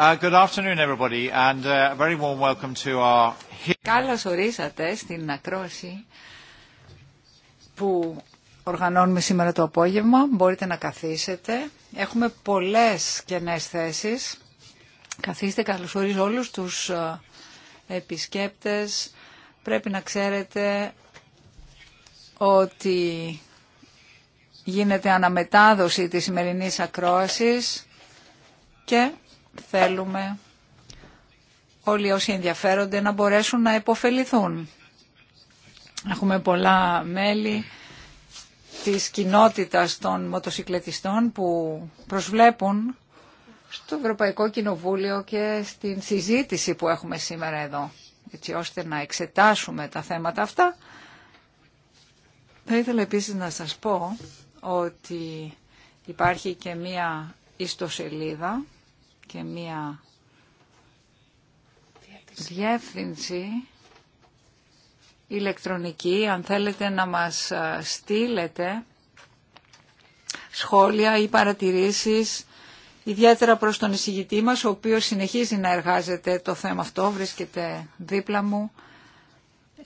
Uh, good afternoon everybody and uh, Καλώς ορίσατε στην ακρόαση που οργανώνουμε σήμερα το απόγευμα. Μπορείτε να καθίσετε. Έχουμε πολλές κενές θέσεις. Καθίστε, καλώς ορίζω όλους τους ε, επισκέπτες. Πρέπει να ξέρετε ότι γίνεται αναμετάδοση της σημερινής ακρόασης και θέλουμε όλοι όσοι ενδιαφέρονται να μπορέσουν να υποφεληθούν. Έχουμε πολλά μέλη της κοινότητας των μοτοσυκλετιστών που προσβλέπουν στο Ευρωπαϊκό Κοινοβούλιο και στην συζήτηση που έχουμε σήμερα εδώ, έτσι ώστε να εξετάσουμε τα θέματα αυτά. Θα ήθελα επίσης να σας πω ότι υπάρχει και μία ιστοσελίδα και μία διεύθυνση ηλεκτρονική, αν θέλετε να μας ε, στείλετε σχόλια ή παρατηρήσεις ιδιαίτερα προς τον εισηγητή μας, ο οποίος συνεχίζει να εργάζεται το θέμα αυτό, βρίσκεται δίπλα μου.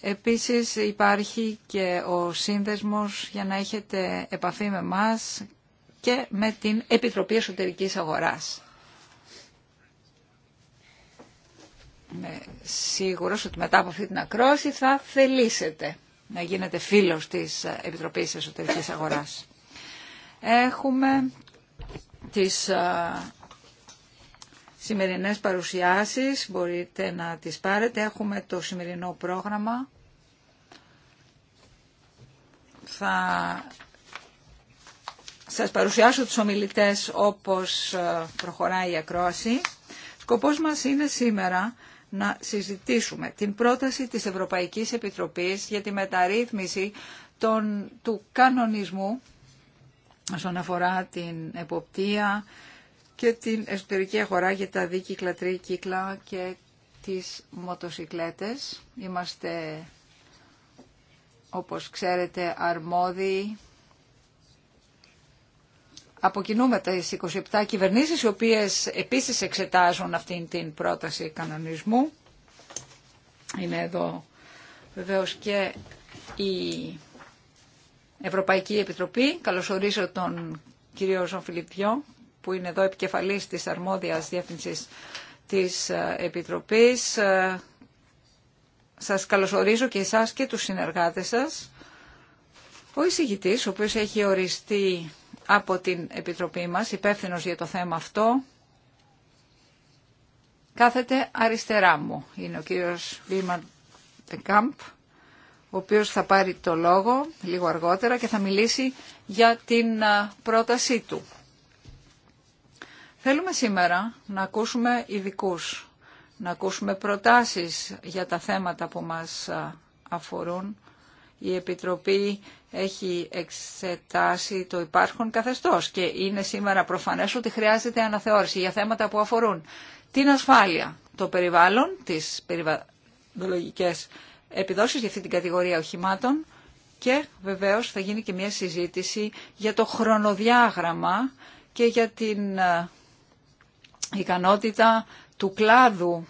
Επίσης υπάρχει και ο σύνδεσμος για να έχετε επαφή με μας και με την Επιτροπή Εσωτερικής Αγοράς. Είμαι σίγουρος ότι μετά από αυτή την ακρόαση θα θελήσετε να γίνετε φίλος της Επιτροπής Εσωτερικής Αγοράς. Έχουμε τις σημερινές παρουσιάσεις, μπορείτε να τις πάρετε. Έχουμε το σημερινό πρόγραμμα. Θα σας παρουσιάσω τους ομιλητές όπως προχωράει η ακρόαση. Σκοπός μας είναι σήμερα να συζητήσουμε την πρόταση της Ευρωπαϊκής Επιτροπής για τη μεταρρύθμιση των, του κανονισμού όσον αφορά την εποπτεία και την εσωτερική αγορά για τα δίκυκλα, τρίκυκλα και τις μοτοσικλέτες. Είμαστε, όπως ξέρετε, αρμόδιοι από κοινού τις 27 κυβερνήσεις, οι οποίες επίσης εξετάζουν αυτήν την πρόταση κανονισμού. Είναι εδώ βεβαίως και η Ευρωπαϊκή Επιτροπή. Καλωσορίζω τον κύριο Ζων Φιλιππιό, που είναι εδώ επικεφαλής της αρμόδιας διεύθυνσης της ε, Επιτροπής. Ε, σας καλωσορίζω και εσάς και τους συνεργάτες σας. Ο εισηγητής, ο οποίος έχει οριστεί από την Επιτροπή μας, υπεύθυνο για το θέμα αυτό, κάθεται αριστερά μου. Είναι ο κύριος Βίμαν Τεκάμπ, ο οποίος θα πάρει το λόγο λίγο αργότερα και θα μιλήσει για την πρότασή του. Θέλουμε σήμερα να ακούσουμε ειδικού, να ακούσουμε προτάσεις για τα θέματα που μας αφορούν. Η Επιτροπή έχει εξετάσει το υπάρχον καθεστώς και είναι σήμερα προφανές ότι χρειάζεται αναθεώρηση για θέματα που αφορούν την ασφάλεια, το περιβάλλον, τις περιβαλλοντολογικές επιδόσεις για αυτή την κατηγορία οχημάτων και βεβαίως θα γίνει και μια συζήτηση για το χρονοδιάγραμμα και για την ε, ικανότητα του κλάδου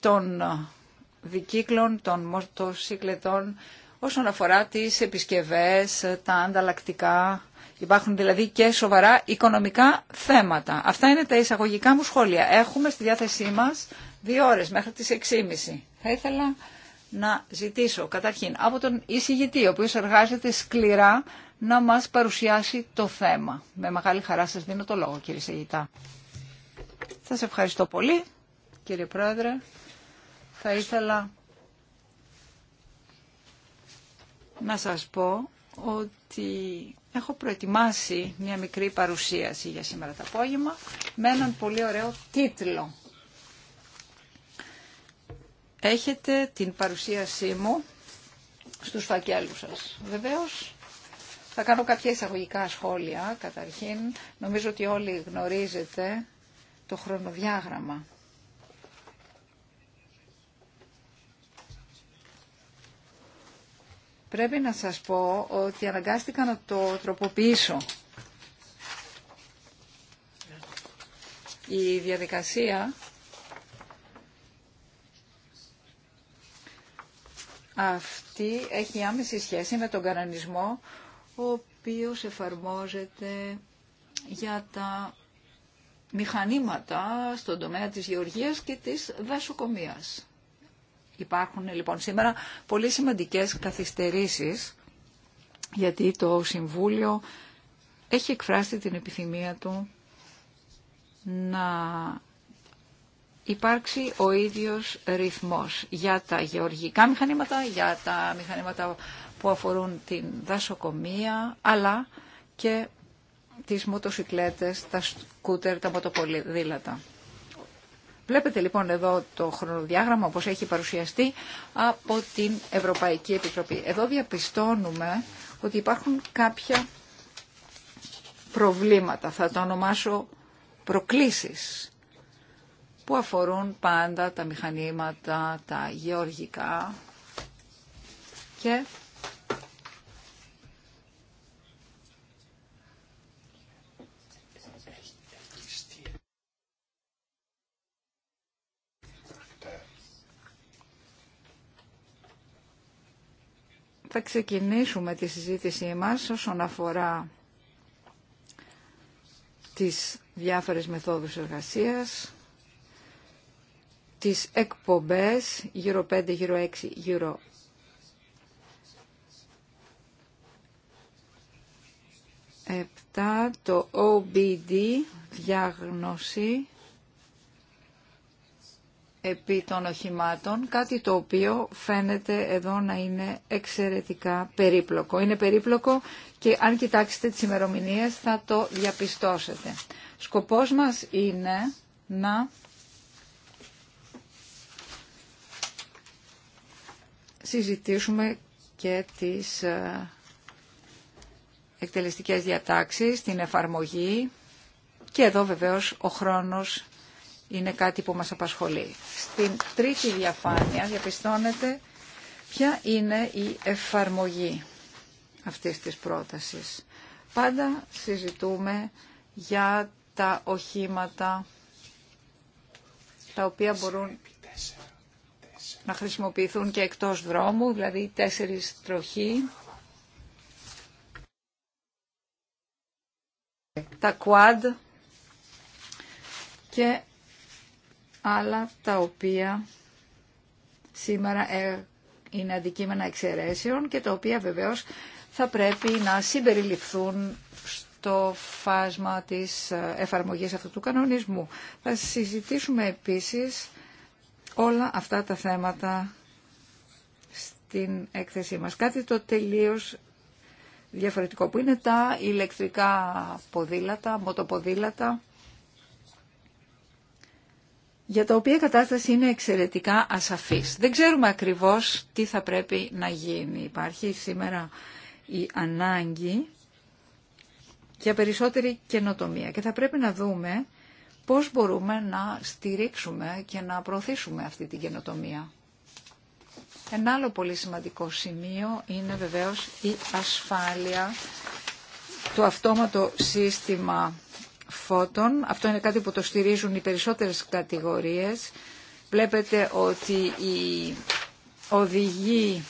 των ε, δικύκλων, των μοτοσυκλετών όσον αφορά τις επισκευές, τα ανταλλακτικά. Υπάρχουν δηλαδή και σοβαρά οικονομικά θέματα. Αυτά είναι τα εισαγωγικά μου σχόλια. Έχουμε στη διάθεσή μας δύο ώρες μέχρι τις 6.30. Θα ήθελα να ζητήσω καταρχήν από τον εισηγητή, ο οποίος εργάζεται σκληρά, να μας παρουσιάσει το θέμα. Με μεγάλη χαρά σας δίνω το λόγο, κύριε Σεγητά. Σας ευχαριστώ πολύ, κύριε Πρόεδρε θα ήθελα να σας πω ότι έχω προετοιμάσει μια μικρή παρουσίαση για σήμερα το απόγευμα με έναν πολύ ωραίο τίτλο. Έχετε την παρουσίασή μου στους φακέλους σας. Βεβαίως, θα κάνω κάποια εισαγωγικά σχόλια. Καταρχήν, νομίζω ότι όλοι γνωρίζετε το χρονοδιάγραμμα Πρέπει να σας πω ότι αναγκάστηκα να το τροποποιήσω. Η διαδικασία αυτή έχει άμεση σχέση με τον κανονισμό ο οποίος εφαρμόζεται για τα μηχανήματα στον τομέα της γεωργίας και της δασοκομείας. Υπάρχουν λοιπόν σήμερα πολύ σημαντικές καθυστερήσεις γιατί το Συμβούλιο έχει εκφράσει την επιθυμία του να υπάρξει ο ίδιος ρυθμός για τα γεωργικά μηχανήματα, για τα μηχανήματα που αφορούν την δασοκομεία, αλλά και τις μοτοσυκλέτες, τα σκούτερ, τα μοτοπολίδηλατα. Βλέπετε λοιπόν εδώ το χρονοδιάγραμμα όπως έχει παρουσιαστεί από την Ευρωπαϊκή Επιτροπή. Εδώ διαπιστώνουμε ότι υπάρχουν κάποια προβλήματα, θα το ονομάσω προκλήσεις, που αφορούν πάντα τα μηχανήματα, τα γεωργικά και θα ξεκινήσουμε τη συζήτησή μας όσον αφορά τις διάφορες μεθόδους εργασίας, τις εκπομπές γύρω 5, γύρω 6, γύρω 7, το OBD, διάγνωση επί των οχημάτων, κάτι το οποίο φαίνεται εδώ να είναι εξαιρετικά περίπλοκο. Είναι περίπλοκο και αν κοιτάξετε τις ημερομηνίε θα το διαπιστώσετε. Σκοπός μας είναι να συζητήσουμε και τις ε, εκτελεστικές διατάξεις, την εφαρμογή και εδώ βεβαίως ο χρόνος είναι κάτι που μας απασχολεί. Στην τρίτη διαφάνεια διαπιστώνεται ποια είναι η εφαρμογή αυτής της πρότασης. Πάντα συζητούμε για τα οχήματα τα οποία μπορούν να χρησιμοποιηθούν και εκτός δρόμου, δηλαδή τέσσερις τροχοί. Τα quad και αλλά τα οποία σήμερα ε, είναι αντικείμενα εξαιρέσεων και τα οποία βεβαίως θα πρέπει να συμπεριληφθούν στο φάσμα της ε, εφαρμογής αυτού του κανονισμού. Θα συζητήσουμε επίσης όλα αυτά τα θέματα στην έκθεσή μας. Κάτι το τελείως διαφορετικό που είναι τα ηλεκτρικά ποδήλατα, μοτοποδήλατα για τα οποία η κατάσταση είναι εξαιρετικά ασαφής. Δεν ξέρουμε ακριβώς τι θα πρέπει να γίνει. Υπάρχει σήμερα η ανάγκη για περισσότερη καινοτομία και θα πρέπει να δούμε πώς μπορούμε να στηρίξουμε και να προωθήσουμε αυτή την καινοτομία. Ένα άλλο πολύ σημαντικό σημείο είναι βεβαίως η ασφάλεια, το αυτόματο σύστημα φώτων. Αυτό είναι κάτι που το στηρίζουν οι περισσότερες κατηγορίες. Βλέπετε ότι οι οδηγοί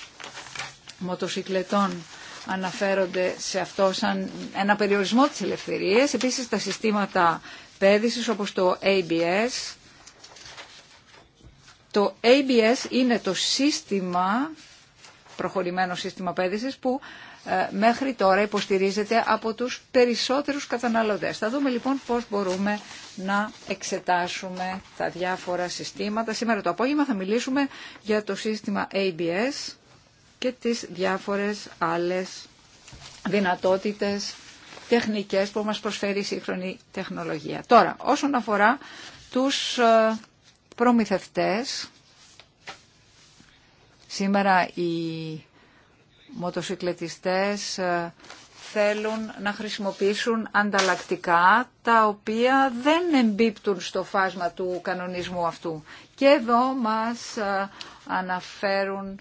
μοτοσυκλετών αναφέρονται σε αυτό σαν ένα περιορισμό της ελευθερίας. Επίσης τα συστήματα πέδησης όπως το ABS. Το ABS είναι το σύστημα, προχωρημένο σύστημα πέδησης που ε, μέχρι τώρα υποστηρίζεται από τους περισσότερους καταναλωτές. Θα δούμε λοιπόν πώς μπορούμε να εξετάσουμε τα διάφορα συστήματα. Σήμερα το απόγευμα θα μιλήσουμε για το σύστημα ABS και τις διάφορες άλλες δυνατότητες τεχνικές που μας προσφέρει η σύγχρονη τεχνολογία. Τώρα, όσον αφορά τους ε, προμηθευτές, σήμερα οι μοτοσυκλετιστές ε, θέλουν να χρησιμοποιήσουν ανταλλακτικά τα οποία δεν εμπίπτουν στο φάσμα του κανονισμού αυτού. Και εδώ μας ε, αναφέρουν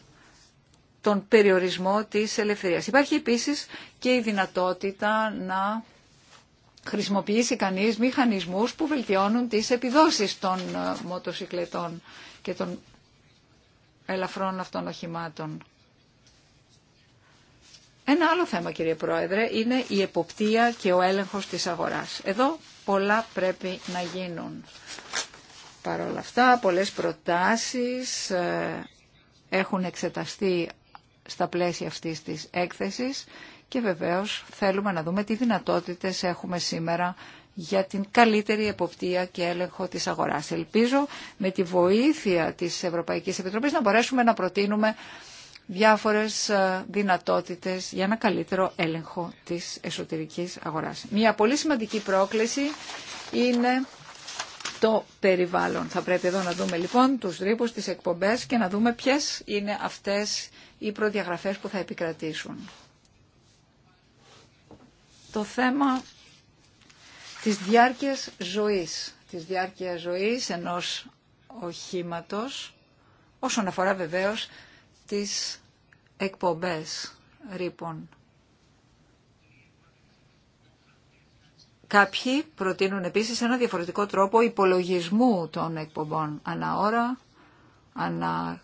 τον περιορισμό της ελευθερίας. Υπάρχει επίσης και η δυνατότητα να χρησιμοποιήσει κανείς μηχανισμούς που βελτιώνουν τις επιδόσεις των ε, μοτοσυκλετών και των ελαφρών αυτών οχημάτων. Ένα άλλο θέμα, κύριε Πρόεδρε, είναι η εποπτεία και ο έλεγχος της αγοράς. Εδώ πολλά πρέπει να γίνουν. Παρ' όλα αυτά, πολλές προτάσεις ε, έχουν εξεταστεί στα πλαίσια αυτής της έκθεσης και βεβαίως θέλουμε να δούμε τι δυνατότητες έχουμε σήμερα για την καλύτερη εποπτεία και έλεγχο της αγοράς. Ελπίζω με τη βοήθεια της Ευρωπαϊκής Επιτροπής να μπορέσουμε να προτείνουμε διάφορες ε, δυνατότητες για ένα καλύτερο έλεγχο της εσωτερικής αγοράς. Μια πολύ σημαντική πρόκληση είναι το περιβάλλον. Θα πρέπει εδώ να δούμε λοιπόν τους ρήπους, τις εκπομπές και να δούμε ποιες είναι αυτές οι προδιαγραφές που θα επικρατήσουν. Το θέμα της διάρκειας ζωής, της διάρκειας ζωής ενός οχήματος, όσον αφορά βεβαίως στις εκπομπές ρήπων. Κάποιοι προτείνουν επίσης ένα διαφορετικό τρόπο υπολογισμού των εκπομπών ανά ώρα, ανά,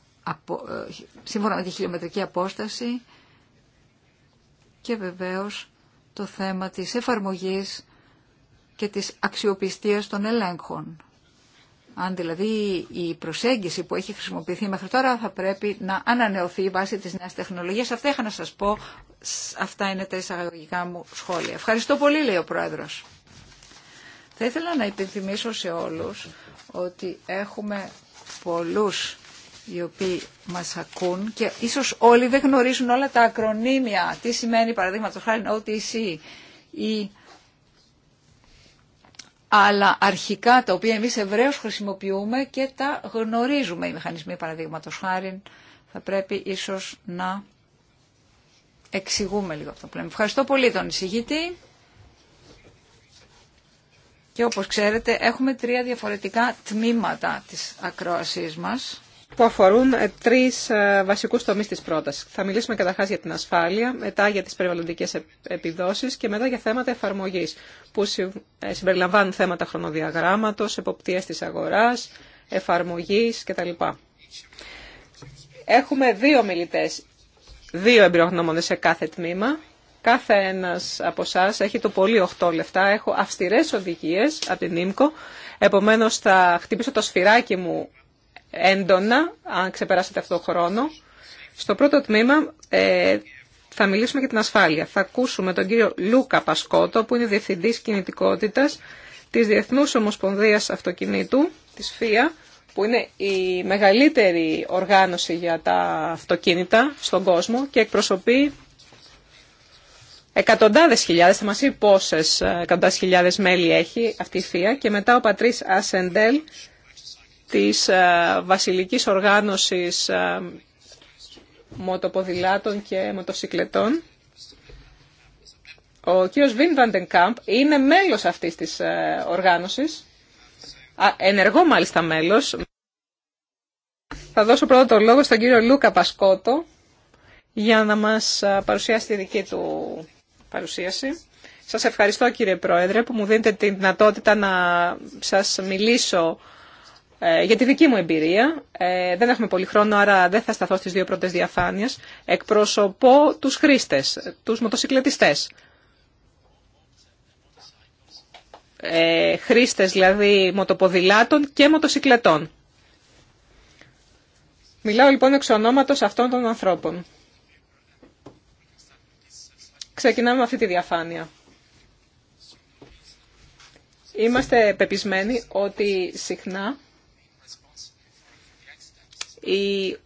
ε, σύμφωνα με τη χιλιομετρική απόσταση και βεβαίως το θέμα της εφαρμογής και της αξιοπιστίας των ελέγχων. Αν δηλαδή η προσέγγιση που έχει χρησιμοποιηθεί μέχρι τώρα θα πρέπει να ανανεωθεί βάσει της νέας τεχνολογίας. Αυτά είχα να σας πω. Αυτά είναι τα εισαγωγικά μου σχόλια. Ευχαριστώ πολύ, λέει ο Πρόεδρος. Θα ήθελα να υπενθυμίσω σε όλους ότι έχουμε πολλούς οι οποίοι μας ακούν και ίσως όλοι δεν γνωρίζουν όλα τα ακρονίμια. Τι σημαίνει παραδείγματο χάρη OTC ή αλλά αρχικά τα οποία εμείς ευρέως χρησιμοποιούμε και τα γνωρίζουμε. Οι μηχανισμοί παραδείγματο χάρη θα πρέπει ίσως να εξηγούμε λίγο αυτό το λέμε. Ευχαριστώ πολύ τον εισηγητή. Και όπως ξέρετε έχουμε τρία διαφορετικά τμήματα της ακρόασής μας που αφορούν ε, τρει ε, βασικού τομεί τη πρόταση. Θα μιλήσουμε καταρχά για την ασφάλεια, μετά για τι περιβαλλοντικέ επιδόσεις και μετά για θέματα εφαρμογή, που ε, συμπεριλαμβάνουν θέματα χρονοδιαγράμματο, εποπτεία τη αγορά, εφαρμογή κτλ. Έχουμε δύο μιλητέ, δύο εμπειρογνώμονες σε κάθε τμήμα. Κάθε ένα από εσά έχει το πολύ 8 λεφτά. Έχω αυστηρέ οδηγίε από την ΙΜΚΟ. Επομένω, θα χτυπήσω το σφυράκι μου έντονα, αν ξεπεράσετε αυτό το χρόνο. Στο πρώτο τμήμα ε, θα μιλήσουμε για την ασφάλεια. Θα ακούσουμε τον κύριο Λούκα Πασκότο, που είναι Διευθυντής Κινητικότητας της Διεθνούς Ομοσπονδίας Αυτοκινήτου, της ΦΙΑ, που είναι η μεγαλύτερη οργάνωση για τα αυτοκίνητα στον κόσμο και εκπροσωπεί εκατοντάδες χιλιάδες, θα μας πει πόσες εκατοντάδες χιλιάδες μέλη έχει αυτή η ΦΙΑ και μετά ο Πατρίς Ασεντέλ της ε, βασιλικής οργάνωσης ε, μοτοποδηλάτων και μοτοσυκλετών. Ο κύριος Βιν Βαντενκάμπ είναι μέλος αυτής της ε, οργάνωσης, ενεργό μάλιστα μέλος. Θα δώσω πρώτα το λόγο στον κύριο Λούκα Πασκότο για να μας παρουσιάσει τη δική του παρουσίαση. Σας ευχαριστώ κύριε Πρόεδρε που μου δίνετε τη δυνατότητα να σας μιλήσω ε, για τη δική μου εμπειρία, ε, δεν έχουμε πολύ χρόνο, άρα δεν θα σταθώ στις δύο πρώτες διαφάνειες, εκπροσωπώ τους χρήστες, τους μοτοσυκλετιστές. Ε, χρήστες δηλαδή μοτοποδηλάτων και μοτοσυκλετών. Μιλάω λοιπόν εξ ονόματος αυτών των ανθρώπων. Ξεκινάμε με αυτή τη διαφάνεια. Είμαστε πεπισμένοι ότι συχνά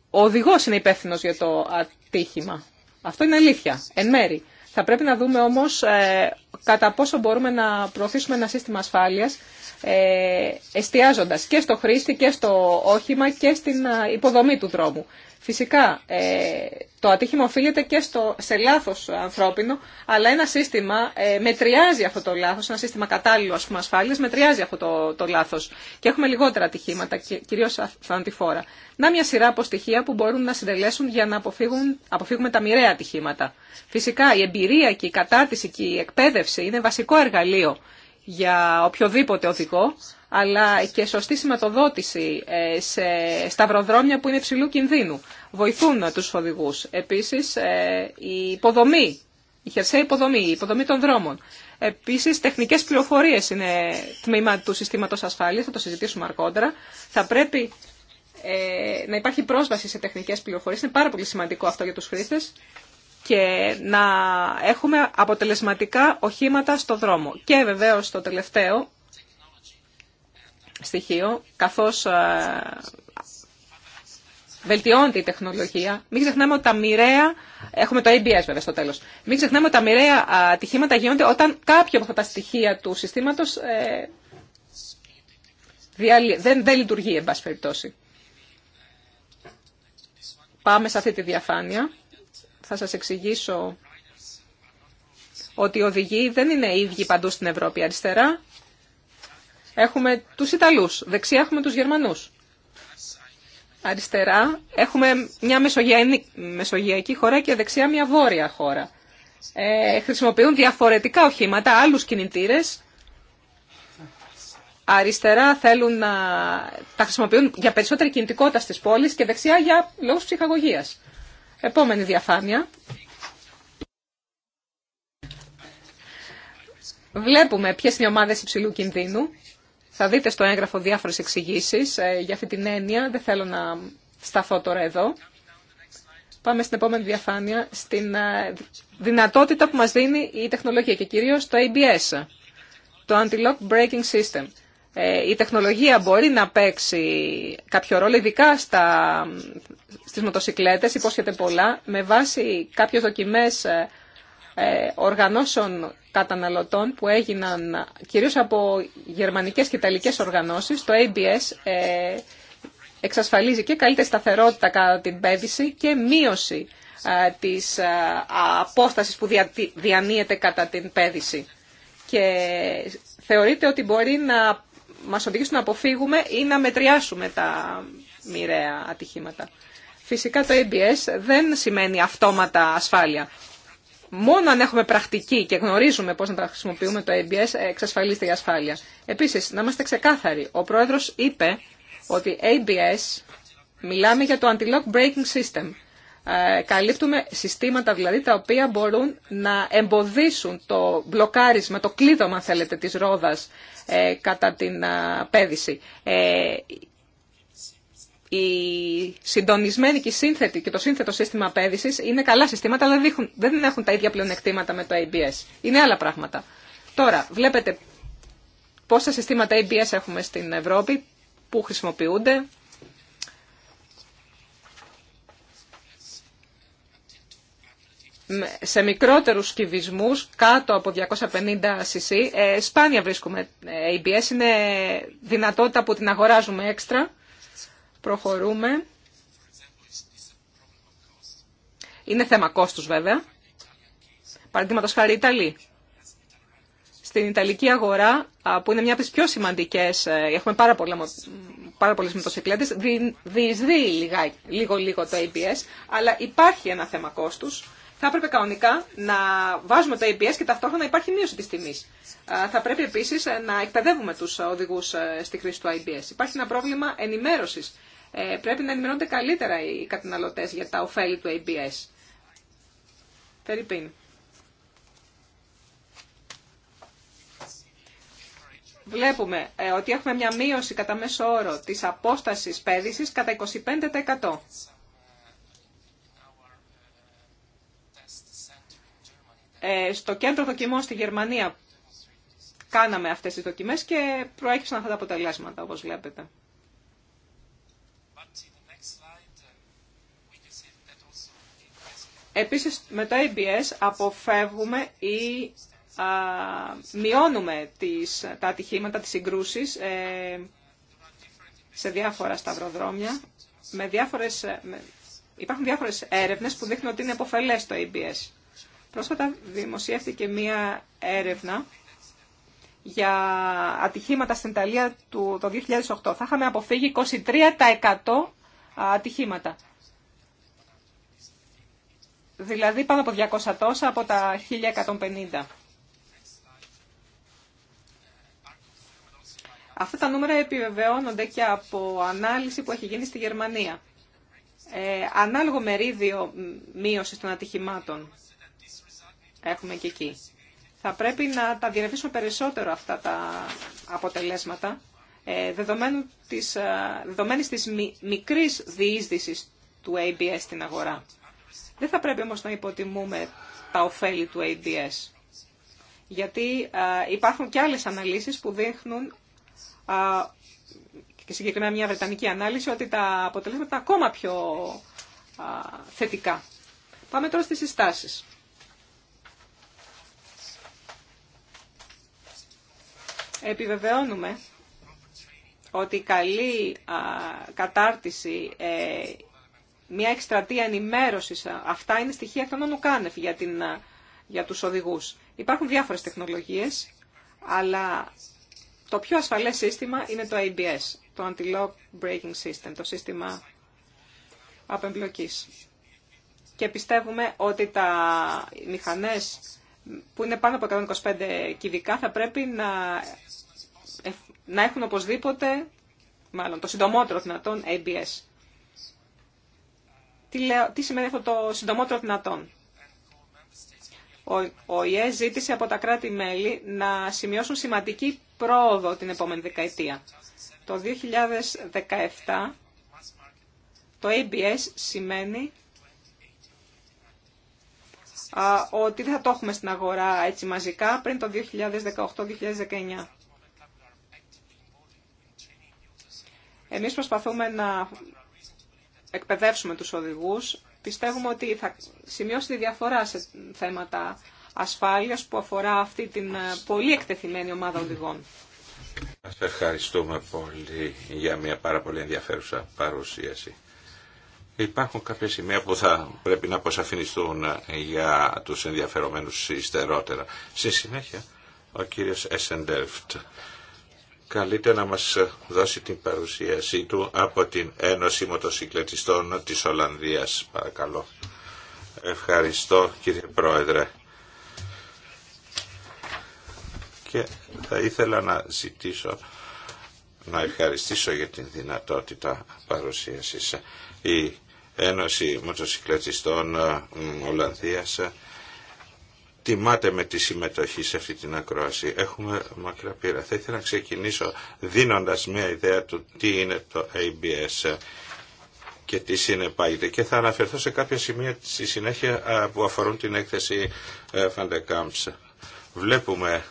ο οδηγό είναι υπεύθυνο για το ατύχημα. Αυτό είναι αλήθεια, εν μέρη. Θα πρέπει να δούμε όμως ε, κατά πόσο μπορούμε να προωθήσουμε ένα σύστημα ασφάλεια, ε, εστιάζοντας και στο χρήστη και στο όχημα και στην ε, υποδομή του δρόμου. Φυσικά, ε, το ατύχημα οφείλεται και στο, σε λάθο ανθρώπινο, αλλά ένα σύστημα ε, μετριάζει αυτό το λάθος, ένα σύστημα κατάλληλο ασφάλεια, μετριάζει αυτό το, το λάθος. Και έχουμε λιγότερα ατυχήματα, κυρίως θανατηφόρα. Να μια σειρά από στοιχεία που μπορούν να συντελέσουν για να αποφύγουν, αποφύγουμε τα μοιραία ατυχήματα. Φυσικά, η εμπειρία και η κατάρτιση και η εκπαίδευση είναι βασικό εργαλείο για οποιοδήποτε οδηγό, αλλά και σωστή σηματοδότηση ε, σε σταυροδρόμια που είναι ψηλού κινδύνου. Βοηθούν τους οδηγούς. Επίσης, ε, η υποδομή, η χερσαία υποδομή, η υποδομή των δρόμων. Επίσης, τεχνικές πληροφορίες είναι τμήμα του συστήματος ασφάλειας, θα το συζητήσουμε αργότερα. Θα πρέπει ε, να υπάρχει πρόσβαση σε τεχνικές πληροφορίες, είναι πάρα πολύ σημαντικό αυτό για τους χρήστες και να έχουμε αποτελεσματικά οχήματα στο δρόμο. Και βεβαίως το τελευταίο στοιχείο, καθώς ε, βελτιώνεται η τεχνολογία. Μην ξεχνάμε ότι τα μοιραία. Έχουμε το ABS βέβαια στο τέλος, Μην ξεχνάμε ότι τα μοιραία ατυχήματα γίνονται όταν κάποια από αυτά τα στοιχεία του συστήματος ε, δεν, δεν λειτουργεί, εν πάση περιπτώσει. Πάμε σε αυτή τη διαφάνεια θα σας εξηγήσω ότι οι οδηγοί δεν είναι ίδιοι παντού στην Ευρώπη. Αριστερά έχουμε τους Ιταλούς, δεξιά έχουμε τους Γερμανούς. Αριστερά έχουμε μια μεσογειακή χώρα και δεξιά μια βόρεια χώρα. Ε, χρησιμοποιούν διαφορετικά οχήματα, άλλους κινητήρες. Αριστερά θέλουν να τα χρησιμοποιούν για περισσότερη κινητικότητα στις πόλεις και δεξιά για λόγους ψυχαγωγίας. Επόμενη διαφάνεια. Βλέπουμε ποιες είναι οι ομάδες υψηλού κινδύνου. Θα δείτε στο έγγραφο διάφορες εξηγήσεις ε, για αυτή την έννοια. Δεν θέλω να σταθώ τώρα εδώ. Πάμε στην επόμενη διαφάνεια, στην ε, δυνατότητα που μας δίνει η τεχνολογία και κυρίως το ABS, το Anti-Lock Braking System. Ε, η τεχνολογία μπορεί να παίξει κάποιο ρόλο, ειδικά στα στις μοτοσυκλέτες, υπόσχεται πολλά, με βάση κάποιες δοκιμές ε, ε, οργανώσεων καταναλωτών που έγιναν κυρίως από γερμανικές και ιταλικές οργανώσεις, το ABS ε, εξασφαλίζει και καλύτερη σταθερότητα κατά την πέδηση και μείωση της απόστασης που διανύεται κατά την πέδηση. Και θεωρείται ότι μπορεί να μας οδηγήσουν να αποφύγουμε ή να μετριάσουμε τα μοιραία ατυχήματα. Φυσικά το ABS δεν σημαίνει αυτόματα ασφάλεια. Μόνο αν έχουμε πρακτική και γνωρίζουμε πώς να τα χρησιμοποιούμε το ABS, εξασφαλίζεται η ασφάλεια. Επίσης, να είμαστε ξεκάθαροι. Ο πρόεδρος είπε ότι ABS, μιλάμε για το Anti-Lock Braking System. Ε, καλύπτουμε συστήματα δηλαδή τα οποία μπορούν να εμποδίσουν το μπλοκάρισμα, το κλείδωμα θέλετε της ρόδας ε, κατά την ε, πέδηση. Ε, η συντονισμένη και η σύνθετη και το σύνθετο σύστημα απέδηση είναι καλά συστήματα, αλλά δεν έχουν τα ίδια πλεονεκτήματα με το ABS. Είναι άλλα πράγματα. Τώρα, βλέπετε πόσα συστήματα ABS έχουμε στην Ευρώπη, πού χρησιμοποιούνται. Σε μικρότερους κυβισμούς, κάτω από 250 cc, ε, σπάνια βρίσκουμε ε, ABS, είναι δυνατότητα που την αγοράζουμε έξτρα προχωρούμε. Είναι θέμα κόστους βέβαια. Παραδείγματο χάρη Ιταλή. Στην Ιταλική αγορά, που είναι μια από τις πιο σημαντικές, ε, έχουμε πάρα, πολλά, πάρα πολλές μοτοσυκλέτες, διεισδύει λίγο-λίγο το ABS, αλλά υπάρχει ένα θέμα κόστους. Θα έπρεπε κανονικά να βάζουμε το ABS και ταυτόχρονα υπάρχει μείωση της τιμής. Θα πρέπει επίσης ε, να εκπαιδεύουμε τους οδηγούς ε, στη χρήση του ABS. Υπάρχει ένα πρόβλημα ενημέρωσης ε, πρέπει να ενημερώνονται καλύτερα οι καταναλωτές για τα ωφέλη του ABS. Περιπίν. Βλέπουμε ε, ότι έχουμε μια μείωση κατά μέσο όρο της απόστασης πέδησης κατά 25%. Ε, στο κέντρο δοκιμών στη Γερμανία κάναμε αυτές τις δοκιμές και προέκυψαν αυτά τα αποτελέσματα, όπως βλέπετε. Επίσης με το ABS αποφεύγουμε ή μειώνουμε τις, τα ατυχήματα, τις συγκρούσεις ε, σε διάφορα σταυροδρόμια. Με διάφορες, ε, υπάρχουν διάφορες έρευνες που δείχνουν ότι είναι αποφελές το ABS. Πρόσφατα δημοσιεύτηκε μία έρευνα για ατυχήματα στην Ιταλία του, το 2008. Θα είχαμε αποφύγει 23% ατυχήματα δηλαδή πάνω από 200 τόσα από τα 1150. Αυτά τα νούμερα επιβεβαιώνονται και από ανάλυση που έχει γίνει στη Γερμανία. Ε, ανάλογο μερίδιο μείωση των ατυχημάτων έχουμε και εκεί. Θα πρέπει να τα διερευνήσουμε περισσότερο αυτά τα αποτελέσματα, ε, δεδομένου της, ε, δεδομένης της μικρής διείσδυσης του ABS στην αγορά. Δεν θα πρέπει όμως να υποτιμούμε τα ωφέλη του ADS, γιατί υπάρχουν και άλλες αναλύσεις που δείχνουν και συγκεκριμένα μια βρετανική ανάλυση ότι τα αποτελέσματα είναι ακόμα πιο θετικά. Πάμε τώρα στις συστάσεις. Επιβεβαιώνουμε ότι η καλή α, κατάρτιση ε, μια εκστρατεία ενημέρωσης. Αυτά είναι στοιχεία εκ των ΟΝΟΚΑΝΕΦ για, την, για τους οδηγούς. Υπάρχουν διάφορες τεχνολογίες, αλλά το πιο ασφαλές σύστημα είναι το ABS, το Anti-Lock Braking System, το σύστημα απεμπλοκής. Και πιστεύουμε ότι τα μηχανές που είναι πάνω από 125 κυβικά θα πρέπει να, να έχουν οπωσδήποτε, μάλλον το συντομότερο δυνατόν, ABS. Τι, τι σημαίνει αυτό το συντομότερο δυνατόν. Ο ΙΕ ζήτησε από τα κράτη-μέλη να σημειώσουν σημαντική πρόοδο την επόμενη δεκαετία. Το 2017 το ABS σημαίνει α, ότι δεν θα το έχουμε στην αγορά έτσι μαζικά πριν το 2018-2019. Εμείς προσπαθούμε να εκπαιδεύσουμε τους οδηγούς, πιστεύουμε ότι θα σημειώσει τη διαφορά σε θέματα ασφάλειας που αφορά αυτή την ε, πολύ εκτεθειμένη ομάδα οδηγών. Σας ευχαριστούμε πολύ για μια πάρα πολύ ενδιαφέρουσα παρουσίαση. Υπάρχουν κάποια σημεία που θα πρέπει να αποσαφινιστούν ε, για τους ενδιαφερομένους υστερότερα. Στη συνέχεια, ο κύριος Εσεντέρφτ καλείται να μας δώσει την παρουσίασή του από την Ένωση Μοτοσυκλετιστών της Ολλανδίας. Παρακαλώ. Ευχαριστώ κύριε Πρόεδρε. Και θα ήθελα να ζητήσω να ευχαριστήσω για την δυνατότητα παρουσίασης. Η Ένωση Μοτοσυκλετιστών ε, Ολλανδίας τιμάτε με τη συμμετοχή σε αυτή την ακρόαση. Έχουμε μακρά πείρα. Θα ήθελα να ξεκινήσω δίνοντας μια ιδέα του τι είναι το ABS και τι συνεπάγεται. Και θα αναφερθώ σε κάποια σημεία στη συνέχεια που αφορούν την έκθεση Φαντεκάμψ. Βλέπουμε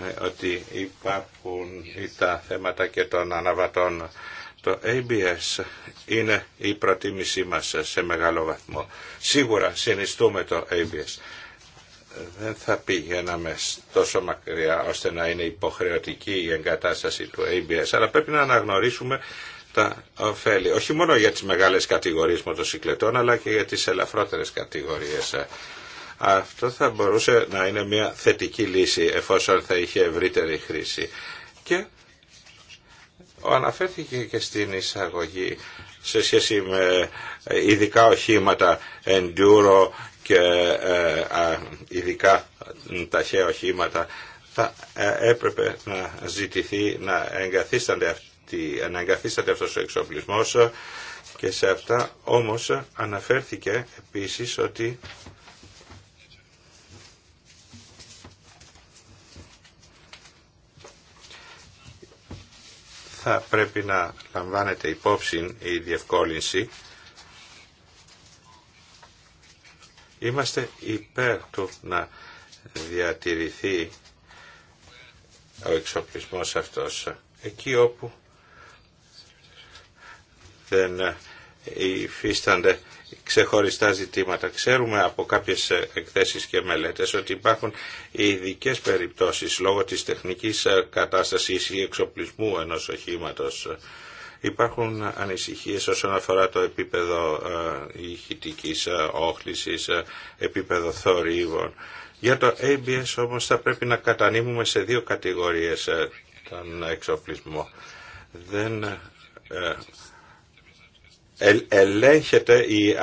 ε, ότι υπάρχουν τα θέματα και των αναβατών. Το ABS είναι η προτίμησή μας σε μεγάλο βαθμό. Σίγουρα συνιστούμε το ABS δεν θα πηγαίναμε τόσο μακριά ώστε να είναι υποχρεωτική η εγκατάσταση του ABS, αλλά πρέπει να αναγνωρίσουμε τα ωφέλη, όχι μόνο για τις μεγάλες κατηγορίες μοτοσυκλετών, αλλά και για τις ελαφρότερες κατηγορίες. Αυτό θα μπορούσε να είναι μια θετική λύση, εφόσον θα είχε ευρύτερη χρήση. Και αναφέρθηκε και στην εισαγωγή σε σχέση με ειδικά οχήματα enduro και ε, ειδικά ταχαία οχήματα θα ε, έπρεπε να ζητηθεί να εγκαθίστανται αυτοί, να αυτός ο εξοπλισμός και σε αυτά όμως αναφέρθηκε επίσης ότι θα πρέπει να λαμβάνεται υπόψη η διευκόλυνση Είμαστε υπέρ του να διατηρηθεί ο εξοπλισμός αυτός εκεί όπου δεν υφίστανται ξεχωριστά ζητήματα. Ξέρουμε από κάποιες εκθέσεις και μελέτες ότι υπάρχουν ειδικές περιπτώσεις λόγω της τεχνικής κατάστασης ή εξοπλισμού ενός οχήματος Υπάρχουν ανησυχίες όσον αφορά το επίπεδο ε, ηχητικής ε, όχλησης, ε, επίπεδο θορύβων. Για το ABS όμως θα πρέπει να κατανείμουμε σε δύο κατηγορίες τον εξοπλισμό. Δεν ε, ελέγχεται η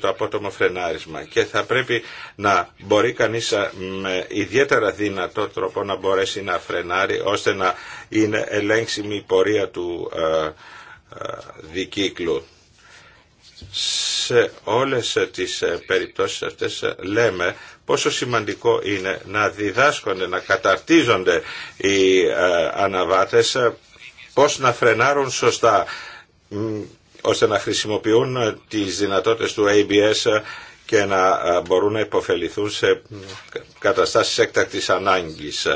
το απότομο φρενάρισμα και θα πρέπει να μπορεί κανείς με ιδιαίτερα δυνατό τρόπο να μπορέσει να φρενάρει ώστε να είναι ελέγξιμη η πορεία του ε, δικύκλου. Σε όλες τις ε, περιπτώσεις αυτές ε, λέμε πόσο σημαντικό είναι να διδάσκονται, να καταρτίζονται οι αναβάτες πώς να φρενάρουν σωστά ώστε να χρησιμοποιούν ε, τις δυνατότητες του ABS ε, και να ε, μπορούν να υποφεληθούν σε καταστάσεις έκτακτης ανάγκης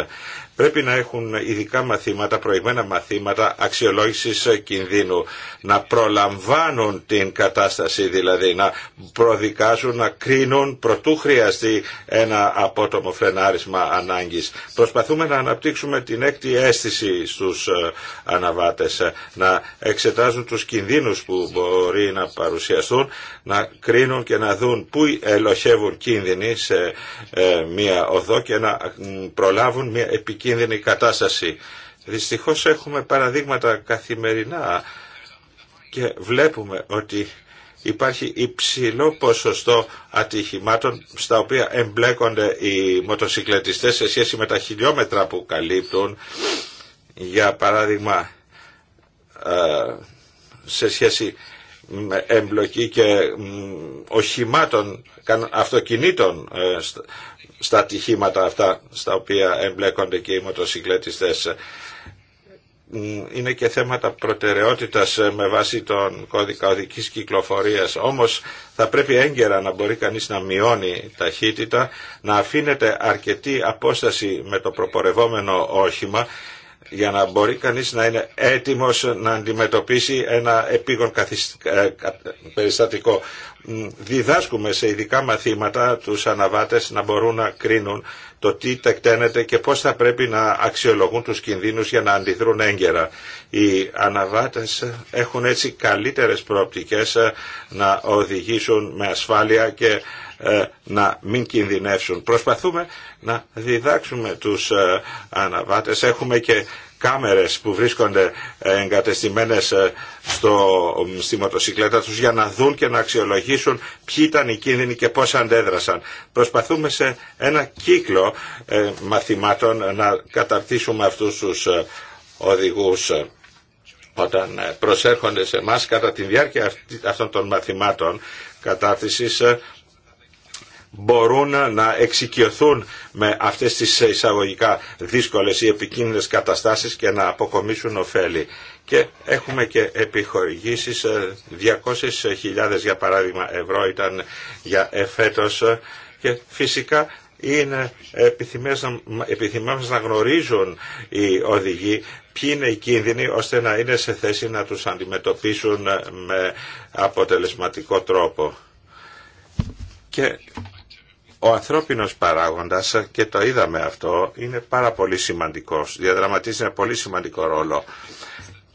πρέπει να έχουν ειδικά μαθήματα, προηγμένα μαθήματα αξιολόγησης κινδύνου, να προλαμβάνουν την κατάσταση δηλαδή, να προδικάζουν, να κρίνουν προτού χρειαστεί ένα απότομο φρενάρισμα ανάγκης. Προσπαθούμε να αναπτύξουμε την έκτη αίσθηση στους ε, αναβάτες, ε, να εξετάζουν τους κινδύνους που μπορεί να παρουσιαστούν, να κρίνουν και να δουν πού ελοχεύουν κίνδυνοι σε ε, μία οδό και να προλάβουν μία επικίνδυνη επικίνδυνη κατάσταση. Δυστυχώς έχουμε παραδείγματα καθημερινά και βλέπουμε ότι υπάρχει υψηλό ποσοστό ατυχημάτων στα οποία εμπλέκονται οι μοτοσυκλετιστές σε σχέση με τα χιλιόμετρα που καλύπτουν για παράδειγμα ε, σε σχέση με εμπλοκή και οχημάτων αυτοκινήτων ε, στα ατυχήματα αυτά στα οποία εμπλέκονται και οι μοτοσυκλέτιστες. Είναι και θέματα προτεραιότητας με βάση τον κώδικα οδικής κυκλοφορίας. Όμως θα πρέπει έγκαιρα να μπορεί κανείς να μειώνει ταχύτητα, να αφήνεται αρκετή απόσταση με το προπορευόμενο όχημα για να μπορεί κανείς να είναι έτοιμος να αντιμετωπίσει ένα επίγον ε, περιστατικό διδάσκουμε σε ειδικά μαθήματα τους αναβάτες να μπορούν να κρίνουν το τι τεκταίνεται και πώς θα πρέπει να αξιολογούν τους κινδύνους για να αντιδρούν έγκαιρα. Οι αναβάτες έχουν έτσι καλύτερες προοπτικές ε, να οδηγήσουν με ασφάλεια και ε, να μην κινδυνεύσουν. Προσπαθούμε να διδάξουμε τους ε, αναβάτες. Έχουμε και κάμερες που βρίσκονται ε, εγκατεστημένες ε, στο, στη μοτοσυκλέτα τους για να δουν και να αξιολογήσουν ποιοι ήταν οι κίνδυνοι και πώς αντέδρασαν. Προσπαθούμε σε ένα κύκλο ε, μαθημάτων να καταρτήσουμε αυτούς τους οδηγούς όταν προσέρχονται σε εμά κατά τη διάρκεια αυτών των μαθημάτων κατάρτισης μπορούν να εξοικειωθούν με αυτές τις εισαγωγικά δύσκολες ή επικίνδυνες καταστάσεις και να αποκομίσουν ωφέλη. Και έχουμε και επιχορηγήσεις, 200.000 ε, για παράδειγμα ευρώ ήταν για εφέτος και φυσικά είναι επιθυμές να γνωρίζουν οι οδηγοί ποιοι είναι οι κίνδυνοι ώστε να είναι σε θέση να τους αντιμετωπίσουν με αποτελεσματικό τρόπο. Ο ανθρώπινος παράγοντας, και το είδαμε αυτό, είναι πάρα πολύ σημαντικός, διαδραματίζει ένα πολύ σημαντικό ρόλο.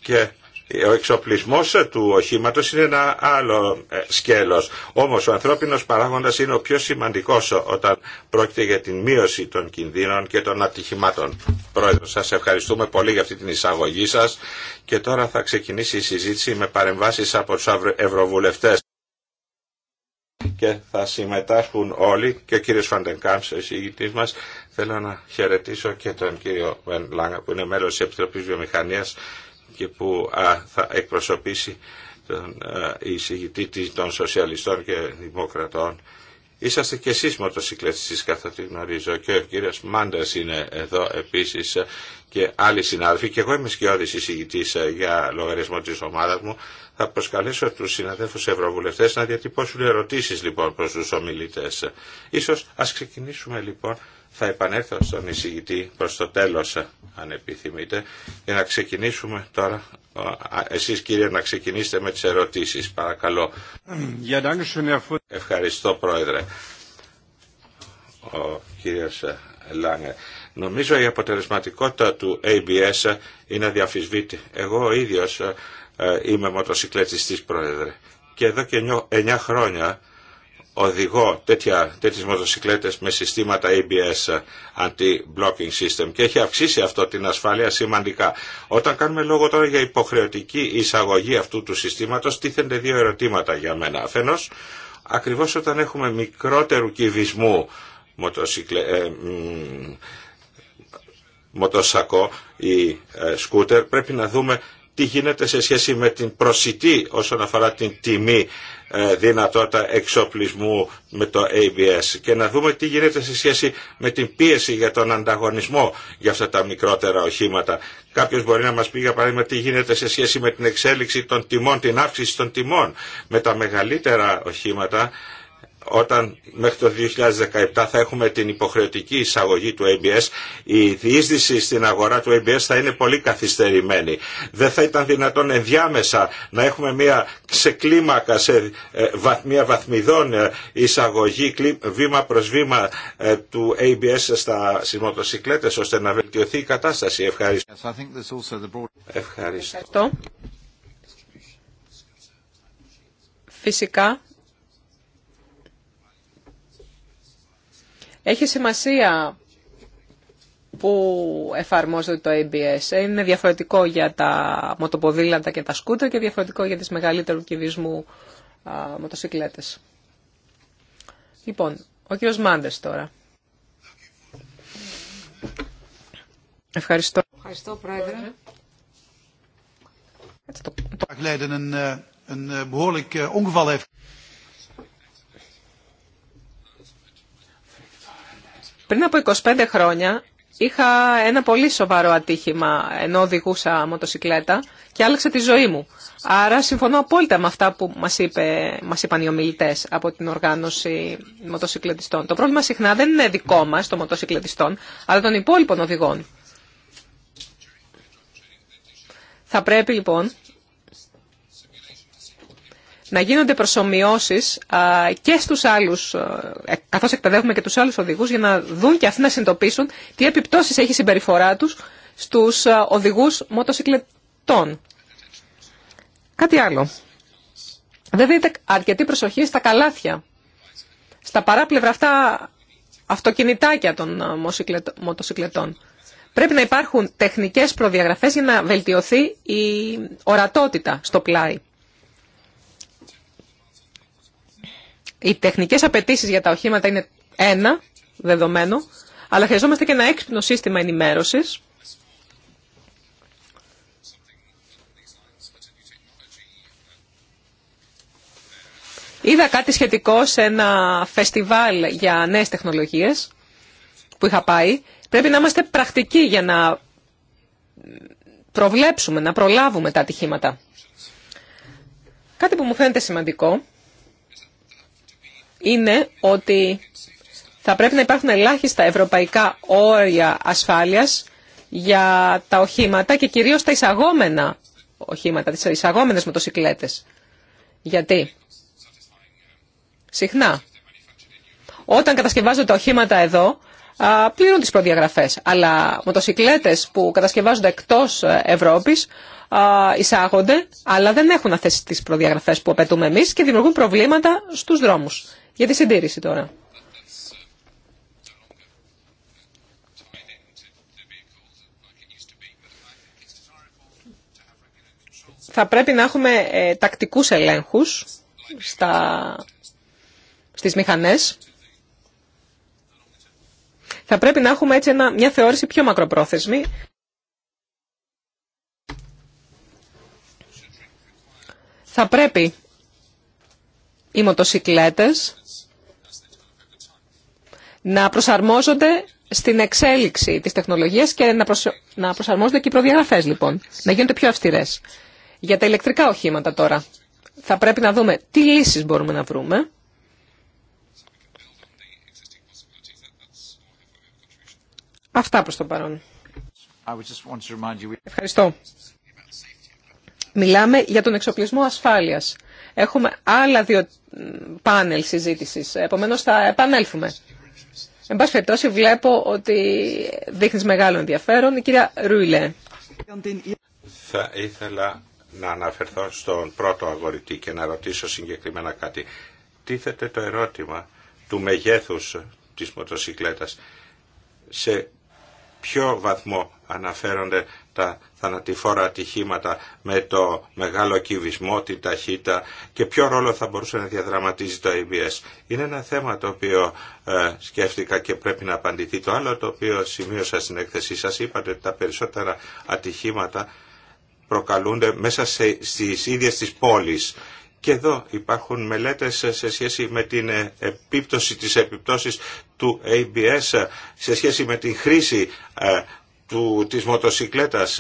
Και ο εξοπλισμός του οχήματος είναι ένα άλλο ε, σκέλος. Όμως ο ανθρώπινος παράγοντας είναι ο πιο σημαντικός όταν πρόκειται για την μείωση των κινδύνων και των ατυχημάτων. Πρόεδρο, σας ευχαριστούμε πολύ για αυτή την εισαγωγή σας και τώρα θα ξεκινήσει η συζήτηση με παρεμβάσεις από τους ευρωβουλευτές και θα συμμετάσχουν όλοι και ο κύριος Φαντεγκάμ, ο εισηγητής μας. Θέλω να χαιρετήσω και τον κύριο Βεν Λάγκα που είναι μέλος της Επιτροπής Βιομηχανίας και που θα εκπροσωπήσει τον α, εισηγητή των Σοσιαλιστών και Δημοκρατών. Είσαστε και εσείς μοτοσυκλέτσις καθ' ό,τι γνωρίζω και ο κύριος Μάντας είναι εδώ επίσης και άλλοι συνάδελφοι και εγώ είμαι σκιώδης εισηγητής ε, για λογαριασμό της ομάδας μου θα προσκαλέσω τους συναδέλφους ευρωβουλευτές να διατυπώσουν ερωτήσεις λοιπόν προς τους ομιλητές. Ίσως ας ξεκινήσουμε λοιπόν, θα επανέλθω στον εισηγητή προς το τέλος αν επιθυμείτε, για να ξεκινήσουμε τώρα. Εσείς κύριε να ξεκινήσετε με τις ερωτήσεις παρακαλώ. Ευχαριστώ πρόεδρε. Ο κύριος Λάνε. Νομίζω η αποτελεσματικότητα του ABS είναι αδιαφυσβήτη. Εγώ ο ίδιος ε, είμαι της πρόεδρε. Και εδώ και 9 χρόνια οδηγώ τέτοια, τέτοιες μοτοσυκλέτες με συστήματα ABS ε, anti-blocking system και έχει αυξήσει αυτό την ασφάλεια σημαντικά. Όταν κάνουμε λόγο τώρα για υποχρεωτική εισαγωγή αυτού του συστήματος τίθενται δύο ερωτήματα για μένα. Αφενός, ακριβώς όταν έχουμε μικρότερου κυβισμού μοτοσυκλε... Ε, μοτοσακό ή ε, σκούτερ πρέπει να δούμε τι γίνεται σε σχέση με την προσιτή όσον αφορά την τιμή ε, δυνατότητα εξοπλισμού με το ABS και να δούμε τι γίνεται σε σχέση με την πίεση για τον ανταγωνισμό για αυτά τα μικρότερα οχήματα. Κάποιος μπορεί να μας πει για παράδειγμα τι γίνεται σε σχέση με την εξέλιξη των τιμών, την αύξηση των τιμών με τα μεγαλύτερα οχήματα όταν μέχρι το 2017 θα έχουμε την υποχρεωτική εισαγωγή του ABS, η διείσδυση στην αγορά του ABS θα είναι πολύ καθυστερημένη. Δεν θα ήταν δυνατόν ενδιάμεσα να έχουμε μια ξεκλίμακα σε ε, μια βαθμιδόν ε, εισαγωγή βήμα προς βήμα ε, του ABS στα συμμοτοσυκλέτες ώστε να βελτιωθεί η κατάσταση. Ευχαριστώ. Ευχαριστώ. Φυσικά Έχει σημασία που εφαρμόζεται το ABS. Είναι διαφορετικό για τα μοτοποδήλατα και τα σκούτερ και διαφορετικό για τις μεγαλύτερου κυβισμού μοτοσυκλέτες. Λοιπόν, ο κύριος Μάντες τώρα. Ευχαριστώ. Ευχαριστώ, Πρόεδρε. Πριν από 25 χρόνια είχα ένα πολύ σοβαρό ατύχημα ενώ οδηγούσα μοτοσικλέτα και άλλαξε τη ζωή μου. Άρα συμφωνώ απόλυτα με αυτά που μας, είπε, μας είπαν οι ομιλητέ από την οργάνωση μοτοσυκλετιστών. Το πρόβλημα συχνά δεν είναι δικό μας των μοτοσυκλετιστών, αλλά των υπόλοιπων οδηγών. Θα πρέπει λοιπόν να γίνονται προσωμιώσει και στους άλλου, καθώς εκπαιδεύουμε και τους άλλους οδηγούς, για να δουν και αυτοί να συνειδητοποιήσουν τι επιπτώσεις έχει η συμπεριφορά τους στους οδηγούς μοτοσυκλετών. Κάτι άλλο. Δεν δείτε; αρκετή προσοχή στα καλάθια, στα παράπλευρα αυτά αυτοκινητάκια των μοτοσυκλετών. Πρέπει να υπάρχουν τεχνικές προδιαγραφές για να βελτιωθεί η ορατότητα στο πλάι. Οι τεχνικές απαιτήσει για τα οχήματα είναι ένα δεδομένο, αλλά χρειαζόμαστε και ένα έξυπνο σύστημα ενημέρωσης, Είδα κάτι σχετικό σε ένα φεστιβάλ για νέες τεχνολογίες που είχα πάει. Πρέπει να είμαστε πρακτικοί για να προβλέψουμε, να προλάβουμε τα ατυχήματα. Κάτι που μου φαίνεται σημαντικό είναι ότι θα πρέπει να υπάρχουν ελάχιστα ευρωπαϊκά όρια ασφάλειας για τα οχήματα και κυρίως τα εισαγόμενα οχήματα, τις εισαγόμενες μοτοσυκλέτες. Γιατί συχνά όταν κατασκευάζονται τα οχήματα εδώ πλήρουν τις προδιαγραφές. Αλλά μοτοσυκλέτες που κατασκευάζονται εκτός ε, Ευρώπης εισάγονται, αλλά δεν έχουν αθέσει τις προδιαγραφές που απαιτούμε εμείς και δημιουργούν προβλήματα στους δρόμους. Για τη συντήρηση τώρα. Θα πρέπει να έχουμε ε, τακτικούς ελέγχους στα, στις μηχανές. Θα πρέπει να έχουμε έτσι μια θεώρηση πιο μακροπρόθεσμη. Θα πρέπει οι μοτοσικλέτες να προσαρμόζονται στην εξέλιξη της τεχνολογίας και να προσαρμόζονται και οι προδιαγραφές λοιπόν, να γίνονται πιο αυστηρές. Για τα ηλεκτρικά οχήματα τώρα, θα πρέπει να δούμε τι λύσεις μπορούμε να βρούμε. Αυτά προς το παρόν. Ευχαριστώ. Μιλάμε για τον εξοπλισμό ασφάλειας. Έχουμε άλλα δύο πάνελ συζήτησης, επομένως θα επανέλθουμε. Εν πάση περιπτώσει βλέπω ότι δείχνει μεγάλο ενδιαφέρον. Η κυρία Ρούιλε. Θα ήθελα να αναφερθώ στον πρώτο αγορητή και να ρωτήσω συγκεκριμένα κάτι. Τίθεται το ερώτημα του μεγέθους της μοτοσυκλέτας. Σε ποιο βαθμό αναφέρονται τα θανατηφόρα ατυχήματα με το μεγάλο κυβισμό, την ταχύτητα και ποιο ρόλο θα μπορούσε να διαδραματίζει το ABS. Είναι ένα θέμα το οποίο ε, σκέφτηκα και πρέπει να απαντηθεί. Το άλλο το οποίο σημείωσα στην έκθεσή σας, είπατε ότι τα περισσότερα ατυχήματα προκαλούνται μέσα σε, στις ίδιες τις πόλεις. Και εδώ υπάρχουν μελέτες σε σχέση με την ε, επίπτωση της επιπτώσης του ABS σε σχέση με την χρήση ε, του, της μοτοσυκλέτας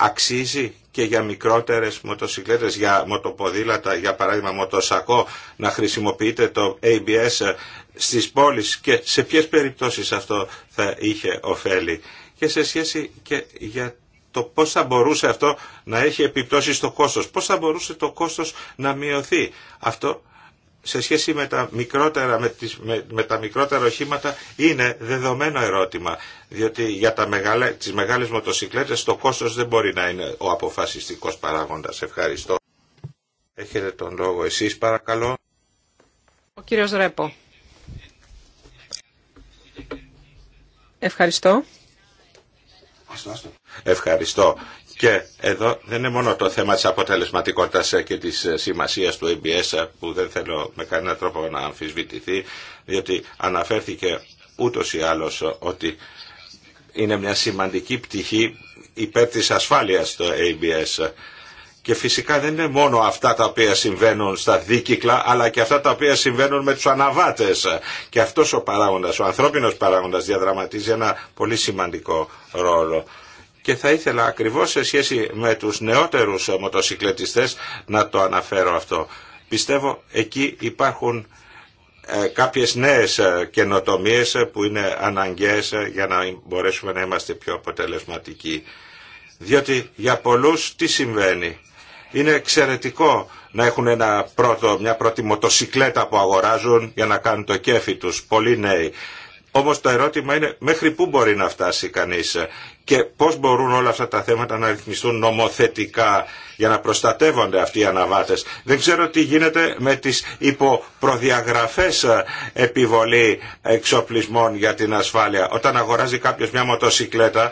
αξίζει και για μικρότερες μοτοσυκλέτες, για μοτοποδήλατα, για παράδειγμα μοτοσακό, να χρησιμοποιείτε το ABS στις πόλεις και σε ποιες περιπτώσεις αυτό θα είχε ωφέλη. Και σε σχέση και για το πώς θα μπορούσε αυτό να έχει επιπτώσεις στο κόστος, πώς θα μπορούσε το κόστος να μειωθεί. Αυτό σε σχέση με τα μικρότερα, με, τις, με, τα μικρότερα οχήματα είναι δεδομένο ερώτημα. Διότι για τα μεγάλα, τις μεγάλες μοτοσυκλέτες το κόστος δεν μπορεί να είναι ο αποφασιστικός παράγοντας. Ευχαριστώ. Έχετε τον λόγο εσείς παρακαλώ. Ο κύριος Ρέπο. Ευχαριστώ. Ευχαριστώ και εδώ δεν είναι μόνο το θέμα της αποτελεσματικότητας και της σημασίας του ABS που δεν θέλω με κανένα τρόπο να αμφισβητηθεί, διότι αναφέρθηκε ούτως ή άλλως ότι είναι μια σημαντική πτυχή υπέρ της ασφάλειας του ABS. Και φυσικά δεν είναι μόνο αυτά τα οποία συμβαίνουν στα δίκυκλα, αλλά και αυτά τα οποία συμβαίνουν με τους αναβάτες. Και αυτός ο παράγοντας, ο ανθρώπινος παράγοντας διαδραματίζει ένα πολύ σημαντικό ρόλο και θα ήθελα ακριβώς σε σχέση με τους νεότερους μοτοσυκλετιστές να το αναφέρω αυτό. Πιστεύω εκεί υπάρχουν ε, κάποιες νέες ε, καινοτομίες που είναι αναγκαίες ε, για να μπορέσουμε να είμαστε πιο αποτελεσματικοί. Διότι για πολλούς τι συμβαίνει. Είναι εξαιρετικό να έχουν ένα πρώτο, μια πρώτη μοτοσικλέτα που αγοράζουν για να κάνουν το κέφι τους. Πολλοί νέοι. Όμως το ερώτημα είναι μέχρι πού μπορεί να φτάσει κανείς και πώς μπορούν όλα αυτά τα θέματα να ρυθμιστούν νομοθετικά για να προστατεύονται αυτοί οι αναβάτες. Δεν ξέρω τι γίνεται με τις υποπροδιαγραφές ε, επιβολή εξοπλισμών για την ασφάλεια. Όταν αγοράζει κάποιος μια μοτοσυκλέτα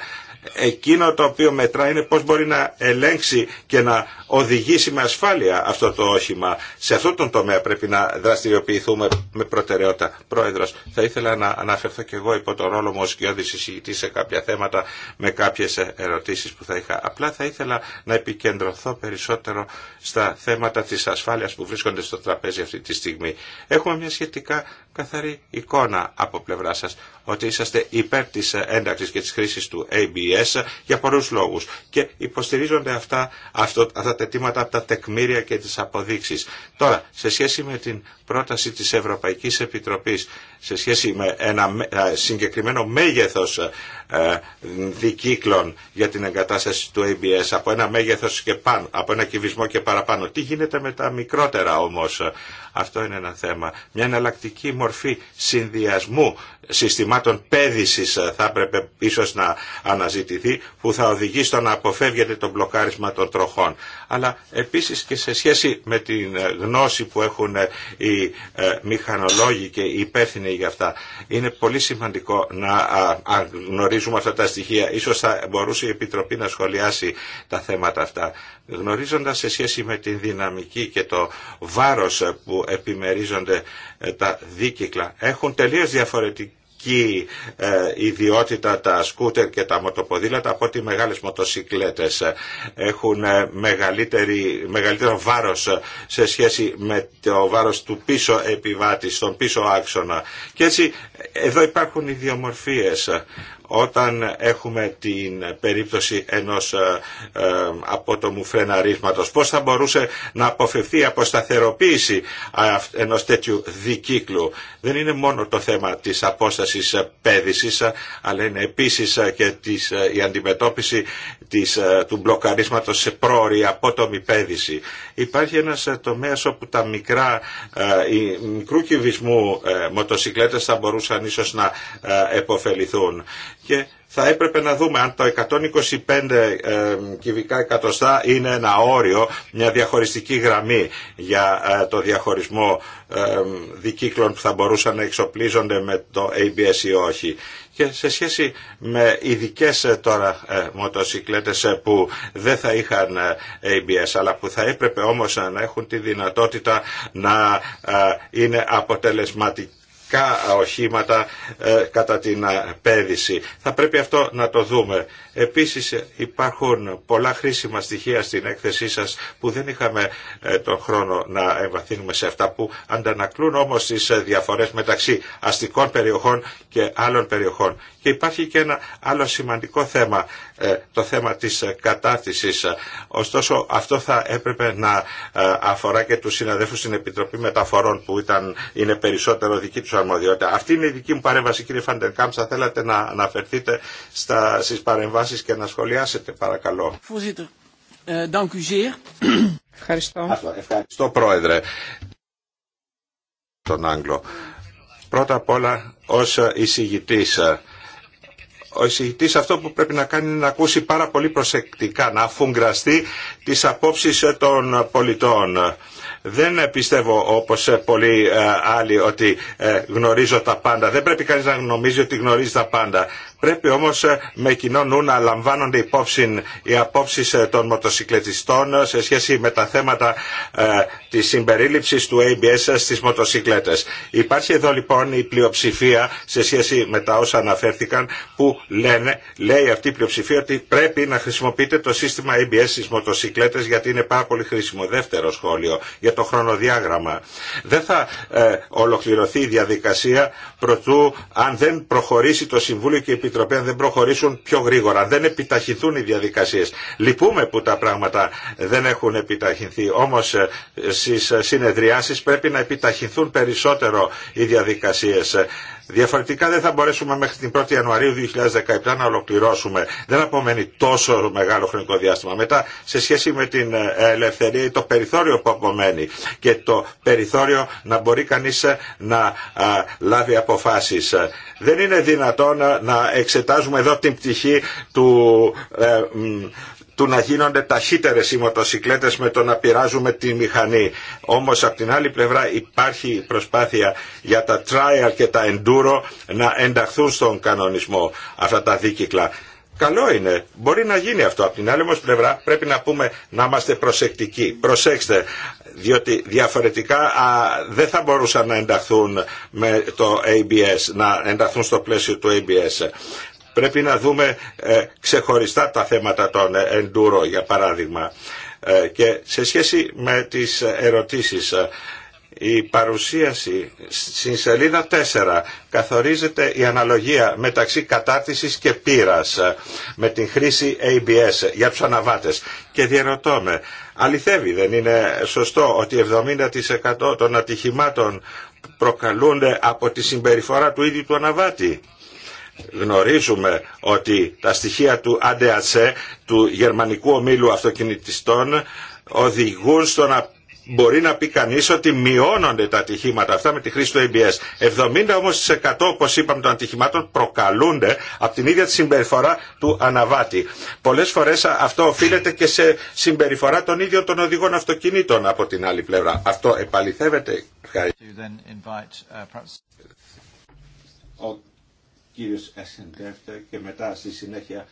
εκείνο το οποίο μετρά είναι πώς μπορεί να ελέγξει και να οδηγήσει με ασφάλεια αυτό το όχημα. Σε αυτό τον τομέα πρέπει να δραστηριοποιηθούμε με προτεραιότητα. Πρόεδρος, θα ήθελα να αναφερθώ και εγώ υπό τον ρόλο μου ως κοιόδης εισηγητή σε κάποια θέματα με κάποιες ερωτήσεις που θα είχα. Απλά θα ήθελα να επικεντρωθώ περισσότερο στα θέματα της ασφάλειας που βρίσκονται στο τραπέζι αυτή τη στιγμή. Έχουμε μια σχετικά καθαρή εικόνα από πλευρά σας ότι είσαστε υπέρ της ένταξης και της χρήσης του ABS για πολλούς λόγους και υποστηρίζονται αυτά, αυτό, αυτά τα αιτήματα από τα τεκμήρια και τις αποδείξεις. Τώρα, σε σχέση με την πρόταση της Ευρωπαϊκής Επιτροπής, σε σχέση με ένα ε, συγκεκριμένο μέγεθος ε, δικύκλων για την εγκατάσταση του ABS από ένα μέγεθος και πάνω, από ένα κυβισμό και παραπάνω. Τι γίνεται με τα μικρότερα όμως αυτό είναι ένα θέμα. Μια εναλλακτική μορφή συνδυασμού συστημάτων πέδησης ε, θα έπρεπε ίσως να αναζητηθεί που θα οδηγεί στο να αποφεύγεται το μπλοκάρισμα των τροχών. Αλλά επίσης και σε σχέση με την ε, γνώση που έχουν ε, οι μηχανολόγοι και οι υπεύθυνοι για αυτά είναι πολύ σημαντικό να γνωρίζουμε αυτά τα στοιχεία. Ίσως θα μπορούσε η Επιτροπή να σχολιάσει τα θέματα αυτά γνωρίζοντας σε σχέση με την δυναμική και το βάρος που επιμερίζονται ε, τα δίκυκλα, έχουν τελείως διαφορετική ε, ιδιότητα τα σκούτερ και τα μοτοποδήλατα από ότι οι μεγάλες μοτοσικλέτες έχουν ε, μεγαλύτερη, μεγαλύτερο βάρος σε σχέση με το βάρος του πίσω επιβάτη, στον πίσω άξονα. Και έτσι εδώ υπάρχουν ιδιομορφίες όταν έχουμε την περίπτωση ενός ε, ε, απότομου φρεναρίσματος. Πώς θα μπορούσε να αποφευθεί η αποσταθεροποίηση ενός τέτοιου δικύκλου. Δεν είναι μόνο το θέμα της απόστασης ε, πέδησης, αλλά είναι επίσης και της, η αντιμετώπιση της, του μπλοκαρίσματος σε πρόορη απότομη πέδηση. Υπάρχει ένας ε, τομέας όπου τα μικρά, ε, οι μικρού κυβισμού ε, μοτοσυκλέτες θα μπορούσαν ίσως να επωφεληθούν. Και θα έπρεπε να δούμε αν το 125 κυβικά εκατοστά είναι ένα όριο, μια διαχωριστική γραμμή για το διαχωρισμό δικύκλων που θα μπορούσαν να εξοπλίζονται με το ABS ή όχι. Και σε σχέση με ειδικέ ε, τώρα ε, μοτοσυκλέτες ε, που δεν θα είχαν ABS αλλά που θα έπρεπε όμως να έχουν τη δυνατότητα να είναι αποτελεσματικά οχήματα κατά την πέδηση. Θα πρέπει αυτό να το δούμε Επίσης υπάρχουν πολλά χρήσιμα στοιχεία στην έκθεσή σας που δεν είχαμε ε, τον χρόνο να εμβαθύνουμε σε αυτά που αντανακλούν όμως τις ε, διαφορές μεταξύ αστικών περιοχών και άλλων περιοχών. Και υπάρχει και ένα άλλο σημαντικό θέμα, ε, το θέμα της κατάρτισης. Ωστόσο αυτό θα έπρεπε να αφορά και τους συναδέλφους στην Επιτροπή Μεταφορών που ήταν, είναι περισσότερο δική τους αρμοδιότητα. Αυτή είναι η δική μου παρέμβαση κύριε Φαντερκάμπ, θα θέλατε να αναφερθείτε στα, στις παρεμβάσεις και να σχολιάσετε παρακαλώ. Ε, Ευχαριστώ. Ευχαριστώ πρόεδρε τον Άγγλο. Πρώτα απ' όλα ως εισηγητής ε, ο εισηγητή αυτό που πρέπει να κάνει είναι να ακούσει πάρα πολύ προσεκτικά, να αφουγκραστεί τι απόψει των πολιτών. Δεν πιστεύω όπως πολλοί ε, άλλοι ότι γνωρίζω τα πάντα. Δεν πρέπει κανείς να νομίζει ότι γνωρίζει τα πάντα. Πρέπει όμως ε, με κοινό νου να λαμβάνονται υπόψη οι απόψει ε, των μοτοσυκλετιστών ε, σε σχέση με τα θέματα ε, της συμπερίληψης του ABS στις μοτοσυκλέτες. Υπάρχει εδώ λοιπόν η πλειοψηφία σε σχέση με τα όσα αναφέρθηκαν που λένε, λέει αυτή η πλειοψηφία ότι πρέπει να χρησιμοποιείτε το σύστημα ABS στις μοτοσυκλέτες γιατί είναι πάρα πολύ χρήσιμο. Δεύτερο σχόλιο για το χρονοδιάγραμμα. Δεν θα ολοκληρωθεί η διαδικασία προτού αν δεν προχωρήσει το Συμβούλιο και η Επιτροπή αν δεν προχωρήσουν πιο γρήγορα, δεν επιταχυνθούν οι διαδικασίες. Λυπούμε που τα πράγματα δεν έχουν επιταχυνθεί, όμως ε, στις συνεδριάσεις πρέπει να επιταχυνθούν περισσότερο οι διαδικασίες. Διαφορετικά δεν θα μπορέσουμε μέχρι την 1η Ιανουαρίου 2017 να ολοκληρώσουμε. Δεν απομένει τόσο μεγάλο χρονικό διάστημα. Μετά σε σχέση με την ε, ελευθερία ή το περιθώριο που απομένει και το περιθώριο να μπορεί κανείς ε, να ε, λάβει αποφάσεις. Δεν είναι δυνατόν να εξετάζουμε εδώ την πτυχή του του να γίνονται ταχύτερε οι μοτοσυκλέτε με το να πειράζουμε τη μηχανή. Όμως από την άλλη πλευρά υπάρχει προσπάθεια για τα trial και τα enduro να ενταχθούν στον κανονισμό αυτά τα δίκυκλα. Καλό είναι, μπορεί να γίνει αυτό. Από την άλλη όμως πλευρά πρέπει να πούμε να είμαστε προσεκτικοί. Προσέξτε, διότι διαφορετικά α, δεν θα μπορούσαν να ενταχθούν το ABS, να ενταχθούν στο πλαίσιο του ABS. Πρέπει να δούμε ε, ξεχωριστά τα θέματα των εντούρο, για παράδειγμα. Ε, και σε σχέση με τις ερωτήσεις, ε, η παρουσίαση στην σελίδα 4 καθορίζεται η αναλογία μεταξύ κατάρτισης και πείρας με την χρήση ABS για τους αναβάτες. Και διαρωτώ με, αληθεύει δεν είναι σωστό ότι 70% των ατυχημάτων προκαλούνται από τη συμπεριφορά του ίδιου του αναβάτη γνωρίζουμε ότι τα στοιχεία του ADAC, του Γερμανικού Ομίλου Αυτοκινητιστών, οδηγούν στο να μπορεί να πει κανείς ότι μειώνονται τα ατυχήματα αυτά με τη χρήση του ABS. 70 όμως 100 όπως είπαμε των ατυχημάτων προκαλούνται από την ίδια τη συμπεριφορά του αναβάτη. Πολλές φορές αυτό οφείλεται και σε συμπεριφορά των ίδιων των οδηγών αυτοκινήτων από την άλλη πλευρά. Αυτό επαληθεύεται κύριος Εσεντεύτε και μετά στη συνέχεια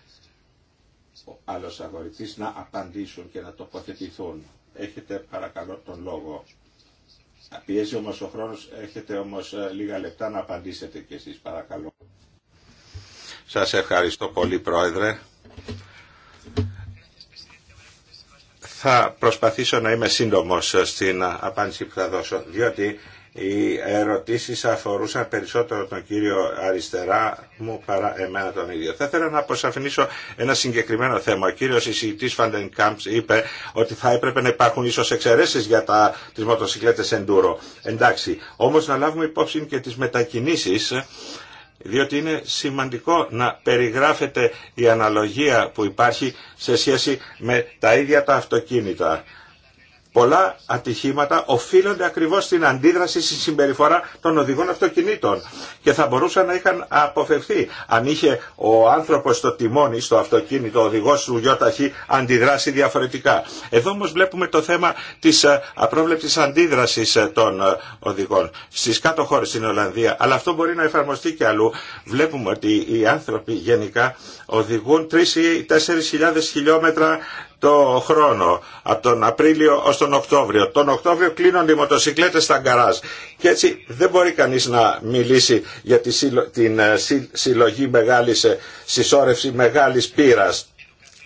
ο άλλος αγορητής να απαντήσουν και να τοποθετηθούν. Έχετε παρακαλώ τον λόγο. Πιέζει όμως ο χρόνος, έχετε όμως ε, λίγα λεπτά να απαντήσετε κι εσείς παρακαλώ. Σας ευχαριστώ πολύ Πρόεδρε. Θα προσπαθήσω να είμαι σύντομος ε, στην ε, απάντηση που θα δώσω, διότι οι ερωτήσεις αφορούσαν περισσότερο τον κύριο αριστερά μου παρά εμένα τον ίδιο. Θα ήθελα να αποσαφηνίσω ένα συγκεκριμένο θέμα. Ο κύριος εισηγητής Φαντεν Κάμπς είπε ότι θα έπρεπε να υπάρχουν ίσως εξαιρέσεις για τα, τις μοτοσυκλέτες εντούρο. Εντάξει, όμως να λάβουμε υπόψη και τις μετακινήσεις διότι είναι σημαντικό να περιγράφεται η αναλογία που υπάρχει σε σχέση με τα ίδια τα αυτοκίνητα πολλά ατυχήματα οφείλονται ακριβώς στην αντίδραση στη συμπεριφορά των οδηγών αυτοκινήτων και θα μπορούσαν να είχαν αποφευθεί αν είχε ο άνθρωπος στο τιμόνι, στο αυτοκίνητο, ο οδηγός του γιώταχη αντιδράσει διαφορετικά. Εδώ όμως βλέπουμε το θέμα της ε, απρόβλεπτης αντίδρασης ε, των ε, οδηγών στις κάτω χώρες στην Ολλανδία, αλλά αυτό μπορεί να εφαρμοστεί και αλλού. Βλέπουμε ότι οι άνθρωποι γενικά οδηγούν 3 ή 4 χιλιόμετρα το χρόνο, από τον Απρίλιο ως τον Οκτώβριο. Τον Οκτώβριο κλείνονται οι μοτοσυκλέτες στα γκαράζ. Και έτσι δεν μπορεί κανείς να μιλήσει για την ε, συλλογή μεγάλη συσσόρευση μεγάλης ε, πύρας.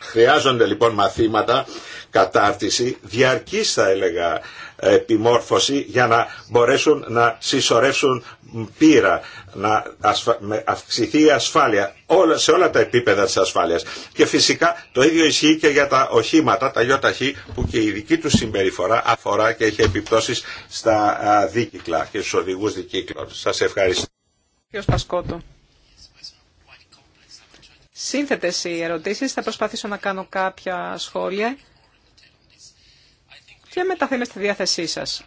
Χρειάζονται λοιπόν μαθήματα, κατάρτιση, διαρκής θα έλεγα επιμόρφωση για να μπορέσουν να συσσωρεύσουν πύρα, να αυξηθεί η ασφάλεια σε όλα τα επίπεδα της ασφάλειας. Και φυσικά το ίδιο ισχύει και για τα οχήματα, τα ΙΟΤΑΧΗ, που και η δική του συμπεριφορά αφορά και έχει επιπτώσεις στα δίκυκλα και στους οδηγούς δικύκλων. Σας ευχαριστώ. Πασκότο. Σύνθετες οι ερωτήσεις, θα προσπαθήσω να κάνω κάποια σχόλια και μετά στη διάθεσή σας.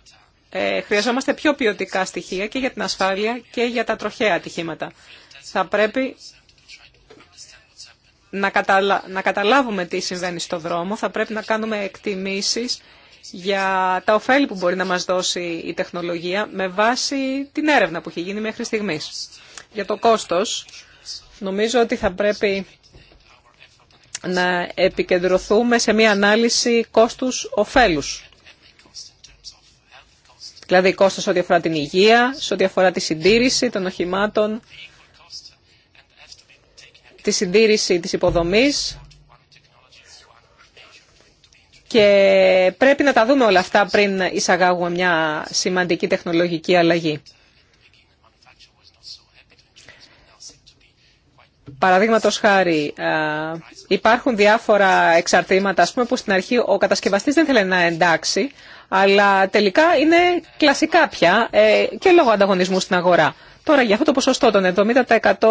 Ε, χρειαζόμαστε πιο ποιοτικά στοιχεία και για την ασφάλεια και για τα τροχαία ατυχήματα. Θα πρέπει να, να καταλάβουμε τι συμβαίνει στο δρόμο, θα πρέπει να κάνουμε εκτιμήσεις για τα ωφέλη που μπορεί να μας δώσει η τεχνολογία με βάση την έρευνα που έχει γίνει μέχρι στιγμής. Για το κόστος, νομίζω ότι θα πρέπει να επικεντρωθούμε σε μια ανάλυση κόστους-οφέλους. Δηλαδή κόστο ό,τι αφορά την υγεία, ό,τι αφορά τη συντήρηση των οχημάτων, τη συντήρηση της υποδομής και πρέπει να τα δούμε όλα αυτά πριν εισαγάγουμε μια σημαντική τεχνολογική αλλαγή. Παραδείγματο χάρη, υπάρχουν διάφορα εξαρτήματα ας πούμε, που στην αρχή ο κατασκευαστής δεν θέλει να εντάξει, αλλά τελικά είναι κλασικά πια ε, και λόγω ανταγωνισμού στην αγορά. Τώρα για αυτό το ποσοστό των 70%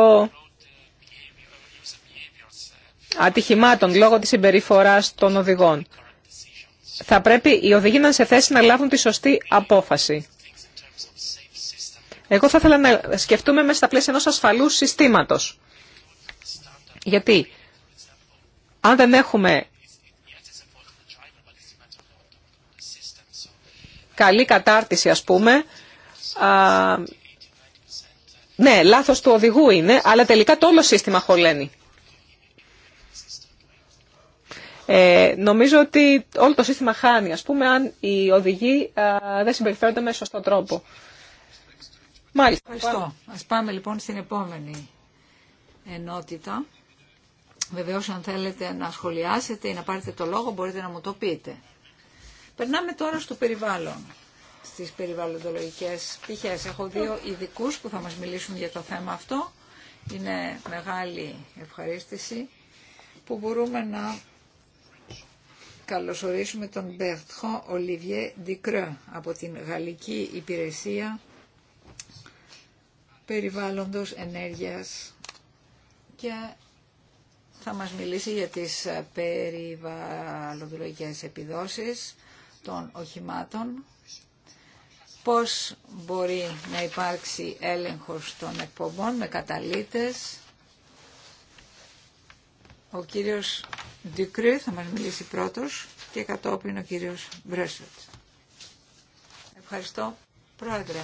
ατυχημάτων λόγω της συμπεριφορά των οδηγών. Θα πρέπει οι οδηγοί να είναι σε θέση να λάβουν τη σωστή απόφαση. Εγώ θα ήθελα να σκεφτούμε μέσα στα πλαίσια ενός ασφαλούς συστήματος. Γιατί αν δεν έχουμε καλή κατάρτιση ας πούμε, α, ναι, λάθος του οδηγού είναι, αλλά τελικά το όλο σύστημα χωλαίνει. Ε, νομίζω ότι όλο το σύστημα χάνει, ας πούμε, αν οι οδηγοί α, δεν συμπεριφέρονται με σωστό τρόπο. Μάλιστα. Ευχαριστώ. Ας πάμε λοιπόν στην επόμενη ενότητα. Βεβαίως αν θέλετε να σχολιάσετε ή να πάρετε το λόγο μπορείτε να μου το πείτε. Περνάμε τώρα στο περιβάλλον, στις περιβαλλοντολογικές πτυχές. Έχω δύο ειδικού που θα μας μιλήσουν για το θέμα αυτό. Είναι μεγάλη ευχαρίστηση που μπορούμε να καλωσορίσουμε τον Μπερτχό Ολιβίε Dicreux από την Γαλλική Υπηρεσία Περιβάλλοντος Ενέργειας και θα μας μιλήσει για τις περιβαλλοντολογικές επιδόσεις των οχημάτων, πώς μπορεί να υπάρξει έλεγχος των εκπομπών με καταλήτες. Ο κύριος Ντικρύ θα μας μιλήσει πρώτος και κατόπιν ο κύριος Μπρέσοτ Ευχαριστώ, Πρόεδρε.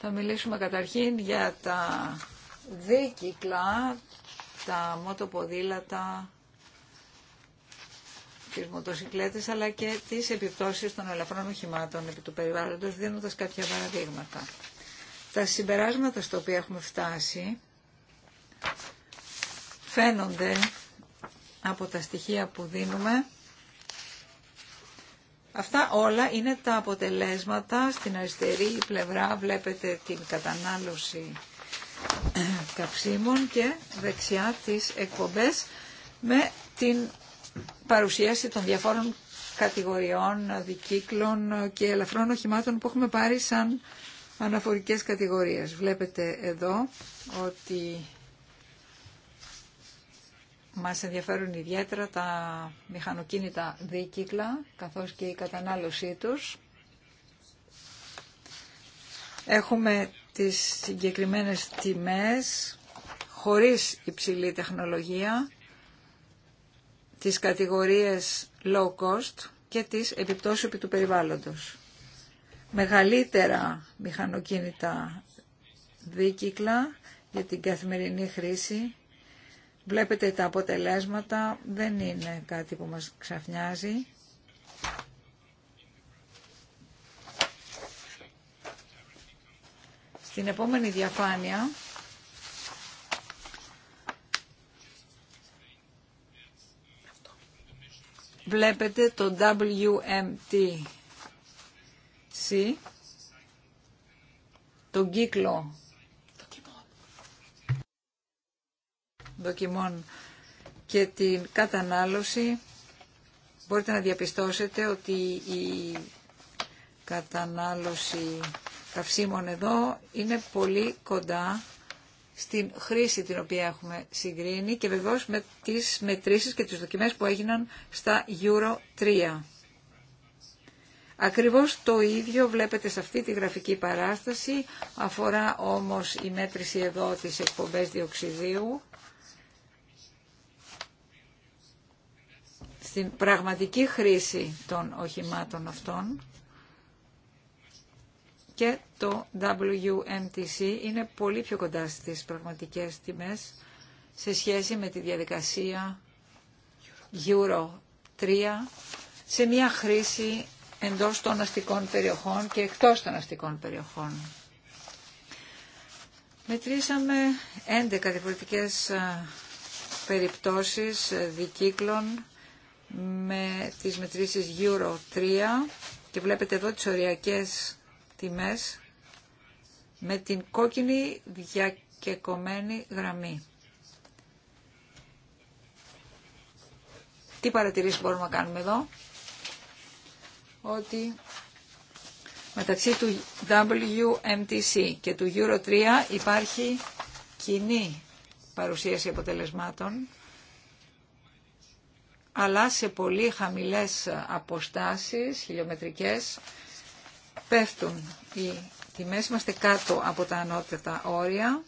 Θα μιλήσουμε καταρχήν για τα δίκυκλα, τα μοτοποδήλατα, τις μοτοσυκλέτες, αλλά και τις επιπτώσεις των ελαφρών οχημάτων επί του περιβάλλοντος, δίνοντας κάποια παραδείγματα. Τα συμπεράσματα στο οποία έχουμε φτάσει φαίνονται από τα στοιχεία που δίνουμε. Αυτά όλα είναι τα αποτελέσματα. Στην αριστερή πλευρά βλέπετε την κατανάλωση Καψίμων και δεξιά τις εκπομπές με την παρουσίαση των διαφόρων κατηγοριών, δικύκλων και ελαφρών οχημάτων που έχουμε πάρει σαν αναφορικές κατηγορίες. Βλέπετε εδώ ότι μας ενδιαφέρουν ιδιαίτερα τα μηχανοκίνητα δίκυκλα καθώς και η κατανάλωσή τους. Έχουμε τις συγκεκριμένες τιμές χωρίς υψηλή τεχνολογία, τις κατηγορίες low cost και τις επιπτώσεις επί του περιβάλλοντος. Μεγαλύτερα μηχανοκίνητα δίκυκλα για την καθημερινή χρήση. Βλέπετε τα αποτελέσματα, δεν είναι κάτι που μας ξαφνιάζει. Στην επόμενη διαφάνεια βλέπετε το WMTC, τον κύκλο δοκιμών και την κατανάλωση. Μπορείτε να διαπιστώσετε ότι η κατανάλωση καυσίμων εδώ είναι πολύ κοντά στην χρήση την οποία έχουμε συγκρίνει και βεβαίως με τις μετρήσεις και τις δοκιμές που έγιναν στα Euro 3. Ακριβώς το ίδιο βλέπετε σε αυτή τη γραφική παράσταση, αφορά όμως η μέτρηση εδώ της εκπομπές διοξιδίου. Στην πραγματική χρήση των οχημάτων αυτών και το WMTC είναι πολύ πιο κοντά στις πραγματικές τιμές σε σχέση με τη διαδικασία Euro 3 σε μια χρήση εντός των αστικών περιοχών και εκτός των αστικών περιοχών. Μετρήσαμε 11 διαφορετικές περιπτώσεις δικύκλων με τις μετρήσεις Euro 3 και βλέπετε εδώ τις οριακές με την κόκκινη διακεκομένη γραμμή. Τι παρατηρήσεις μπορούμε να κάνουμε εδώ. Ότι μεταξύ του WMTC και του Euro 3 υπάρχει κοινή παρουσίαση αποτελεσμάτων αλλά σε πολύ χαμηλές αποστάσεις χιλιομετρικές πέφτουν οι τιμές, είμαστε κάτω από τα ανώτερα όρια.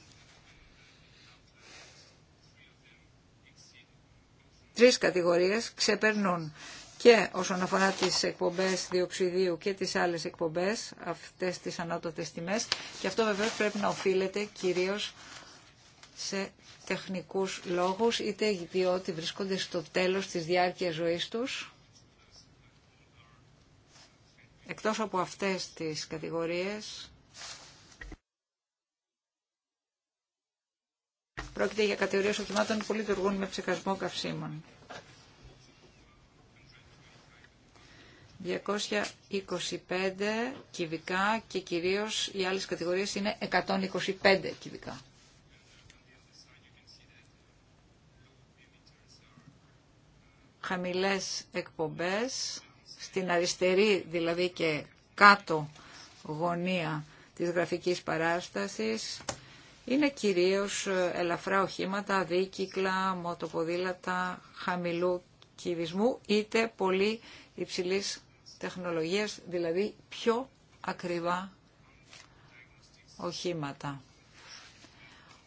Τρεις κατηγορίες ξεπερνούν και όσον αφορά τις εκπομπές διοξιδίου και τις άλλες εκπομπές, αυτές τις ανώτατες τιμές, και αυτό βεβαίως πρέπει να οφείλεται κυρίως σε τεχνικούς λόγους, είτε διότι βρίσκονται στο τέλος της διάρκειας ζωής τους, Εκτός από αυτές τις κατηγορίες, πρόκειται για κατηγορίες οχημάτων που λειτουργούν με ψεκασμό καυσίμων. 225 κυβικά και κυρίως οι άλλες κατηγορίες είναι 125 κυβικά. Χαμηλές εκπομπές στην αριστερή δηλαδή και κάτω γωνία της γραφικής παράστασης είναι κυρίως ε, ελαφρά οχήματα, δίκυκλα, μοτοποδήλατα, χαμηλού κυβισμού είτε πολύ υψηλής τεχνολογίας, δηλαδή πιο ακριβά οχήματα.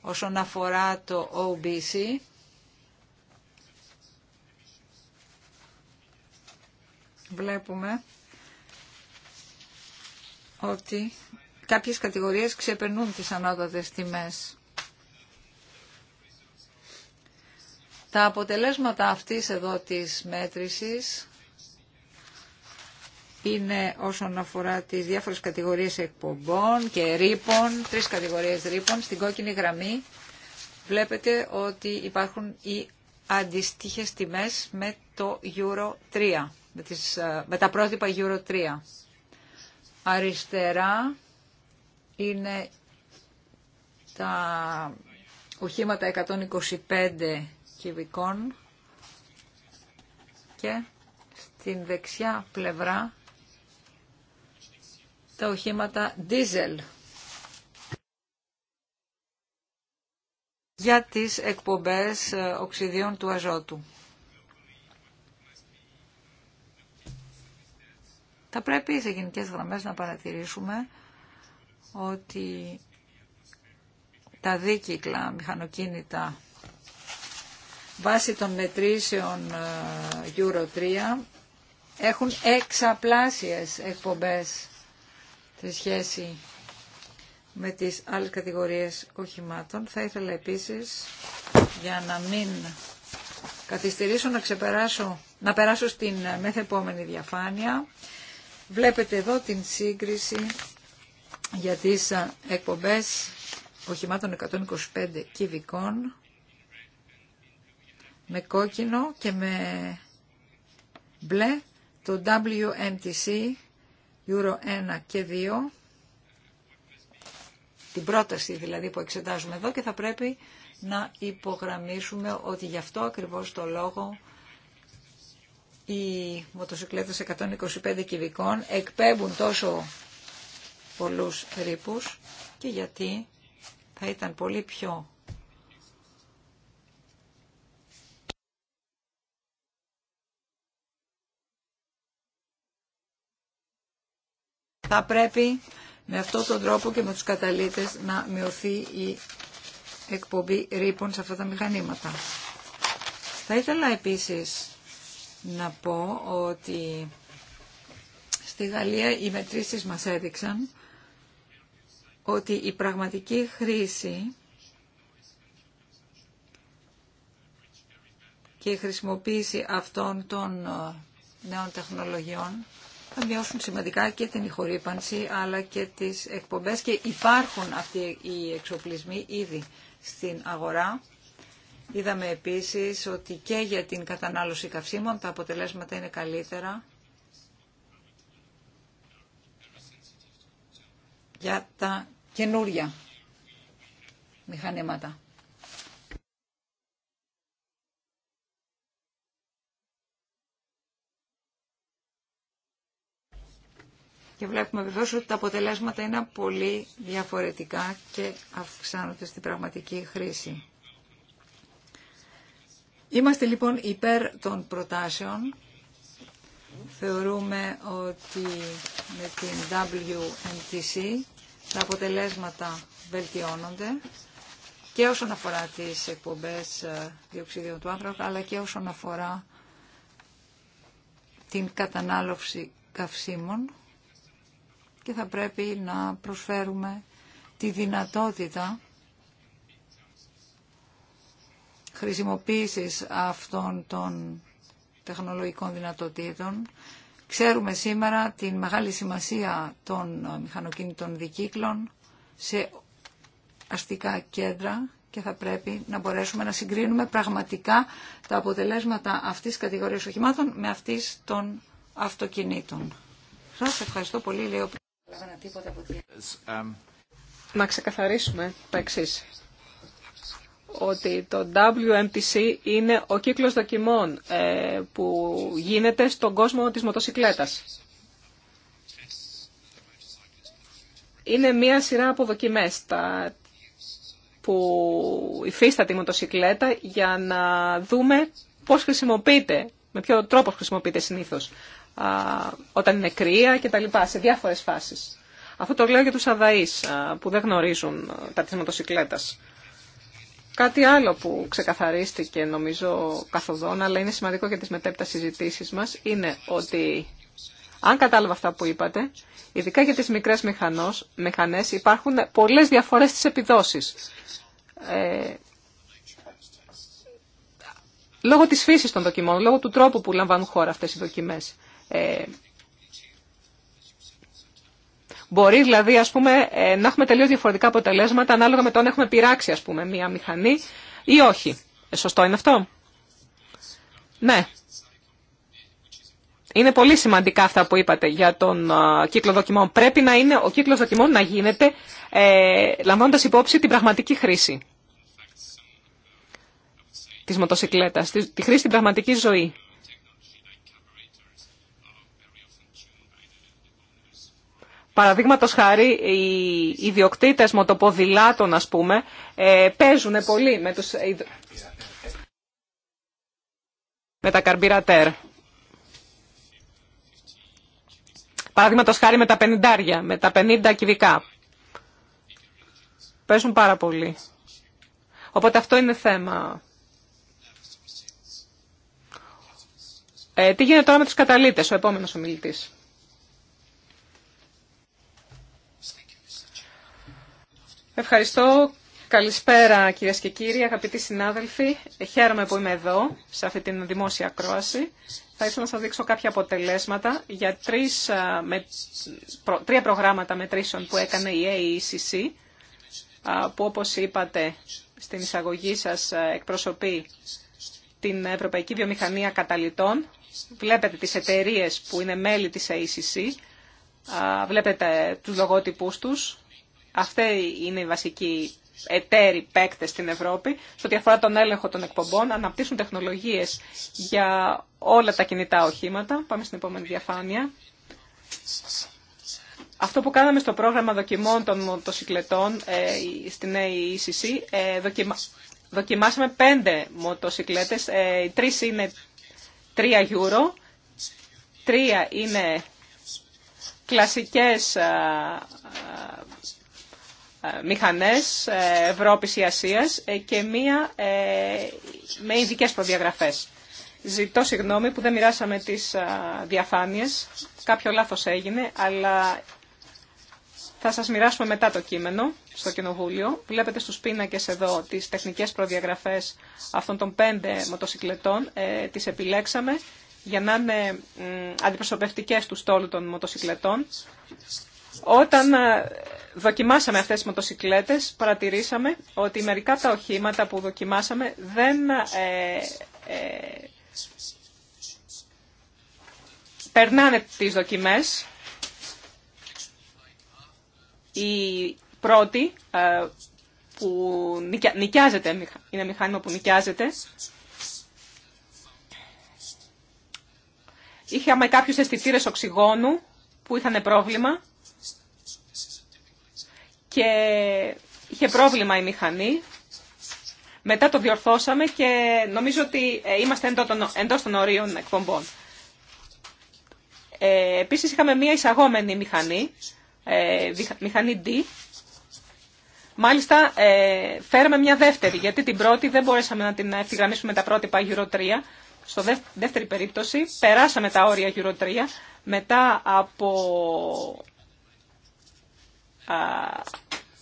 Όσον αφορά το OBC, βλέπουμε ότι κάποιες κατηγορίες ξεπερνούν τις ανώτατες τιμές. Τα αποτελέσματα αυτής εδώ της μέτρησης είναι όσον αφορά τις διάφορες κατηγορίες εκπομπών και ρήπων, τρεις κατηγορίες ρήπων. Στην κόκκινη γραμμή βλέπετε ότι υπάρχουν οι αντιστοίχες τιμές με το Euro 3 με, τις, ε, τα πρότυπα Euro 3. Αριστερά είναι τα οχήματα 125 κυβικών και στην δεξιά πλευρά τα οχήματα diesel για τις εκπομπές ε, οξυδίων του αζότου. Θα πρέπει σε γενικές γραμμές να παρατηρήσουμε ότι τα δίκυκλα μηχανοκίνητα βάσει των μετρήσεων ε, Euro 3 έχουν εξαπλάσιες εκπομπές σε σχέση με τις άλλες κατηγορίες οχημάτων. Θα ήθελα επίσης για να μην καθυστερήσω να, ξεπεράσω, να περάσω στην ε, μεθεπόμενη διαφάνεια Βλέπετε εδώ την σύγκριση για τις εκπομπές οχημάτων 125 κυβικών με κόκκινο και με μπλε το WMTC Euro 1 και 2 την πρόταση δηλαδή που εξετάζουμε εδώ και θα πρέπει να υπογραμμίσουμε ότι γι' αυτό ακριβώς το λόγο οι μοτοσυκλέτες 125 κυβικών εκπέμπουν τόσο πολλούς ρήπους και γιατί θα ήταν πολύ πιο Θα πρέπει με αυτόν τον τρόπο και με τους καταλήτες να μειωθεί η εκπομπή ρήπων σε αυτά τα μηχανήματα. Θα ήθελα επίσης να πω ότι στη Γαλλία οι μετρήσεις μας έδειξαν ότι η πραγματική χρήση και η χρησιμοποίηση αυτών των ε, νέων τεχνολογιών θα μειώσουν σημαντικά και την ηχορύπανση αλλά και τις εκπομπές και υπάρχουν αυτοί οι εξοπλισμοί ήδη στην αγορά Είδαμε επίσης ότι και για την κατανάλωση καυσίμων τα αποτελέσματα είναι καλύτερα. για τα καινούρια μηχανήματα. Και βλέπουμε βεβαίω ότι τα αποτελέσματα είναι πολύ διαφορετικά και αυξάνονται στην πραγματική χρήση. Είμαστε λοιπόν υπέρ των προτάσεων. Θεωρούμε ότι με την WMTC τα αποτελέσματα βελτιώνονται και όσον αφορά τις εκπομπές ε, διοξιδίων του άνθρακα, αλλά και όσον αφορά την κατανάλωση καυσίμων και θα πρέπει να προσφέρουμε τη δυνατότητα χρησιμοποίησης αυτών των τεχνολογικών δυνατοτήτων. Ξέρουμε σήμερα την μεγάλη σημασία των μηχανοκίνητων δικύκλων σε αστικά κέντρα και θα πρέπει να μπορέσουμε να συγκρίνουμε πραγματικά τα αποτελέσματα αυτής της κατηγορίας οχημάτων με αυτής των αυτοκινήτων. Σας ευχαριστώ πολύ, λέω. Να ξεκαθαρίσουμε τα εξής ότι το WMTC είναι ο κύκλος δοκιμών ε, που γίνεται στον κόσμο της μοτοσυκλέτας. Είναι μία σειρά από δοκιμές που υφίσταται η μοτοσικλέτα για να δούμε πώς χρησιμοποιείται, με ποιο τρόπο χρησιμοποιείται συνήθως, όταν είναι κρύα και τα λοιπά, σε διάφορες φάσεις. Αυτό το λέω για τους αδαείς που δεν γνωρίζουν ε, τα της μοτοσυκλέτας. Κάτι άλλο που ξεκαθαρίστηκε νομίζω καθοδόν, αλλά είναι σημαντικό για τις μετέπειτα συζητήσει μας, είναι ότι αν κατάλαβα αυτά που είπατε, ειδικά για τις μικρές μηχανός, μηχανές υπάρχουν πολλές διαφορές στις επιδόσεις. Ε, λόγω της φύσης των δοκιμών, λόγω του τρόπου που λαμβάνουν χώρα αυτές οι δοκιμές. Ε, Μπορεί δηλαδή ας πούμε, ε, να έχουμε τελείω διαφορετικά αποτελέσματα ανάλογα με το αν έχουμε πειράξει ας πούμε, μία μηχανή ή όχι. Ε, σωστό είναι αυτό. Ναι. Είναι πολύ σημαντικά αυτά που είπατε για τον κύκλο δοκιμών. Πρέπει να είναι ο κύκλος δοκιμών να γίνεται ε, λαμβάνοντας υπόψη την πραγματική χρήση της μοτοσυκλέτας, τη χρήση στην πραγματική ζωή. Παραδείγματο χάρη, οι ιδιοκτήτε μοτοποδηλάτων, α πούμε, ε, παίζουν πολύ με, τους... με τα καρμπιρατέρ. Παραδείγματο χάρη με τα πενιντάρια, με τα 50 κυβικά. Παίζουν πάρα πολύ. Οπότε αυτό είναι θέμα. Ε, τι γίνεται τώρα με τους καταλήτες, ο επόμενος ομιλητής. Ευχαριστώ. Καλησπέρα κυρίε και κύριοι, αγαπητοί συνάδελφοι. Χαίρομαι που είμαι εδώ, σε αυτή την δημόσια ακρόαση. Θα ήθελα να σα δείξω κάποια αποτελέσματα για τρεις, τρία προγράμματα μετρήσεων που έκανε η AECC, που όπω είπατε στην εισαγωγή σα εκπροσωπεί την Ευρωπαϊκή Βιομηχανία Καταλητών. Βλέπετε τι εταιρείε που είναι μέλη τη AECC, βλέπετε τους λογότυπούς τους, αυτή είναι η βασική εταίροι παίκτε στην Ευρώπη, σε ό,τι αφορά τον έλεγχο των εκπομπών, αναπτύσσουν τεχνολογίε για όλα τα κινητά οχήματα. Πάμε στην επόμενη διαφάνεια. Αυτό που κάναμε στο πρόγραμμα δοκιμών των μοτοσυκλετών ε, στην AECC, ε, δοκιμάσαμε πέντε μοτοσυκλέτες, ε, οι τρεις είναι 3 γιούρο. τρία είναι κλασικές ε, ε, μηχανές ε, Ευρώπης ή Ασίας ε, και μία με ειδικέ προδιαγραφές. Ζητώ συγγνώμη που δεν μοιράσαμε τις διαφάνειες. Κάποιο λάθος έγινε, αλλά θα σας μοιράσουμε μετά το κείμενο στο Κοινοβούλιο. Βλέπετε στους πίνακες εδώ τις τεχνικές προδιαγραφές αυτών των πέντε μοτοσυκλετών. τις επιλέξαμε για να είναι αντιπροσωπευτικές του στόλου των μοτοσυκλετών. Όταν δοκιμάσαμε αυτές τις μοτοσυκλέτες, παρατηρήσαμε ότι μερικά από τα οχήματα που δοκιμάσαμε δεν ε, ε, περνάνε τις δοκιμές. Η πρώτη ε, που νοικιάζεται, είναι μηχάνημα που νοικιάζεται, είχαμε κάποιους αισθητήρε οξυγόνου που είχαν πρόβλημα και είχε πρόβλημα η μηχανή. Μετά το διορθώσαμε και νομίζω ότι ε, είμαστε εντός των ορίων εκπομπών. Ε, επίσης είχαμε μία εισαγόμενη μηχανή, ε, μηχανή D. Μάλιστα ε, φέραμε μια εισαγομενη μηχανη μηχανη d μαλιστα φεραμε μια δευτερη γιατι την πρώτη δεν μπορέσαμε να την ευθυγραμμίσουμε τα πρότυπα Euro 3. Στο δεύτερη περίπτωση περάσαμε τα όρια Euro 3 μετά από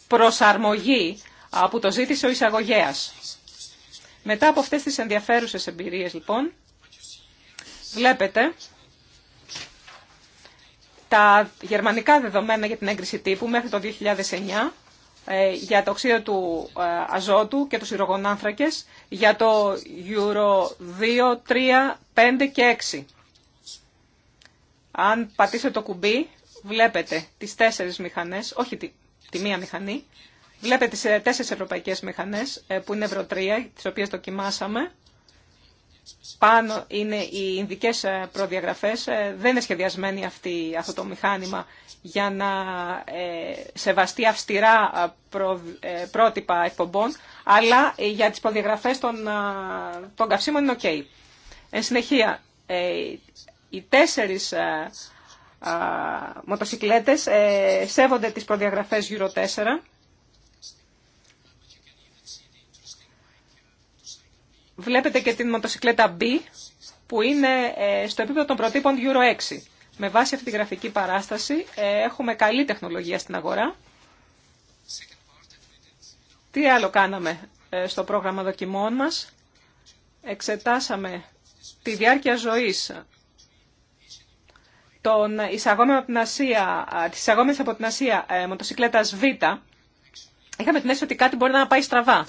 προσαρμογή που το ζήτησε ο εισαγωγέας. Μετά από αυτές τις ενδιαφέρουσες εμπειρίες λοιπόν, βλέπετε τα γερμανικά δεδομένα για την έγκριση τύπου μέχρι το 2009 ε, για το οξύδιο του ε, αζότου και του σιρογονάνθρακες για το Euro 2, 3, 5 και 6. Αν πατήσετε το κουμπί βλέπετε τις τέσσερις μηχανές, όχι τη, μία μηχανή, βλέπετε τις ε, τέσσερις ευρωπαϊκές μηχανές ε, που είναι ευρωτρία, τις οποίες δοκιμάσαμε. Πάνω είναι οι ειδικέ ε, προδιαγραφές. Δεν είναι σχεδιασμένη αυτή, αυτό το μηχάνημα για να σεβαστεί αυστηρά πρότυπα εκπομπών, αλλά για τις προδιαγραφές των, των καυσίμων είναι ok. Εν συνεχεία, οι τέσσερις μοτοσικλέτες ε, σέβονται τις προδιαγραφές Euro 4. Βλέπετε και την μοτοσικλέτα B που είναι ε, στο επίπεδο των προτύπων Euro 6. Με βάση αυτή τη γραφική παράσταση ε, έχουμε καλή τεχνολογία στην αγορά. Τι άλλο κάναμε στο πρόγραμμα δοκιμών μας. Εξετάσαμε τη διάρκεια ζωής τον εισαγόμενο από την Ασία, της από την Ασία ε, μοτοσυκλέτας Β, είχαμε την αίσθηση ότι κάτι μπορεί να πάει στραβά.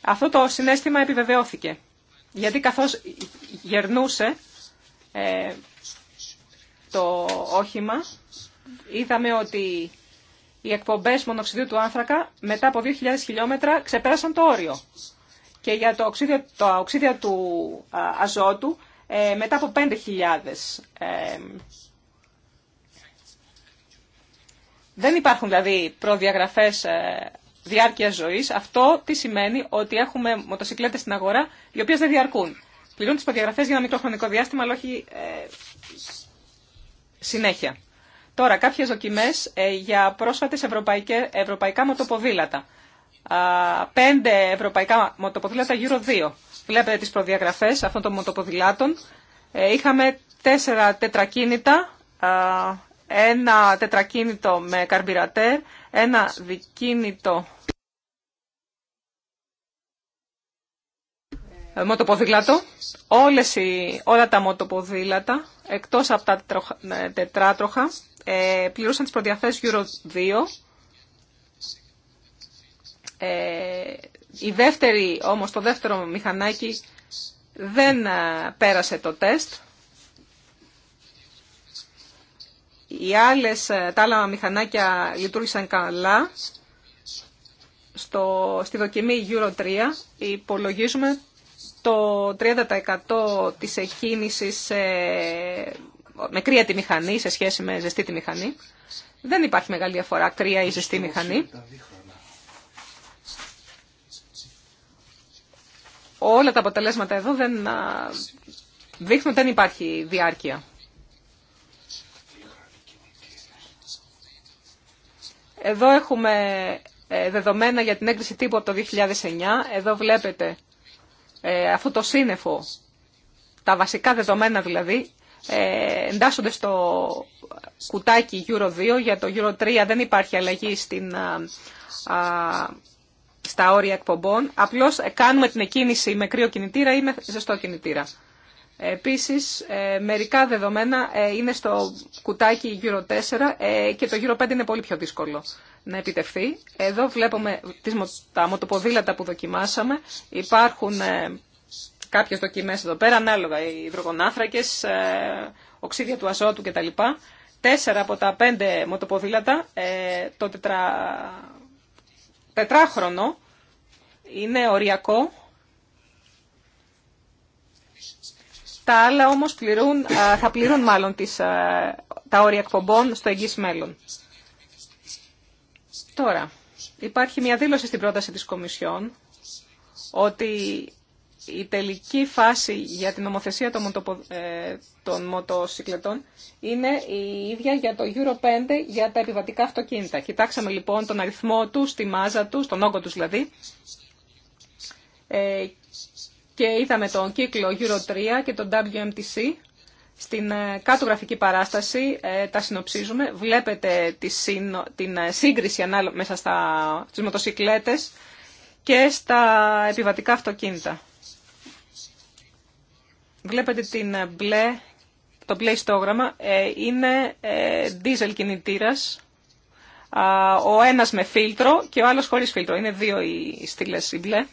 Αυτό το συνέστημα επιβεβαιώθηκε. Γιατί καθώς γερνούσε ε, το όχημα, είδαμε ότι οι εκπομπές μονοξυδίου του άνθρακα μετά από 2.000 χιλιόμετρα ξεπέρασαν το όριο. Και για το οξύδιο, το του αζότου ε, μετά από 5.000 ε, δεν υπάρχουν δηλαδή προδιαγραφές ε, διάρκεια ζωής. Αυτό τι σημαίνει ότι έχουμε μοτοσυκλέτες στην αγορά οι οποίες δεν διαρκούν. Πληρούν τις προδιαγραφές για ένα μικρό χρονικό διάστημα αλλά όχι συνέχεια. Τώρα κάποιες δοκιμές για πρόσφατες ευρωπαϊκές, ευρωπαϊκά μοτοποδήλατα. πέντε ευρωπαϊκά μοτοποδήλατα γύρω δύο. Βλέπετε τις προδιαγραφές αυτών των μοτοποδηλάτων. Ε, είχαμε τέσσερα τετρακίνητα, ένα τετρακίνητο με καρμπυρατέρ, ένα δικίνητο μοτοποδήλατο. Όλες οι, όλα τα μοτοποδήλατα, εκτός από τα ε, τετράτροχα, ε, πληρούσαν τις προδιαθέσεις Euro 2. Η δεύτερη, όμως το δεύτερο μηχανάκι δεν ε, πέρασε το τεστ. Οι άλλες, ε, τα άλλα μηχανάκια λειτουργήσαν καλά. Στο, στη δοκιμή Euro 3 υπολογίζουμε το 30% της εκκίνησης με κρύα τη μηχανή σε σχέση με ζεστή τη μηχανή. Δεν υπάρχει μεγάλη διαφορά κρύα ή ζεστή μηχανή. όλα τα αποτελέσματα εδώ δεν δείχνουν δεν υπάρχει διάρκεια. Εδώ έχουμε ε, δεδομένα για την έγκριση τύπου από το 2009. Εδώ βλέπετε ε, αυτό το σύννεφο, τα βασικά δεδομένα δηλαδή, ε, εντάσσονται στο κουτάκι Euro 2. Για το Euro 3 δεν υπάρχει αλλαγή στην στα όρια εκπομπών, απλώ ε, κάνουμε την εκκίνηση με κρύο κινητήρα ή με ζεστό κινητήρα. Ε, επίσης, ε, μερικά δεδομένα είναι στο κουτάκι γύρω 4 και το γύρω 5 είναι πολύ πιο δύσκολο να επιτευχθεί. Εδώ βλέπουμε τα μοτοποδήλατα που δοκιμάσαμε. Υπάρχουν κάποιε δοκιμές εδώ πέρα, ανάλογα οι υδρογονάθρακες, οξύδια του αζότου κτλ. Τέσσερα από τα πέντε μοτοποδήλατα, το τετρα Πετράχρονο είναι οριακό. Τα άλλα όμως πληρούν, θα πληρούν μάλλον τις, τα όρια εκπομπών στο εγγύς μέλλον. Τώρα, υπάρχει μια δήλωση στην πρόταση της Κομισιόν ότι η τελική φάση για την νομοθεσία των, ε, των μοτοσυκλετών είναι η ίδια για το Euro 5 για τα επιβατικά αυτοκίνητα. Κοιτάξαμε λοιπόν τον αριθμό του, τη μάζα του, τον όγκο του δηλαδή, ε, και είδαμε τον κύκλο Euro 3 και τον WMTC. Στην ε, κάτω γραφική παράσταση τα συνοψίζουμε. Βλέπετε τη την σύγκριση ανάλογα μέσα στα, στις και στα επιβατικά αυτοκίνητα. Βλέπετε την το μπλε ιστόγραμμα. Ε, είναι ε, diesel κινητήρας. Ο ένας με φίλτρο και ο άλλος χωρίς φίλτρο. Είναι δύο οι στήλες οι μπλε.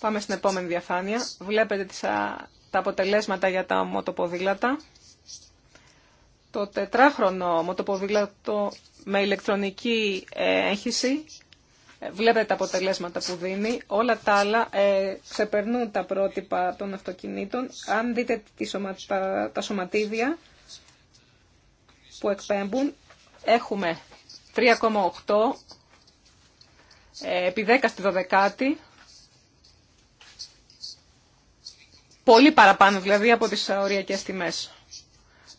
Πάμε στην επόμενη διαφάνεια. Βλέπετε τα αποτελέσματα για τα μοτοποδήλατα το τετράχρονο μοτοποδήλατο με ηλεκτρονική έγχυση. Ε, βλέπετε τα αποτελέσματα που δίνει. Όλα τα άλλα ε, ξεπερνούν τα πρότυπα των αυτοκινήτων. Αν δείτε τη τα... σωματίδια που εκπέμπουν, έχουμε 3,8 ε, επί 10 στη 12η. Πολύ παραπάνω δηλαδή από τις οριακές τιμές.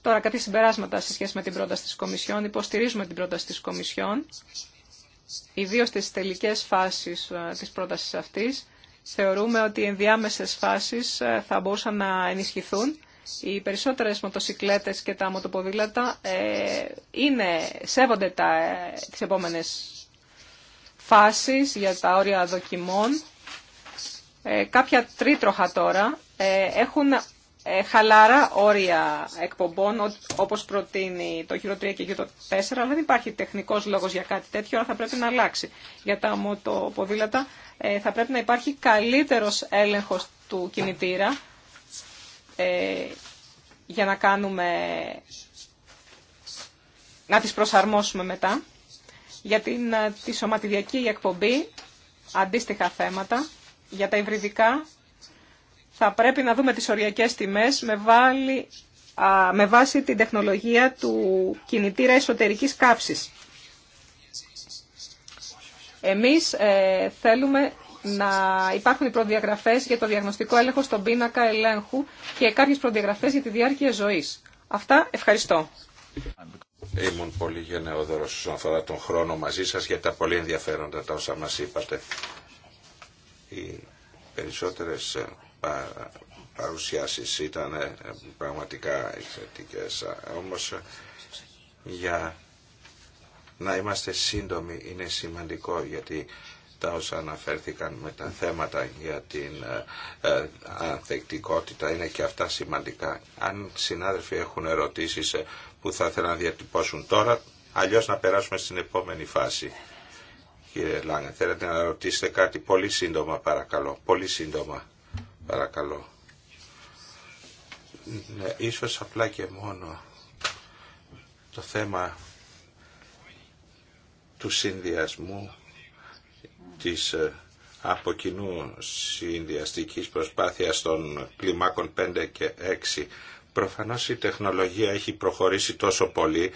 Τώρα κάποια συμπεράσματα σε σχέση με την πρόταση της Κομισιόν. Υποστηρίζουμε την πρόταση της Κομισιόν, ιδίως στις τελικές φάσεις ε, της πρότασης αυτής. Θεωρούμε ότι οι ενδιάμεσες φάσεις ε, θα μπορούσαν να ενισχυθούν. Οι περισσότερες μοτοσυκλέτες και τα μοτοποδήλατα ε, είναι, σέβονται τα, τις επόμενες φάσεις για τα όρια δοκιμών. κάποια τρίτροχα τώρα έχουν ε, χαλάρα όρια εκπομπών, όπως προτείνει το γύρο 3 και γύρο 4, αλλά δεν υπάρχει τεχνικός λόγος για κάτι τέτοιο, αλλά θα πρέπει να αλλάξει. Για τα μοτοποδήλατα ε, θα πρέπει να υπάρχει καλύτερος έλεγχος του κινητήρα ε, για να κάνουμε, να τις προσαρμόσουμε μετά. Για την, τη σωματιδιακή εκπομπή, αντίστοιχα θέματα. Για τα υβριδικά θα πρέπει να δούμε τις οριακές τιμές με, α, με βάση την τεχνολογία του κινητήρα εσωτερικής κάψης. Εμείς ε, θέλουμε να υπάρχουν οι προδιαγραφές για το διαγνωστικό έλεγχο στον πίνακα ελέγχου και κάποιες προδιαγραφές για τη διάρκεια ζωής. Αυτά ευχαριστώ. Ήμουν πολύ γενναιόδωρος όσον αφορά τον χρόνο μαζί σας για τα πολύ ενδιαφέροντα τα όσα μας είπατε. Οι περισσότερες ε, παρουσιάσεις ήταν ε, πραγματικά εξαιρετικές. Όμως για να είμαστε σύντομοι είναι σημαντικό γιατί τα όσα αναφέρθηκαν με τα θέματα για την ε, ε ανθεκτικότητα είναι και αυτά σημαντικά. Αν συνάδελφοι έχουν ερωτήσεις ε, που θα ήθελαν να διατυπώσουν τώρα, αλλιώς να περάσουμε στην επόμενη φάση. Κύριε Λάγκα, θέλετε να ρωτήσετε κάτι πολύ σύντομα παρακαλώ, πολύ σύντομα. Παρακαλώ. Ναι, ίσως απλά και μόνο το θέμα του συνδυασμού της ε, από κοινού συνδυαστικής προσπάθειας των κλιμάκων 5 και 6. Προφανώς η τεχνολογία έχει προχωρήσει τόσο πολύ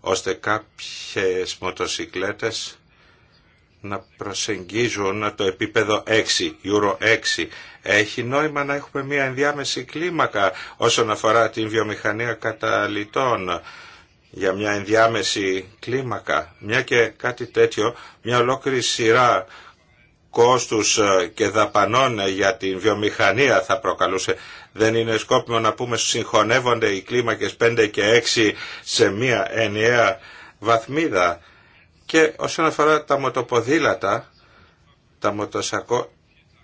ώστε κάποιες μοτοσικλέτες να προσεγγίζουν το επίπεδο 6, Euro 6. Έχει νόημα να έχουμε μια ενδιάμεση κλίμακα όσον αφορά την βιομηχανία καταλυτών για μια ενδιάμεση κλίμακα. Μια και κάτι τέτοιο, μια ολόκληρη σειρά κόστους ε, και δαπανών ε, για την βιομηχανία θα προκαλούσε. Δεν είναι σκόπιμο να πούμε συγχωνεύονται οι κλίμακες 5 και 6 σε μια ενιαία βαθμίδα και όσον αφορά τα μοτοποδήλατα, τα μοτοσακό,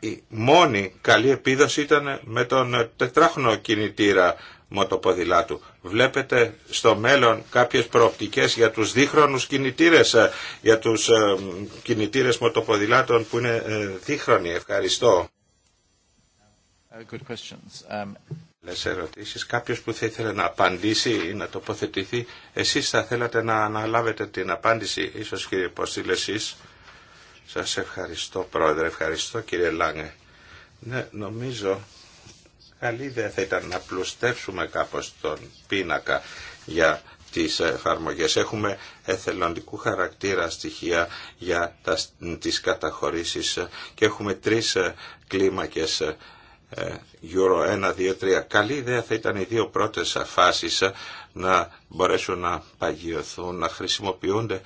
η μόνη καλή επίδοση ήταν με τον τετράχνο κινητήρα μοτοποδηλάτου. Βλέπετε στο μέλλον κάποιες προοπτικές για τους δίχρονους κινητήρες, ε, για τους ε, κινητήρες μοτοποδηλάτων που είναι ε, δίχρονοι. Ευχαριστώ πολλές ερωτήσεις. Κάποιος που θα ήθελε να απαντήσει ή να τοποθετηθεί, εσείς θα θέλατε να αναλάβετε την απάντηση, ίσως κύριε Ποστήλε, εσείς. Σας ευχαριστώ πρόεδρε, ευχαριστώ κύριε Λάγκε. Ναι, νομίζω καλή ιδέα θα ήταν να πλουστεύσουμε κάπως τον πίνακα για τις εφαρμογές. Έχουμε εθελοντικού χαρακτήρα στοιχεία για τι τις και έχουμε τρεις κλίμακες ε, Euro 1, 2, 3. Καλή ιδέα θα ήταν οι δύο πρώτες φάσεις ε, να μπορέσουν να παγιωθούν, να χρησιμοποιούνται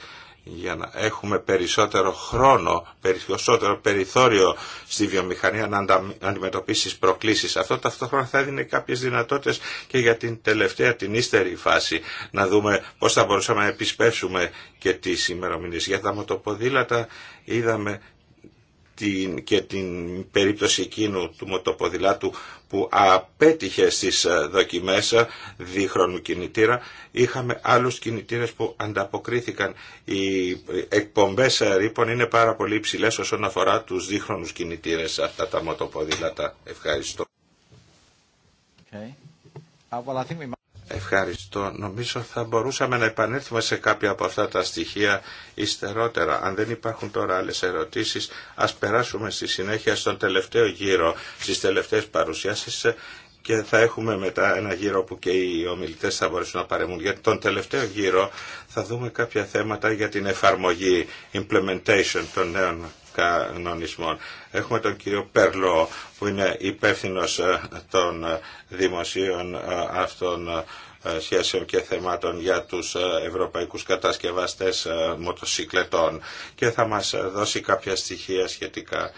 για να έχουμε περισσότερο χρόνο, περισσότερο περιθώριο στη βιομηχανία να αντιμετωπίσει προκλήσεις. Αυτό ταυτόχρονα θα έδινε κάποιες δυνατότητες και για την τελευταία, την ύστερη φάση, να δούμε πώς θα μπορούσαμε να επισπεύσουμε και τις ημερομηνίε Για τα μοτοποδήλατα είδαμε την, και την περίπτωση εκείνου του μοτοποδηλάτου που απέτυχε στις ε, δοκιμές ε, δίχρονου κινητήρα. Είχαμε άλλους κινητήρες που ανταποκρίθηκαν. Οι ε, εκπομπές ρήπων είναι πάρα πολύ υψηλέ όσον αφορά τους δίχρονους κινητήρες αυτά τα μοτοποδήλατα. Ευχαριστώ. Okay. Uh, Ευχαριστώ. Νομίζω θα μπορούσαμε να επανέλθουμε σε κάποια από αυτά τα στοιχεία υστερότερα. Αν δεν υπάρχουν τώρα άλλες ερωτήσεις, ας περάσουμε στη συνέχεια στον τελευταίο γύρο, στις τελευταίες παρουσιάσεις και θα έχουμε μετά ένα γύρο που και οι ομιλητές θα μπορέσουν να παρεμβούν. Για τον τελευταίο γύρο θα δούμε κάποια θέματα για την εφαρμογή, implementation των νέων Έχουμε τον κύριο Περλό που είναι υπεύθυνο ε, των ε, δημοσίων ε, αυτών σχέσεων και θεμάτων για τους ευρωπαϊκούς κατασκευαστές μοτοσυκλετών και θα μας δώσει κάποια στοιχεία σχετικά.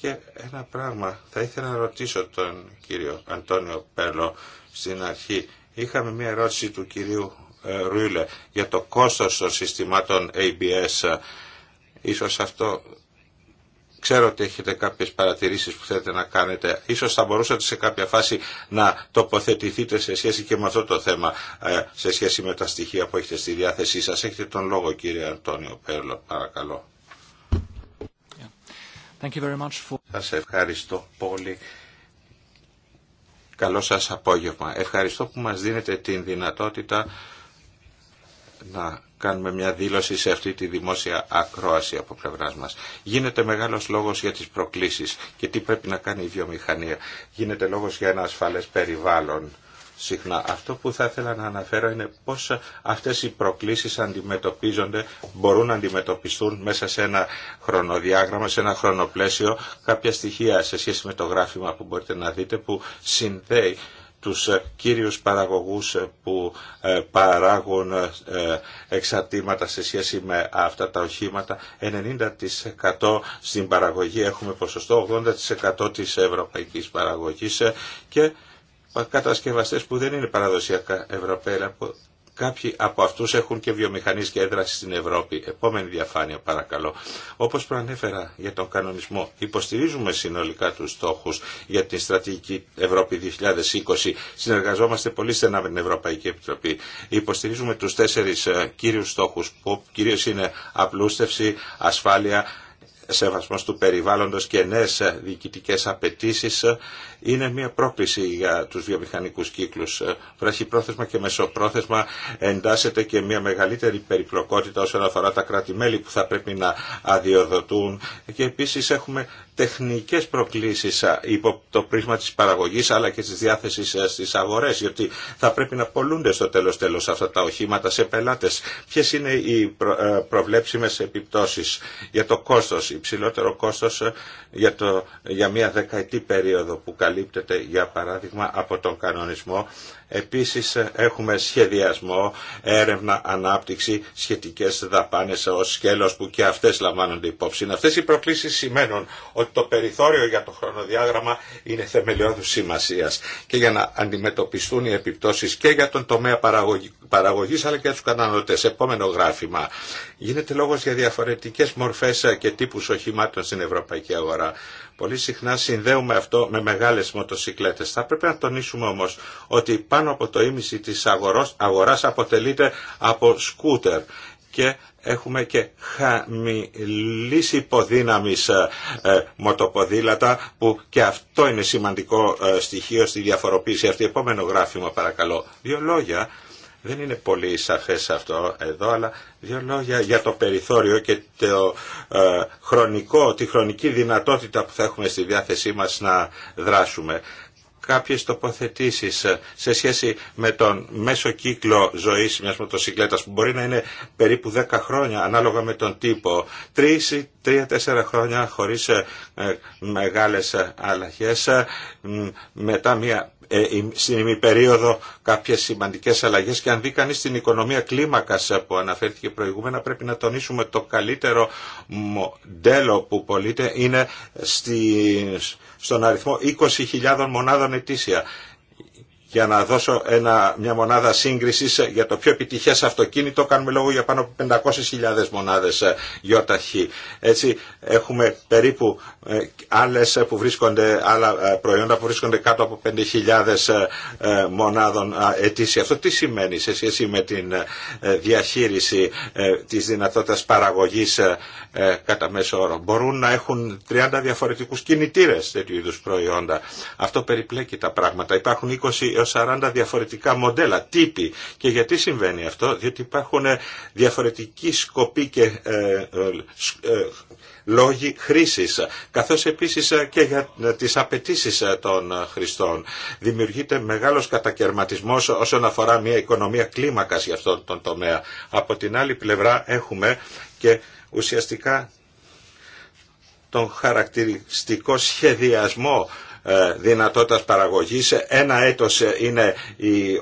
Και ένα πράγμα, θα ήθελα να ρωτήσω τον κύριο Αντώνιο Περλό στην αρχή. Είχαμε μια ερώτηση του κυρίου Ρούιλε για το κόστος των συστημάτων ABS. Ίσως αυτό Ξέρω ότι έχετε κάποιες παρατηρήσεις που θέλετε να κάνετε. Σω θα μπορούσατε σε κάποια φάση να τοποθετηθείτε σε σχέση και με αυτό το θέμα, ε, σε σχέση με τα στοιχεία που έχετε στη διάθεσή σας. Έχετε τον λόγο κύριε Αντώνιο Πέρλο, παρακαλώ. Σα ευχαριστώ πολύ. Καλό σας απόγευμα. Ευχαριστώ που μας δίνετε την δυνατότητα να κάνουμε μια δήλωση σε αυτή τη δημόσια ακρόαση από πλευρά μα. Γίνεται μεγάλο λόγο για τι προκλήσει και τι πρέπει να κάνει η βιομηχανία. Γίνεται λόγο για ένα ασφαλέ περιβάλλον. Συχνά. Αυτό που θα ήθελα να αναφέρω είναι πώς αυτές οι προκλήσεις αντιμετωπίζονται, μπορούν να αντιμετωπιστούν μέσα σε ένα χρονοδιάγραμμα, σε ένα χρονοπλαίσιο, κάποια στοιχεία σε σχέση με το γράφημα που μπορείτε να δείτε που συνδέει τους ε, κύριους παραγωγούς ε, που ε, παράγουν εξαρτήματα σε σχέση με αυτά τα οχήματα. 90% στην παραγωγή έχουμε ποσοστό, 80% της ευρωπαϊκής παραγωγής και κατασκευαστές που δεν είναι παραδοσιακά Ευρωπαίοι, Κάποιοι από αυτούς έχουν και βιομηχανεί και έδραση στην Ευρώπη. Επόμενη διαφάνεια παρακαλώ. Όπως προανέφερα για τον κανονισμό, υποστηρίζουμε συνολικά τους στόχους για την στρατηγική Ευρώπη 2020. Συνεργαζόμαστε πολύ στενά με την Ευρωπαϊκή Επιτροπή. Υποστηρίζουμε τους τέσσερις ε, κύριους στόχους που κυρίω είναι απλούστευση, ασφάλεια, σεβασμός του περιβάλλοντος και νέες διοικητικές απαιτήσει ε, είναι μια πρόκληση για τους βιομηχανικούς κύκλους. Ε, βραχυπρόθεσμα και μεσοπρόθεσμα εντάσσεται και μια μεγαλύτερη περιπλοκότητα όσον αφορά τα κράτη-μέλη που θα πρέπει να αδειοδοτούν και επίσης έχουμε τεχνικές προκλήσεις υπό το πρίσμα της παραγωγής αλλά και της διάθεσης στις αγορές γιατί θα πρέπει να πολλούνται στο τέλος τέλος αυτά τα οχήματα σε πελάτες. Ποιες είναι οι ε, προβλέψιμες επιπτώσεις για το κόστος, υψηλότερο κόστος ε, για, για μια δεκαετή περίοδο που καλύπτεται για παράδειγμα από τον κανονισμό Επίσης έχουμε σχεδιασμό, έρευνα, ανάπτυξη, σχετικές δαπάνες ως σκέλος που και αυτές λαμβάνονται υπόψη. Αυτές οι προκλήσεις σημαίνουν ότι το περιθώριο για το χρονοδιάγραμμα είναι θεμελιώδους σημασίας και για να αντιμετωπιστούν οι επιπτώσεις και για τον τομέα παραγωγής αλλά και για τους καταναλωτές. Επόμενο γράφημα. Γίνεται λόγος για διαφορετικές μορφές και τύπους οχημάτων στην ευρωπαϊκή αγορά. Πολύ συχνά συνδέουμε αυτό με μεγάλες μοτοσυκλέτες. Θα πρέπει να τονίσουμε όμως ότι πάνω από το ίμιση της αγοράς αποτελείται από σκούτερ και έχουμε και χαμηλής υποδύναμης ε, ε, μοτοποδήλατα που και αυτό είναι σημαντικό ε, στοιχείο στη διαφοροποίηση αυτή. Επόμενο γράφημα παρακαλώ. Δύο λόγια δεν είναι πολύ σαφές αυτό εδώ, αλλά δύο λόγια για το περιθώριο και το ε, χρονικό, τη χρονική δυνατότητα που θα έχουμε στη διάθεσή μας να δράσουμε κάποιες τοποθετήσεις ε, σε σχέση με τον μέσο κύκλο ζωής μιας μοτοσυκλέτας που μπορεί να είναι περίπου 10 χρόνια ανάλογα με τον τύπο. 3 3-4 χρόνια χωρίς ε, μεγάλες αλλαγές μετά μια ε, ε, ε, στην ημιπερίοδο κάποιες σημαντικές αλλαγές και αν δει κανείς την οικονομία κλίμακας που αναφέρθηκε προηγούμενα πρέπει να τονίσουμε το καλύτερο μοντέλο που πωλείται είναι στον αριθμό 20.000 μονάδων ετήσια για να δώσω ένα, μια μονάδα σύγκριση ε, για το πιο επιτυχέ αυτοκίνητο κάνουμε λόγο για πάνω από 500.000 μονάδε γιοταχή. Έτσι έχουμε περίπου ε, άλλε ε, που βρίσκονται, άλλα προϊόντα που βρίσκονται κάτω από 5.000 μονάδων ετήσια. Αυτό τι σημαίνει σε σχέση με την διαχείριση της δυνατότητας παραγωγής κατά μέσο όρο. Μπορούν να έχουν 30 διαφορετικού κινητήρε τέτοιου είδου προϊόντα. Αυτό περιπλέκει τα πράγματα. Υπάρχουν 20 έως 40 διαφορετικά μοντέλα, τύποι. Και γιατί συμβαίνει αυτό, διότι υπάρχουν ε, διαφορετικοί σκοποί και ε, ε, λόγοι χρήσης, καθώς επίσης και για τις απαιτήσεις των χρηστών. Δημιουργείται μεγάλος κατακαιρματισμός όσον αφορά μια οικονομία κλίμακας για αυτόν τον τομέα. Από την άλλη πλευρά έχουμε και ουσιαστικά τον χαρακτηριστικό σχεδιασμό ε, δυνατότητας παραγωγής. Ένα έτος ε, είναι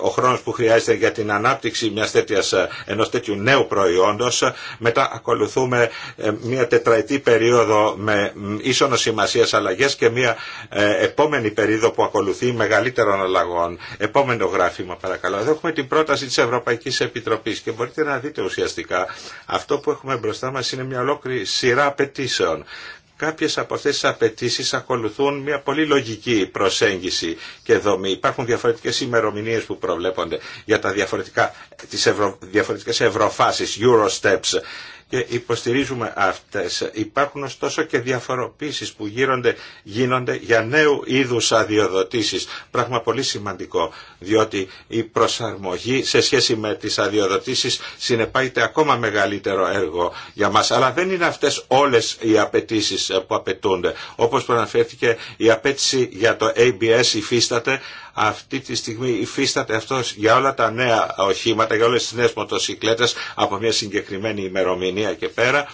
ο χρόνος που χρειάζεται για την ανάπτυξη μιας τέτοιας, ε, ενός τέτοιου νέου προϊόντος. Μετά ακολουθούμε μια τετραετή περίοδο με ίσονο σημασία αλλαγές και μια επόμενη περίοδο που ακολουθεί μεγαλύτερων αλλαγών. Επόμενο γράφημα παρακαλώ. Εδώ έχουμε την πρόταση της Ευρωπαϊκής Επιτροπής και μπορείτε να δείτε ουσιαστικά αυτό που έχουμε μπροστά μας είναι μια ολόκληρη σειρά απαιτήσεων κάποιες από αυτές τις απαιτήσει ακολουθούν μια πολύ λογική προσέγγιση και δομή. Υπάρχουν διαφορετικές ημερομηνίες που προβλέπονται για τα διαφορετικά, τις ευρω, διαφορετικές ευρωφάσεις, Eurosteps και υποστηρίζουμε αυτές. Υπάρχουν ωστόσο και διαφοροποίησεις που γίνονται για νέου είδους αδειοδοτήσεις. Πράγμα πολύ σημαντικό, διότι η προσαρμογή σε σχέση με τις αδειοδοτήσεις συνεπάγεται ακόμα μεγαλύτερο έργο για μας. Αλλά δεν είναι αυτές όλες οι απαιτήσει που απαιτούνται. Όπως προαναφέρθηκε η απέτηση για το ABS υφίσταται αυτή τη στιγμή υφίσταται αυτό για όλα τα νέα οχήματα, για όλες τις νέες μοτοσυκλέτες από μια συγκεκριμένη ημερομηνία και πέρα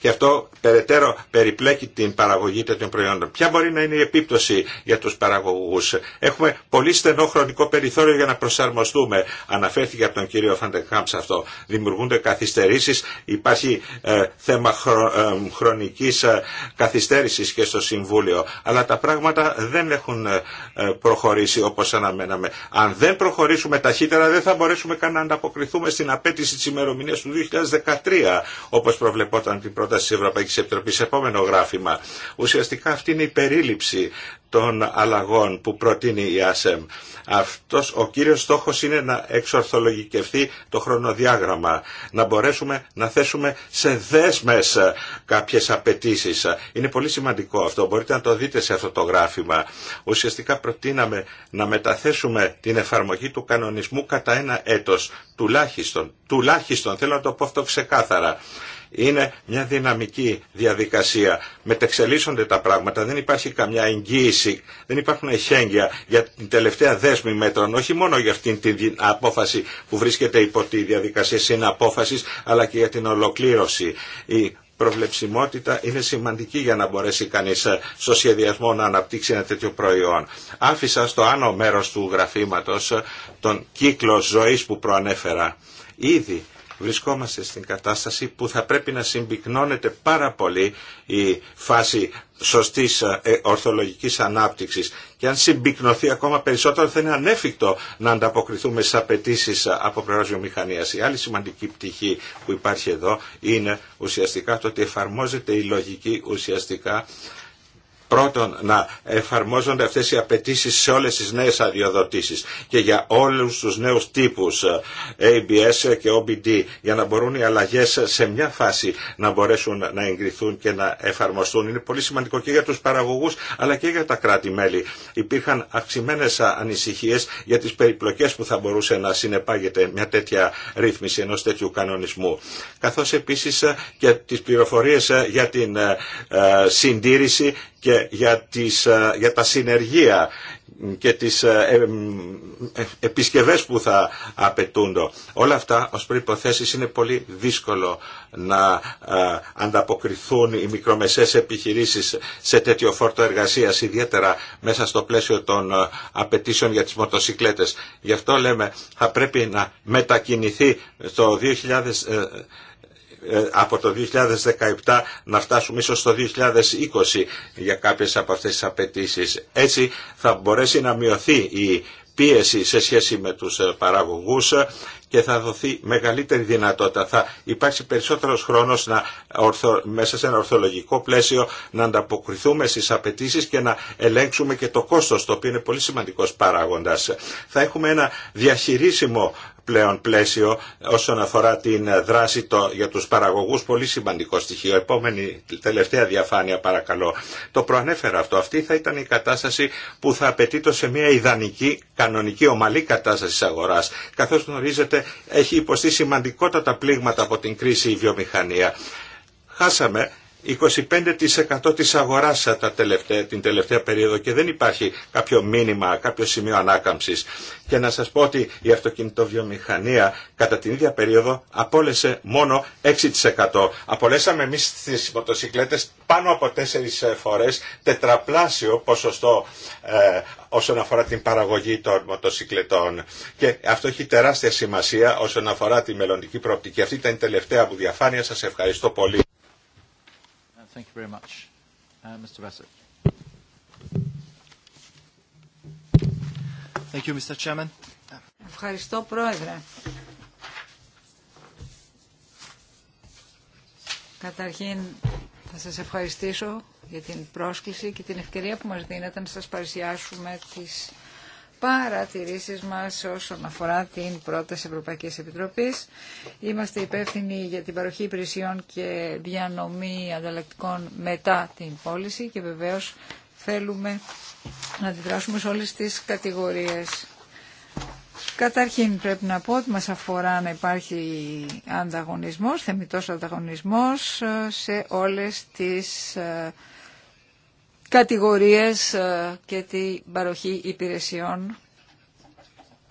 και αυτό περαιτέρω περιπλέκει την παραγωγή τέτοιων προϊόντων. Ποια μπορεί να είναι η επίπτωση για τους παραγωγούς. Έχουμε πολύ στενό χρονικό περιθώριο για να προσαρμοστούμε. Αναφέρθηκε από τον κύριο Φαντεκάμπ σε αυτό. Δημιουργούνται καθυστερήσεις, υπάρχει ε, θέμα χρο, ε, χρονικής ε, καθυστέρησης και στο Συμβούλιο. Αλλά τα πράγματα δεν έχουν ε, προχωρήσει όπως αναμέναμε. Αν δεν προχωρήσουμε ταχύτερα δεν θα μπορέσουμε καν να ανταποκριθούμε στην απέτηση τη ημερομηνία του 2013 όπω προβλεπόταν την πρώτη πρόταση Ευρωπαϊκή Επιτροπή σε επόμενο γράφημα. Ουσιαστικά αυτή είναι η περίληψη των αλλαγών που προτείνει η ΑΣΕΜ. Αυτός ο κύριος στόχος είναι να εξορθολογικευθεί το χρονοδιάγραμμα, να μπορέσουμε να θέσουμε σε δέσμες κάποιες απαιτήσει. Είναι πολύ σημαντικό αυτό, μπορείτε να το δείτε σε αυτό το γράφημα. Ουσιαστικά προτείναμε να μεταθέσουμε την εφαρμογή του κανονισμού κατά ένα έτος, τουλάχιστον, τουλάχιστον, θέλω να το πω αυτό ξεκάθαρα. Είναι μια δυναμική διαδικασία. Μετεξελίσσονται τα πράγματα. Δεν υπάρχει καμιά εγγύηση. Δεν υπάρχουν εχέγγυα για την τελευταία δέσμη μέτρων. Όχι μόνο για αυτήν την απόφαση που βρίσκεται υπό τη διαδικασία συναπόφαση, αλλά και για την ολοκλήρωση. Η προβλεψιμότητα είναι σημαντική για να μπορέσει κανείς ε, στο σχεδιασμό να αναπτύξει ένα τέτοιο προϊόν. Άφησα στο άνω μέρος του γραφήματος ε, τον κύκλο ζωής που προανέφερα. Ήδη βρισκόμαστε στην κατάσταση που θα πρέπει να συμπυκνώνεται πάρα πολύ η φάση σωστής ε, ε, ορθολογικής ανάπτυξης και αν συμπυκνωθεί ακόμα περισσότερο θα είναι ανέφικτο να ανταποκριθούμε στις απαιτήσει ε, από πλευρά Η άλλη σημαντική πτυχή που υπάρχει εδώ είναι ουσιαστικά το ότι εφαρμόζεται η λογική ουσιαστικά Πρώτον, να εφαρμόζονται αυτές οι απαιτήσει σε όλες τις νέες αδειοδοτήσεις και για όλους τους νέους τύπους ε, ABS και OBD για να μπορούν οι αλλαγές σε μια φάση να μπορέσουν να εγκριθούν και να εφαρμοστούν. Είναι πολύ σημαντικό και για τους παραγωγούς αλλά και για τα κράτη-μέλη. Υπήρχαν αυξημένε ανησυχίες για τις περιπλοκές που θα μπορούσε να συνεπάγεται μια τέτοια ρύθμιση ενός τέτοιου κανονισμού. Καθώς επίσης και τις πληροφορίες για την ε, ε, συντήρηση και για, τις, ε, για τα συνεργεία και τις ε, ε, επισκευές που θα απαιτούνται. Όλα αυτά ως προϋποθέσεις είναι πολύ δύσκολο να ανταποκριθούν οι μικρομεσαίες επιχειρήσεις σε τέτοιο φόρτο εργασίας, ιδιαίτερα μέσα στο πλαίσιο των απαιτήσεων για τις μοτοσυκλέτες. Γι' αυτό λέμε θα πρέπει να μετακινηθεί το 2000 ε, από το 2017 να φτάσουμε ίσως το 2020 για κάποιες από αυτές τις απαιτήσει. Έτσι θα μπορέσει να μειωθεί η πίεση σε σχέση με τους ε, παραγωγούς και θα δοθεί μεγαλύτερη δυνατότητα. Θα υπάρξει περισσότερος χρόνος να μέσα σε ένα ορθολογικό πλαίσιο να ανταποκριθούμε στις απαιτήσεις και να ελέγξουμε και το κόστος, το οποίο είναι πολύ σημαντικός παράγοντας. Θα έχουμε ένα διαχειρίσιμο πλέον πλαίσιο όσον αφορά την δράση το, για τους παραγωγούς πολύ σημαντικό στοιχείο. Επόμενη τελευταία διαφάνεια παρακαλώ. Το προανέφερα αυτό. Αυτή θα ήταν η κατάσταση που θα απαιτεί σε μια ιδανική κανονική ομαλή κατάσταση της αγοράς. Καθώς γνωρίζετε έχει υποστεί σημαντικότατα πλήγματα από την κρίση η βιομηχανία. Χάσαμε 25% της αγοράς τα τελευταία, την τελευταία περίοδο και δεν υπάρχει κάποιο μήνυμα, κάποιο σημείο ανάκαμψης. Και να σας πω ότι η αυτοκινητοβιομηχανία κατά την ίδια περίοδο απόλυσε μόνο 6%. Απολέσαμε εμείς τις μοτοσυκλέτες πάνω από 4 φορές τετραπλάσιο ποσοστό ε, όσον αφορά την παραγωγή των μοτοσυκλετών. Και αυτό έχει τεράστια σημασία όσον αφορά τη μελλοντική προοπτική. Αυτή ήταν η τελευταία που διαφάνεια. Σας ευχαριστώ πολύ. Thank you very much. Uh, Mr. Bassett. Thank you, Mr. Chairman. Ευχαριστώ, Πρόεδρε. Καταρχήν, θα σας ευχαριστήσω για την πρόσκληση και την ευκαιρία που μας δίνεται να σας παρουσιάσουμε τις παρατηρήσεις μας όσον αφορά την πρόταση Ευρωπαϊκής Επιτροπής. Είμαστε υπεύθυνοι για την παροχή υπηρεσιών και διανομή ανταλλακτικών μετά την πώληση και βεβαίως θέλουμε να αντιδράσουμε σε όλες τις κατηγορίες. Καταρχήν πρέπει να πω ότι μας αφορά να υπάρχει ανταγωνισμός, θεμητός ανταγωνισμός ε, σε όλες τις ε, κατηγορίες ε, και την παροχή υπηρεσιών.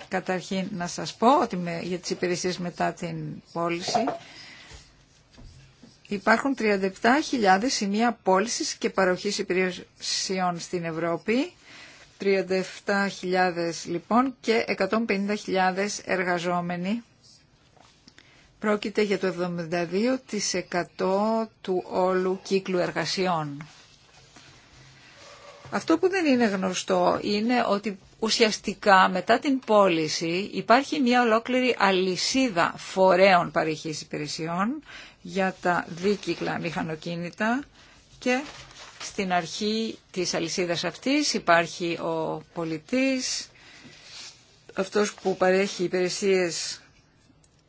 Καταρχήν να σας πω ότι με, για τις υπηρεσίες μετά την πώληση υπάρχουν 37.000 σημεία πώληση και παροχής υπηρεσιών στην Ευρώπη. 37.000 λοιπόν και 150.000 εργαζόμενοι. Πρόκειται για το 72% του όλου κύκλου εργασιών. Αυτό που δεν είναι γνωστό είναι ότι ουσιαστικά μετά την πώληση υπάρχει μια ολόκληρη αλυσίδα φορέων παροχής υπηρεσιών για τα δίκυκλα μηχανοκίνητα και στην αρχή της αλυσίδας αυτής υπάρχει ο πολιτής, αυτός που παρέχει υπηρεσίες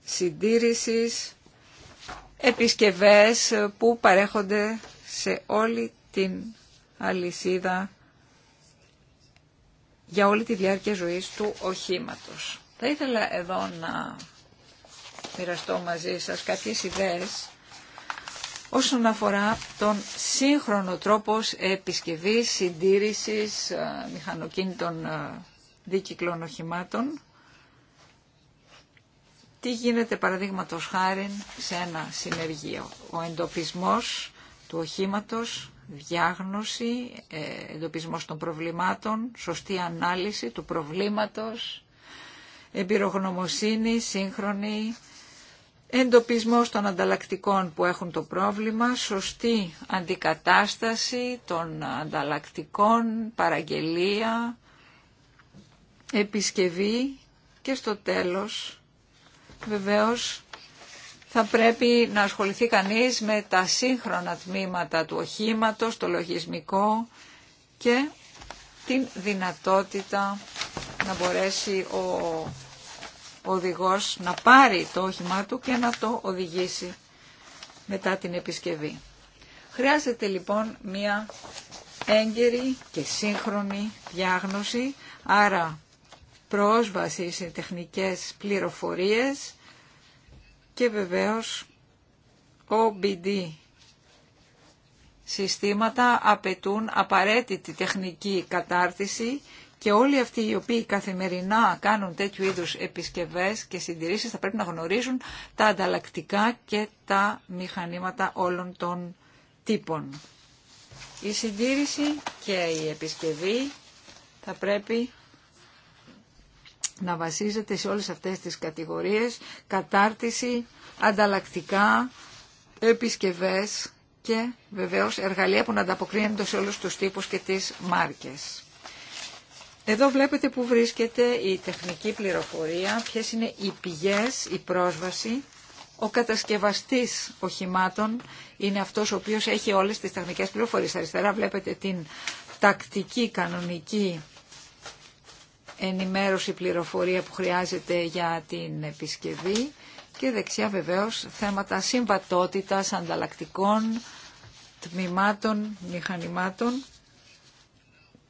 συντήρησης, επισκευές που παρέχονται σε όλη την αλυσίδα για όλη τη διάρκεια ζωής του οχήματος. Θα ήθελα εδώ να μοιραστώ μαζί σας κάποιες ιδέες όσον αφορά τον σύγχρονο τρόπο επισκευής, συντήρησης ε, μηχανοκίνητων ε, δίκυκλων οχημάτων. Τι γίνεται παραδείγματος χάρη σε ένα συνεργείο. Ο εντοπισμός του οχήματος διάγνωση, ε, εντοπισμός των προβλημάτων, σωστή ανάλυση του προβλήματος, εμπειρογνωμοσύνη, σύγχρονη, εντοπισμός των ανταλλακτικών που έχουν το πρόβλημα, σωστή αντικατάσταση των ανταλλακτικών, παραγγελία, επισκευή και στο τέλος βεβαίως θα πρέπει να ασχοληθεί κανείς με τα σύγχρονα τμήματα του οχήματος, το λογισμικό και την δυνατότητα να μπορέσει ο οδηγός να πάρει το όχημά του και να το οδηγήσει μετά την επισκευή. Χρειάζεται λοιπόν μία έγκαιρη και σύγχρονη διάγνωση, άρα πρόσβαση σε τεχνικές πληροφορίες και βεβαίως OBD συστήματα απαιτούν απαραίτητη τεχνική κατάρτιση και όλοι αυτοί οι οποίοι καθημερινά κάνουν τέτοιου είδους επισκευές και συντηρήσεις θα πρέπει να γνωρίζουν τα ανταλλακτικά και τα μηχανήματα όλων των τύπων. Η συντήρηση και η επισκευή θα πρέπει να βασίζεται σε όλες αυτές τις κατηγορίες, κατάρτιση, ανταλλακτικά, επισκευές και βεβαίως εργαλεία που να ανταποκρίνονται σε όλους τους τύπους και τις μάρκες. Εδώ βλέπετε που βρίσκεται η τεχνική πληροφορία, ποιες είναι οι πηγές, η πρόσβαση. Ο κατασκευαστής οχημάτων είναι αυτός ο οποίος έχει όλες τις τεχνικές πληροφορίες. Αριστερά βλέπετε την τακτική κανονική ενημέρωση, πληροφορία που χρειάζεται για την επισκευή και δεξιά βεβαίως θέματα συμβατότητας, ανταλλακτικών, τμήματων, μηχανημάτων.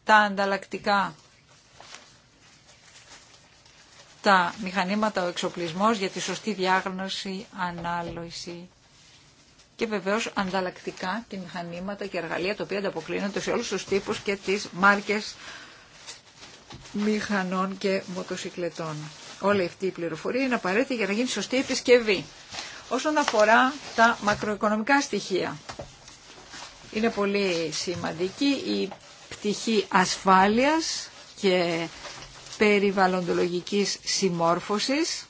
Τα ανταλλακτικά, τα μηχανήματα, ο εξοπλισμός για τη σωστή διάγνωση, ανάλυση και βεβαίως ανταλλακτικά και μηχανήματα και εργαλεία τα οποία ανταποκλίνονται σε όλους τους τύπους και τις μάρκες μηχανών και μοτοσυκλετών. Όλη αυτή η πληροφορία είναι απαραίτητη για να γίνει σωστή επισκευή. Όσον αφορά τα μακροοικονομικά στοιχεία, είναι πολύ σημαντική η πτυχή ασφάλειας και περιβαλλοντολογικής συμμόρφωσης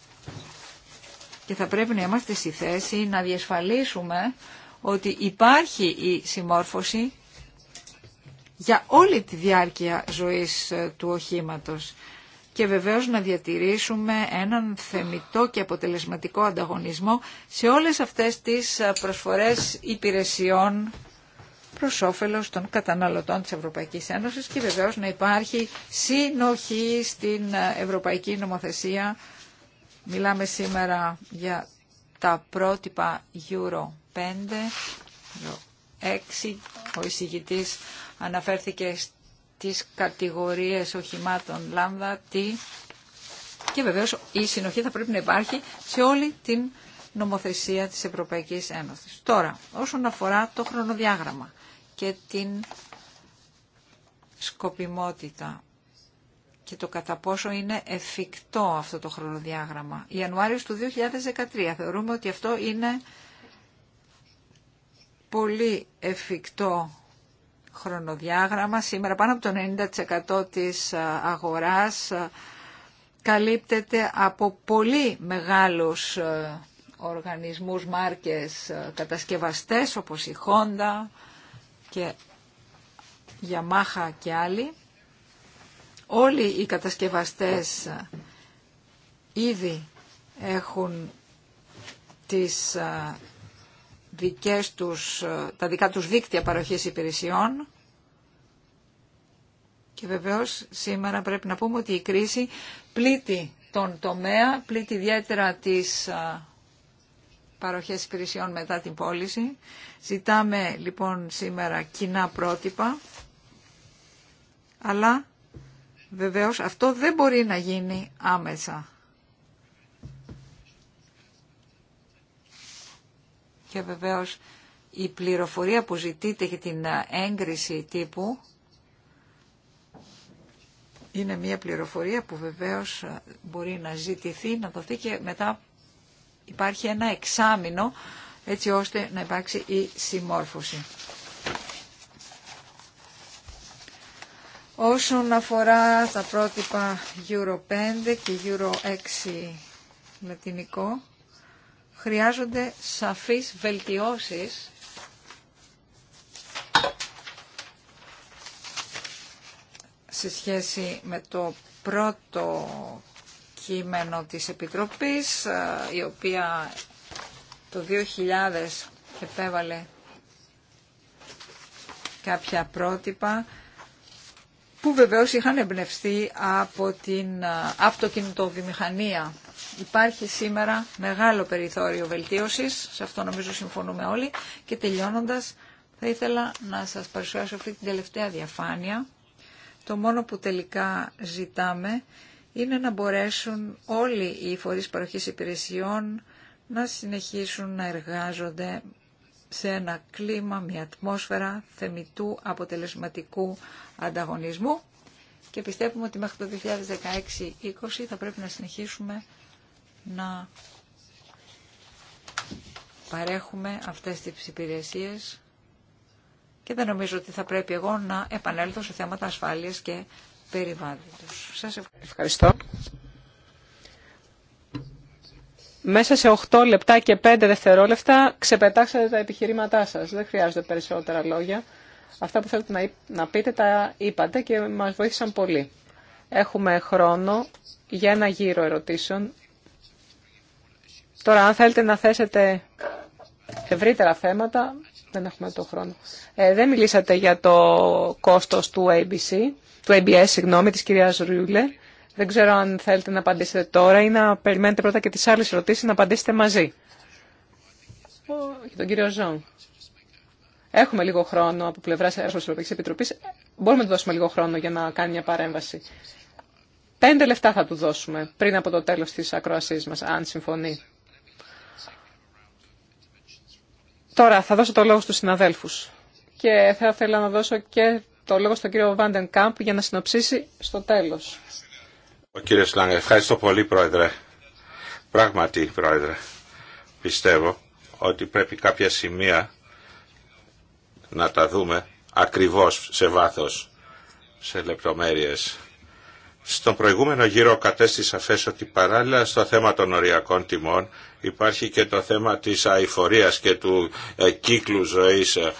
και θα πρέπει να είμαστε στη θέση να διασφαλίσουμε ότι υπάρχει η συμμόρφωση για όλη τη διάρκεια ζωής ε, του οχήματος και βεβαίως να διατηρήσουμε έναν θεμητό και αποτελεσματικό ανταγωνισμό σε όλες αυτές τις ε, προσφορές υπηρεσιών προς όφελος των καταναλωτών της Ευρωπαϊκής Ένωσης και βεβαίως να υπάρχει συνοχή στην ε, Ευρωπαϊκή Νομοθεσία. Μιλάμε σήμερα για τα πρότυπα Euro 5, Euro 6, ο εισηγητής αναφέρθηκε στις κατηγορίες οχημάτων λάμδα, τι και βεβαίως η συνοχή θα πρέπει να υπάρχει σε όλη την νομοθεσία της Ευρωπαϊκής Ένωσης. Τώρα, όσον αφορά το χρονοδιάγραμμα και την σκοπιμότητα και το κατά πόσο είναι εφικτό αυτό το χρονοδιάγραμμα. Ιανουάριος του 2013 θεωρούμε ότι αυτό είναι πολύ εφικτό χρονοδιάγραμμα. Σήμερα πάνω από το 90% της ε, αγοράς ε, καλύπτεται από πολύ μεγάλους ε, οργανισμούς, μάρκες, κατασκευαστές όπως η Honda και Yamaha και άλλοι. Όλοι οι κατασκευαστές ήδη έχουν τις τους, ε, τα δικά τους δίκτυα παροχής υπηρεσιών και βεβαίως σήμερα πρέπει να πούμε ότι η κρίση πλήττει τον τομέα, πλήττει ιδιαίτερα τις ε, παροχές υπηρεσιών μετά την πώληση. Ζητάμε λοιπόν σήμερα κοινά πρότυπα, αλλά βεβαίως αυτό δεν μπορεί να γίνει άμεσα. Και βεβαίως η πληροφορία που ζητείτε για την έγκριση τύπου είναι μια πληροφορία που βεβαίως μπορεί να ζητηθεί, να δοθεί και μετά υπάρχει ένα εξάμεινο έτσι ώστε να υπάρξει η συμμόρφωση. Όσον αφορά τα πρότυπα Euro 5 και Euro 6 λατινικό, χρειάζονται σαφείς βελτιώσεις σε σχέση με το πρώτο κείμενο της Επιτροπής, ε, η οποία το 2000 επέβαλε κάποια πρότυπα, που βεβαίως είχαν εμπνευστεί από την ε, αυτοκινητοβιομηχανία. Υπάρχει σήμερα μεγάλο περιθώριο βελτίωσης, σε αυτό νομίζω συμφωνούμε όλοι. Και τελειώνοντας, θα ήθελα να σας παρουσιάσω αυτή την τελευταία διαφάνεια. Το μόνο που τελικά ζητάμε είναι να μπορέσουν όλοι οι φορείς παροχής υπηρεσιών να συνεχίσουν να εργάζονται σε ένα κλίμα, μια ατμόσφαιρα θεμητού αποτελεσματικού ανταγωνισμού και πιστεύουμε ότι μέχρι το 2016-2020 θα πρέπει να συνεχίσουμε να παρέχουμε αυτές τις υπηρεσίες και δεν νομίζω ότι θα πρέπει εγώ να επανέλθω σε θέματα ασφάλειας και περιβάλλοντος. Σας ευχαριστώ. Μέσα σε 8 λεπτά και 5 δευτερόλεπτα ξεπετάξατε τα επιχειρήματά σας. Δεν χρειάζονται περισσότερα λόγια. Αυτά που θέλετε να πείτε τα είπατε και μας βοήθησαν πολύ. Έχουμε χρόνο για ένα γύρο ερωτήσεων Τώρα, αν θέλετε να θέσετε ευρύτερα θέματα, δεν έχουμε το χρόνο. Ε, δεν μιλήσατε για το κόστος του ABC, του ABS, συγγνώμη, της κυρίας Ρούλε. Δεν ξέρω αν θέλετε να απαντήσετε τώρα ή να περιμένετε πρώτα και τις άλλες ερωτήσεις να απαντήσετε μαζί. Για τον κύριο Έχουμε λίγο χρόνο από πλευρά τη Ευρωπαϊκή Επιτροπή. Μπορούμε να του δώσουμε λίγο χρόνο για να κάνει μια παρέμβαση. Πέντε λεφτά θα του δώσουμε πριν από το τέλο τη ακρόασή μα, αν συμφωνεί. Τώρα θα δώσω το λόγο στους συναδέλφους και θα ήθελα να δώσω και το λόγο στον κύριο Βάντεν Κάμπ για να συνοψίσει στο τέλος. Ο κύριος Λάγκ, ευχαριστώ πολύ πρόεδρε. Πράγματι πρόεδρε, πιστεύω ότι πρέπει κάποια σημεία να τα δούμε ακριβώς σε βάθος, σε λεπτομέρειες. Στον προηγούμενο γύρο κατέστη φέσο ότι παράλληλα στο θέμα των οριακών τιμών υπάρχει και το θέμα της αηφορίας και του ε, κύκλου ζωής ε,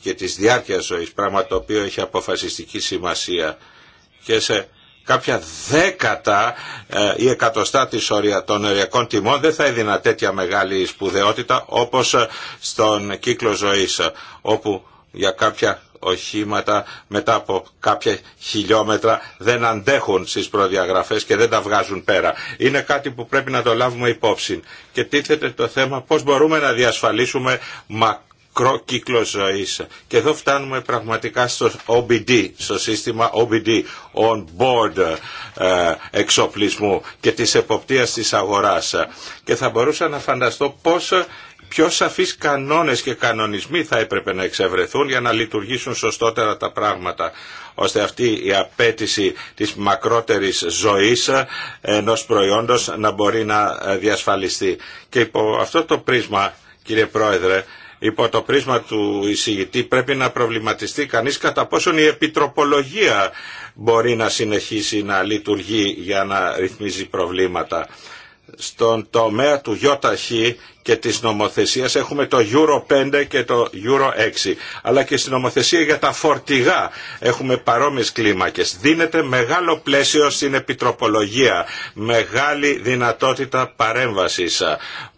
και της διάρκειας ζωής, πράγμα το οποίο έχει αποφασιστική σημασία και σε κάποια δέκατα ή ε, εκατοστά της ορια, των οριακών τιμών δεν θα έδινα τέτοια μεγάλη σπουδαιότητα όπως στον κύκλο ζωής όπου για κάποια οχήματα μετά από κάποια χιλιόμετρα δεν αντέχουν στις προδιαγραφές και δεν τα βγάζουν πέρα. Είναι κάτι που πρέπει να το λάβουμε υπόψη. Και τίθεται το θέμα πώς μπορούμε να διασφαλίσουμε μακρό κύκλο ζωή. Και εδώ φτάνουμε πραγματικά στο OBD, στο σύστημα OBD, on board ε, εξοπλισμού και τη εποπτείας της αγοράς. Και θα μπορούσα να φανταστώ πώς πιο σαφείς κανόνες και κανονισμοί θα έπρεπε να εξευρεθούν για να λειτουργήσουν σωστότερα τα πράγματα ώστε αυτή η απέτηση της μακρότερης ζωής ε, ενός προϊόντος να μπορεί να ε, διασφαλιστεί. Και υπό αυτό το πρίσμα, κύριε Πρόεδρε, υπό το πρίσμα του εισηγητή πρέπει να προβληματιστεί κανείς κατά πόσον η επιτροπολογία μπορεί να συνεχίσει να λειτουργεί για να ρυθμίζει προβλήματα. Στον τομέα του ιόταχή και της νομοθεσίας έχουμε το Euro 5 και το Euro 6 αλλά και στην νομοθεσία για τα φορτηγά έχουμε παρόμοιες κλίμακες δίνεται μεγάλο πλαίσιο στην επιτροπολογία μεγάλη δυνατότητα παρέμβασης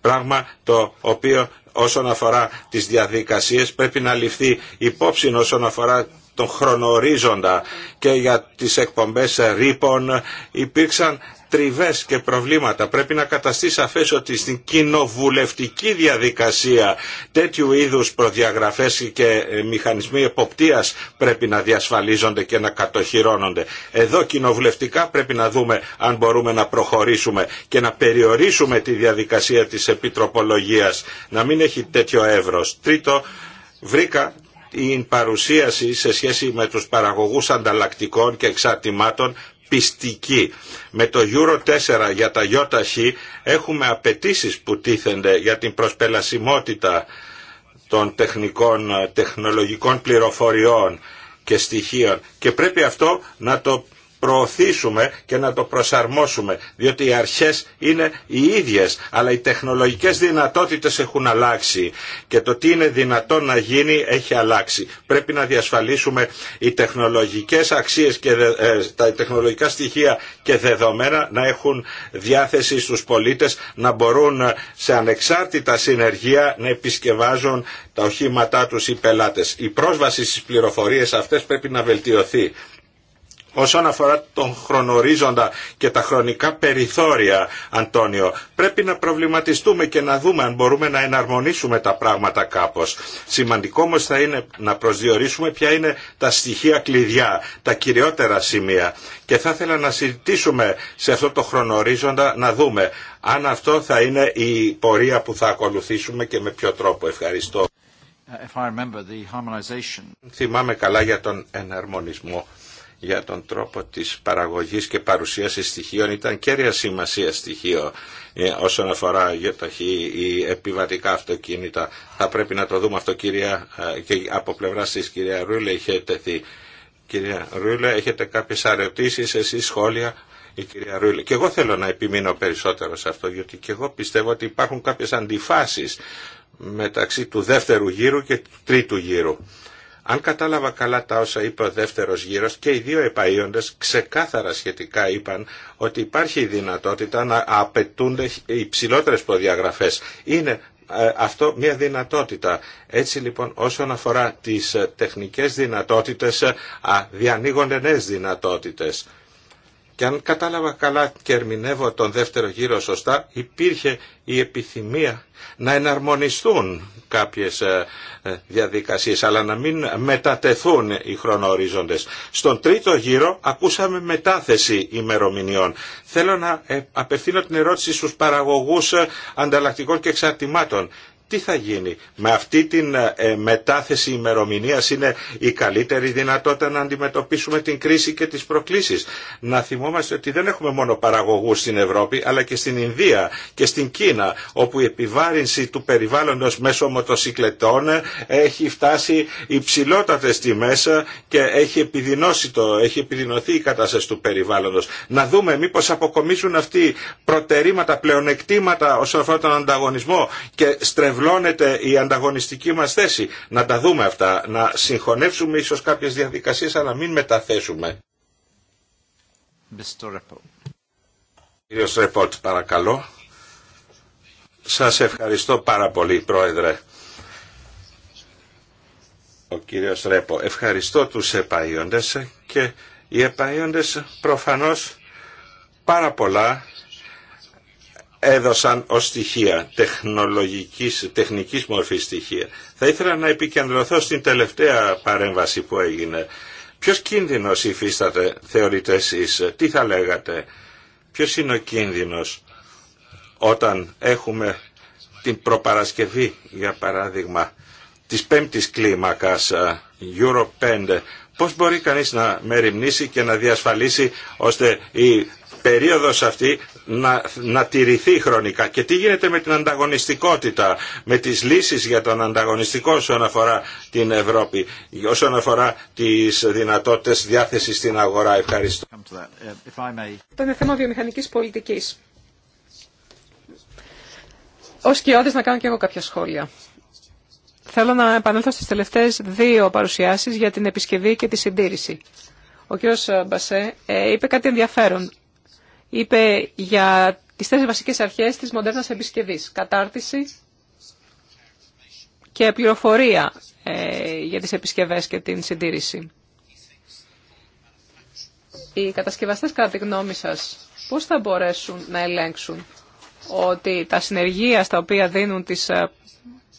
πράγμα το οποίο όσον αφορά τις διαδικασίες πρέπει να ληφθεί υπόψη όσον αφορά τον χρονορίζοντα και για τις εκπομπές ρήπων υπήρξαν τριβές και προβλήματα. Πρέπει να καταστεί σαφές ότι στην κοινοβουλευτική διαδικασία τέτοιου είδους προδιαγραφές και ε, μηχανισμοί εποπτείας πρέπει να διασφαλίζονται και να κατοχυρώνονται. Εδώ κοινοβουλευτικά πρέπει να δούμε αν μπορούμε να προχωρήσουμε και να περιορίσουμε τη διαδικασία της επιτροπολογίας, να μην έχει τέτοιο εύρος. Τρίτο, βρήκα η παρουσίαση σε σχέση με τους παραγωγούς ανταλλακτικών και εξαρτημάτων πιστική. Με το Euro 4 για τα ΙΟΤΑΧΗ έχουμε απαιτήσει που τίθενται για την προσπελασιμότητα των τεχνικών, τεχνολογικών πληροφοριών και στοιχείων και πρέπει αυτό να το προωθήσουμε και να το προσαρμόσουμε, διότι οι αρχές είναι οι ίδιες, αλλά οι τεχνολογικές δυνατότητες έχουν αλλάξει και το τι είναι δυνατό να γίνει έχει αλλάξει. Πρέπει να διασφαλίσουμε οι τεχνολογικές αξίες και ε, ε, τα τεχνολογικά στοιχεία και δεδομένα να έχουν διάθεση στους πολίτες να μπορούν ε, σε ανεξάρτητα συνεργεία να επισκευάζουν τα οχήματά τους οι πελάτες. Η πρόσβαση στις πληροφορίες αυτές πρέπει να βελτιωθεί όσον αφορά τον χρονορίζοντα και τα χρονικά περιθώρια, Αντώνιο, πρέπει να προβληματιστούμε και να δούμε αν μπορούμε να εναρμονίσουμε τα πράγματα κάπως. Σημαντικό όμως θα είναι να προσδιορίσουμε ποια είναι τα στοιχεία κλειδιά, τα κυριότερα σημεία. Και θα ήθελα να συζητήσουμε σε αυτό το χρονορίζοντα να δούμε αν αυτό θα είναι η πορεία που θα ακολουθήσουμε και με ποιο τρόπο. Ευχαριστώ. If Θυμάμαι καλά για τον εναρμονισμό για τον τρόπο της παραγωγής και παρουσίασης στοιχείων ήταν κέρια σημασία στοιχείο ε, όσον αφορά για ή επιβατικά αυτοκίνητα. Θα πρέπει να το δούμε αυτό κυρία, ε, και από πλευρά της κυρία Ρούλε είχε τεθεί. Κυρία Ρούλε, έχετε κάποιες αρετήσεις, εσείς σχόλια. Η κυρία Ρούλε Και εγώ θέλω να επιμείνω περισσότερο σε αυτό, γιατί και εγώ πιστεύω ότι υπάρχουν κάποιες αντιφάσεις μεταξύ του δεύτερου γύρου και του τρίτου γύρου. Αν κατάλαβα καλά τα όσα είπε ο δεύτερος γύρος και οι δύο επαΐοντες ξεκάθαρα σχετικά είπαν ότι υπάρχει η δυνατότητα να απαιτούνται υψηλότερες προδιαγραφές. Είναι ε, αυτό μια δυνατότητα. Έτσι λοιπόν όσον αφορά τις τεχνικές δυνατότητες ε, διανοίγονται νέες δυνατότητες. Και αν κατάλαβα καλά και ερμηνεύω τον δεύτερο γύρο σωστά, υπήρχε η επιθυμία να εναρμονιστούν κάποιες ε, ε, διαδικασίες, αλλά να μην μετατεθούν οι χρονοορίζοντες. Στον τρίτο γύρο ακούσαμε μετάθεση ημερομηνιών. Θέλω να ε, απευθύνω την ερώτηση στους παραγωγούς ανταλλακτικών και εξαρτημάτων τι θα γίνει. Με αυτή την ε, ε, μετάθεση ημερομηνία είναι η καλύτερη δυνατότητα να αντιμετωπίσουμε την κρίση και τις προκλήσεις. Να θυμόμαστε ότι δεν έχουμε μόνο παραγωγούς στην Ευρώπη αλλά και στην Ινδία και στην Κίνα όπου η επιβάρυνση του περιβάλλοντος μέσω μοτοσυκλετών έχει φτάσει υψηλότατες τιμές και έχει, επιδεινώσει το, έχει επιδεινωθεί η κατάσταση του περιβάλλοντος. Να δούμε μήπως αποκομίσουν αυτοί προτερήματα, πλεονεκτήματα όσον αφορά τον ανταγωνισμό και στρεβ στρεβλώνεται η ανταγωνιστική μας θέση. Να τα δούμε αυτά, να συγχωνεύσουμε ίσως κάποιες διαδικασίες, αλλά μην μεταθέσουμε. Κύριος Ρεπότ, παρακαλώ. Σας ευχαριστώ πάρα πολύ, Πρόεδρε. Ο κύριος Ρέπο, ευχαριστώ τους επαΐοντες και οι επαΐοντες προφανώς πάρα πολλά έδωσαν ω στοιχεία, τεχνολογικής, τεχνικής μορφής στοιχεία. Θα ήθελα να επικεντρωθώ στην τελευταία παρέμβαση που έγινε. Ποιος κίνδυνος υφίσταται, θεωρείτε εσείς, τι θα λέγατε, ποιος είναι ο κίνδυνος όταν έχουμε την προπαρασκευή, για παράδειγμα, της πέμπτης κλίμακας ε, Euro 5, πώς μπορεί κανείς να μεριμνήσει και να διασφαλίσει ώστε η περίοδος αυτή να, να τηρηθεί χρονικά. Και τι γίνεται με την ανταγωνιστικότητα, με τις λύσεις για τον ανταγωνιστικό όσον αφορά την Ευρώπη, όσον αφορά τις δυνατότητες διάθεσης στην αγορά. Ευχαριστώ. Uh, Το είναι θέμα βιομηχανικής πολιτικής. Ως κοιόδης να κάνω και εγώ κάποια σχόλια. Θέλω να επανέλθω στις τελευταίες δύο παρουσιάσεις για την επισκευή και τη συντήρηση. Ο κύριος Μπασέ ε, είπε κάτι ενδιαφέρον είπε για τις τέσσερις βασικές αρχές της μοντέρνας επισκευής. Κατάρτιση και πληροφορία ε, για τις επισκευές και την συντήρηση. Οι κατασκευαστές, κατά τη γνώμη σας, πώς θα μπορέσουν να ελέγξουν ότι τα συνεργεία στα οποία δίνουν τις ε,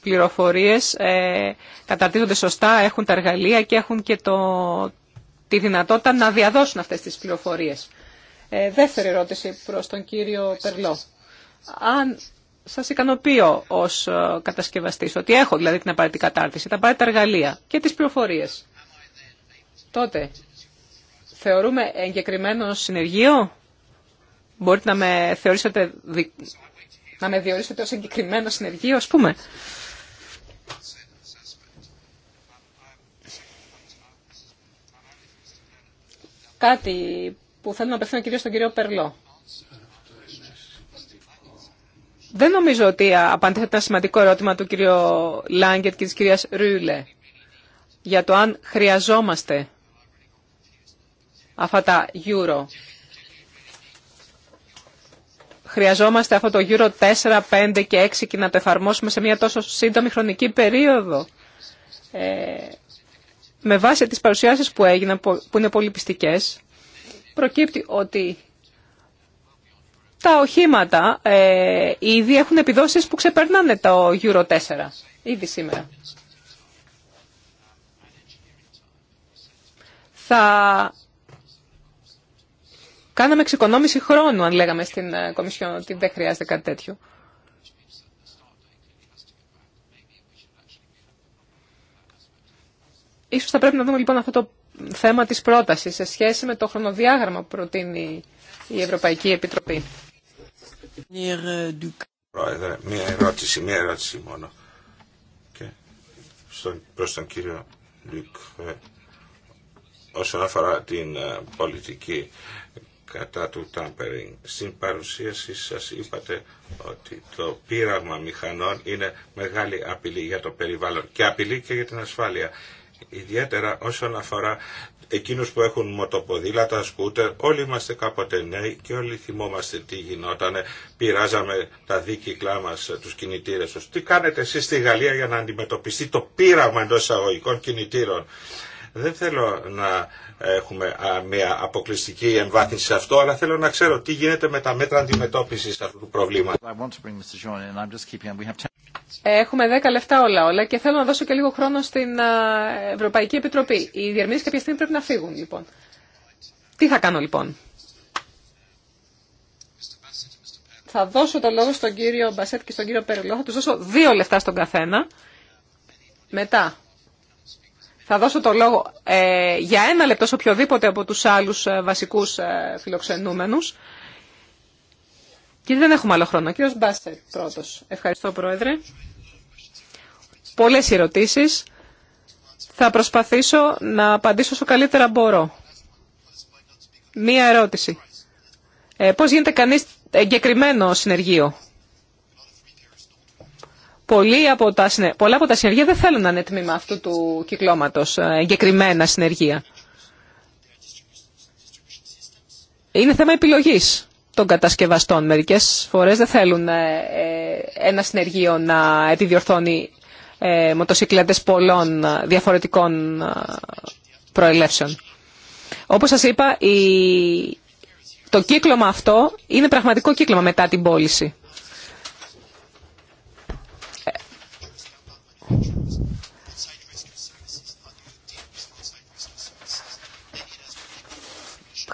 πληροφορίες ε, καταρτίζονται σωστά, έχουν τα εργαλεία και έχουν και το, τη δυνατότητα να διαδώσουν αυτές τις πληροφορίες. Ε, δεύτερη ερώτηση προς τον κύριο Περλό. Αν σας ικανοποιώ ως ε, κατασκευαστής ότι έχω δηλαδή την απαραίτητη κατάρτιση, τα απαραίτητα εργαλεία και τις πληροφορίες, τότε θεωρούμε εγκεκριμένο συνεργείο. Μπορείτε να με θεωρήσετε να με διορίσετε ως εγκεκριμένο συνεργείο, ας πούμε. Κάτι που θέλω να απευθύνω κυρίως στον κύριο Περλό. Δεν νομίζω ότι απαντήσατε ένα σημαντικό ερώτημα του κυρίου Λάγκετ και της κυρίας Ρούλε για το αν χρειαζόμαστε αυτά τα euro. Χρειαζόμαστε αυτό το euro 4, 5 και 6 και να το εφαρμόσουμε σε μια τόσο σύντομη χρονική περίοδο. Ε, με βάση τις παρουσιάσεις που έγιναν, που είναι πολύ πιστικές, προκύπτει ότι τα οχήματα ε, ήδη έχουν επιδόσεις που ξεπερνάνε το Euro 4, ήδη σήμερα. Θα κάναμε εξοικονόμηση χρόνου, αν λέγαμε στην ε, Κομισιόν ότι δεν χρειάζεται κάτι τέτοιο. Ίσως θα πρέπει να δούμε λοιπόν αυτό το θέμα της πρότασης σε σχέση με το χρονοδιάγραμμα που προτείνει η Ευρωπαϊκή Επιτροπή. Ε, Πρόεδρε, μία ερώτηση, μία ερώτηση μόνο. Και στον, προς τον κύριο Λουκ, ε, όσον αφορά την ε, πολιτική κατά του τάμπερινγκ. Στην παρουσίαση σας είπατε ότι το πείραγμα μηχανών είναι μεγάλη απειλή για το περιβάλλον και απειλή και για την ασφάλεια ιδιαίτερα όσον αφορά εκείνους που έχουν μοτοποδήλατα, σκούτερ, όλοι είμαστε κάποτε νέοι και όλοι θυμόμαστε τι γινότανε, πειράζαμε τα δίκυκλά μας, τους κινητήρες τους. Τι κάνετε εσείς στη Γαλλία για να αντιμετωπιστεί το πείραμα εντός εισαγωγικών κινητήρων. Δεν θέλω να έχουμε μια αποκλειστική εμβάθυνση σε αυτό, αλλά θέλω να ξέρω τι γίνεται με τα μέτρα αντιμετώπισης αυτού του προβλήματος. Έχουμε 10 λεπτά όλα όλα και θέλω να δώσω και λίγο χρόνο στην Ευρωπαϊκή Επιτροπή. Οι διερμηνείς κάποια στιγμή πρέπει να φύγουν λοιπόν. Τι θα κάνω λοιπόν. Θα δώσω το λόγο στον κύριο Μπασέτ και στον κύριο Περιλό. Θα τους δώσω δύο λεφτά στον καθένα. Μετά θα δώσω το λόγο ε, για ένα λεπτό σε οποιοδήποτε από τους άλλους ε, βασικούς ε, φιλοξενούμενους. Και δεν έχουμε άλλο χρόνο. Κύριος Μπάστερ πρώτος. Ευχαριστώ Πρόεδρε. Πολλές ερωτήσεις. Θα προσπαθήσω να απαντήσω όσο καλύτερα μπορώ. Μία ερώτηση. Ε, πώς γίνεται κανείς εγκεκριμένο συνεργείο. Πολλοί από τα, πολλά από τα συνεργεία δεν θέλουν να είναι τμήμα αυτού του κυκλώματος, ε, εγκεκριμένα συνεργεία. Είναι θέμα επιλογής των κατασκευαστών. Μερικές φορές δεν θέλουν ε, ε, ένα συνεργείο να επιδιορθώνει ε, μοτοσυκλέτε πολλών διαφορετικών προελεύσεων. Όπως σα είπα, το κύκλωμα αυτό είναι πραγματικό κύκλωμα μετά την πώληση.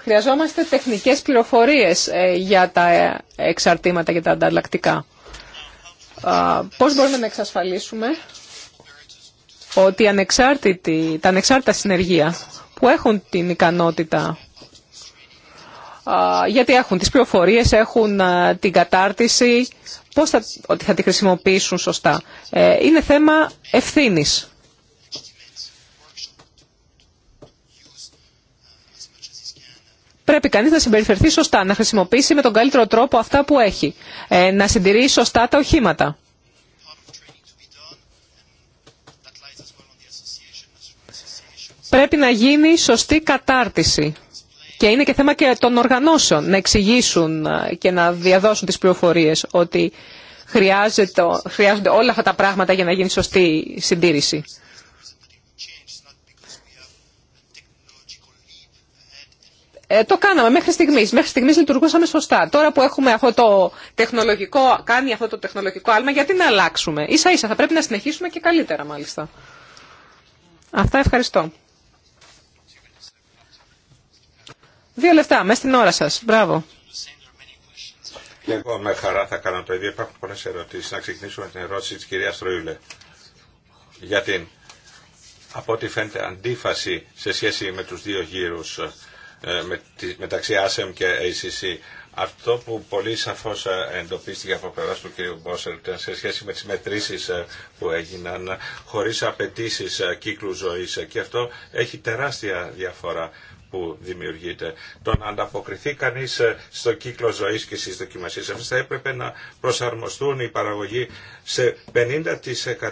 Χρειαζόμαστε τεχνικές πληροφορίες ε, για τα ε, εξαρτήματα και τα ανταλλακτικά. Πώς μπορούμε να εξασφαλίσουμε ότι ανεξάρτητη, τα ανεξάρτητα συνεργεία που έχουν την ικανότητα γιατί έχουν τις πληροφορίες, έχουν την κατάρτιση, πώς θα, ότι θα τη χρησιμοποιήσουν σωστά. Ε, είναι θέμα ευθύνης. πρέπει κανείς να συμπεριφερθεί σωστά, να χρησιμοποιήσει με τον καλύτερο τρόπο αυτά που έχει, ε, να συντηρεί σωστά τα οχήματα. Πρέπει να γίνει σωστή κατάρτιση και είναι και θέμα και των οργανώσεων να εξηγήσουν ε, και να διαδώσουν τις πληροφορίες ότι χρειάζονται όλα αυτά τα πράγματα για να γίνει σωστή συντήρηση. Ε, το κάναμε μέχρι στιγμής. Μέχρι στιγμής λειτουργούσαμε σωστά. Τώρα που έχουμε αυτό το τεχνολογικό, κάνει αυτό το τεχνολογικό άλμα, γιατί να αλλάξουμε. Ίσα ίσα θα πρέπει να συνεχίσουμε και καλύτερα μάλιστα. Αυτά ευχαριστώ. Δύο λεφτά, μέσα στην ώρα σας. Μπράβο. Και εγώ με χαρά θα κάνω το ίδιο. Υπάρχουν πολλέ ερωτήσει. Να ξεκινήσουμε την ερώτηση τη κυρία Τρούιλε για την, από ό,τι φαίνεται, αντίφαση σε σχέση με τους δύο γύρους ε, μεταξύ ASEM και ACC. Αυτό που πολύ σαφώς ε, εντοπίστηκε από πλευράς του κ. Μπόσελ σε σχέση με τις μετρήσεις ε, που έγιναν χωρίς απαιτήσει κύκλου ζωής και αυτό έχει τεράστια διαφορά που δημιουργείται. Το να ανταποκριθεί κανείς ε, στο κύκλο ζωής και στι δοκιμασίε θα έπρεπε να προσαρμοστούν οι παραγωγοί σε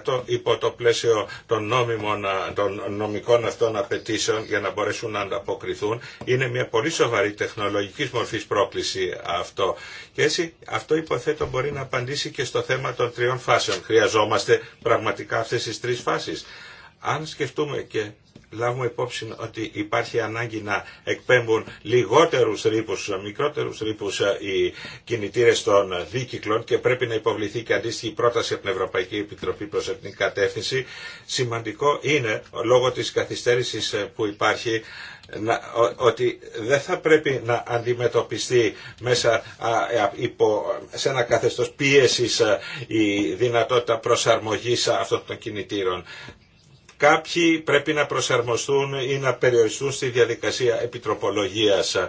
50% υπό το πλαίσιο των, νόμιμων, ε, των νομικών αυτών απαιτήσεων για να μπορέσουν να ανταποκριθούν. Είναι μια πολύ σοβαρή τεχνολογική μορφής πρόκληση αυτό. Και έτσι αυτό υποθέτω μπορεί να απαντήσει και στο θέμα των τριών φάσεων. Χρειαζόμαστε πραγματικά αυτέ τι τρει φάσει. Αν σκεφτούμε και λάβουμε υπόψη ότι υπάρχει ανάγκη να εκπέμπουν λιγότερους ρήπους, μικρότερους ρήπους ε, οι κινητήρες των δίκυκλων και πρέπει να υποβληθεί και αντίστοιχη πρόταση από την Ευρωπαϊκή Επιτροπή προς την κατεύθυνση. Σημαντικό είναι, λόγω της καθυστέρησης ε, που υπάρχει, ότι δεν θα πρέπει να αντιμετωπιστεί μέσα ε, σε ένα καθεστώς πίεσης η δυνατότητα προσαρμογής αυτών των κινητήρων κάποιοι πρέπει να προσαρμοστούν ή να περιοριστούν στη διαδικασία επιτροπολογίας ε,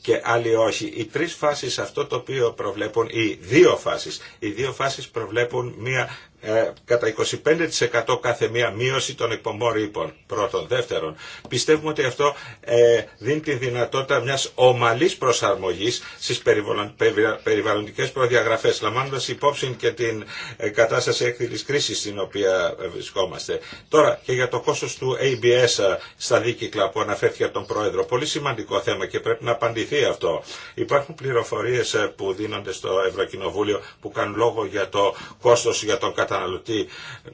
και άλλοι όχι. Οι τρεις φάσεις αυτό το οποίο προβλέπουν, οι δύο φάσεις, οι δύο φάσεις προβλέπουν μια ε, κατά 25% κάθε μία μείωση των εκπομπών ρήπων. Πρώτον. Δεύτερον, πιστεύουμε ότι αυτό ε, δίνει τη δυνατότητα μιας ομαλής προσαρμογής στις περιβαλλοντικές προδιαγραφές, λαμβάνοντας υπόψη και την ε, κατάσταση έκθυλης κρίσης στην οποία βρισκόμαστε. Τώρα και για το κόστος του ABS στα δίκυκλα που αναφέρθηκε από τον Πρόεδρο. Πολύ σημαντικό θέμα και πρέπει να απαντηθεί αυτό. Υπάρχουν πληροφορίες που δίνονται στο Ευρωκοινοβούλιο που κάνουν λόγο για το κόστος για τον καταναλωτή καταναλωτή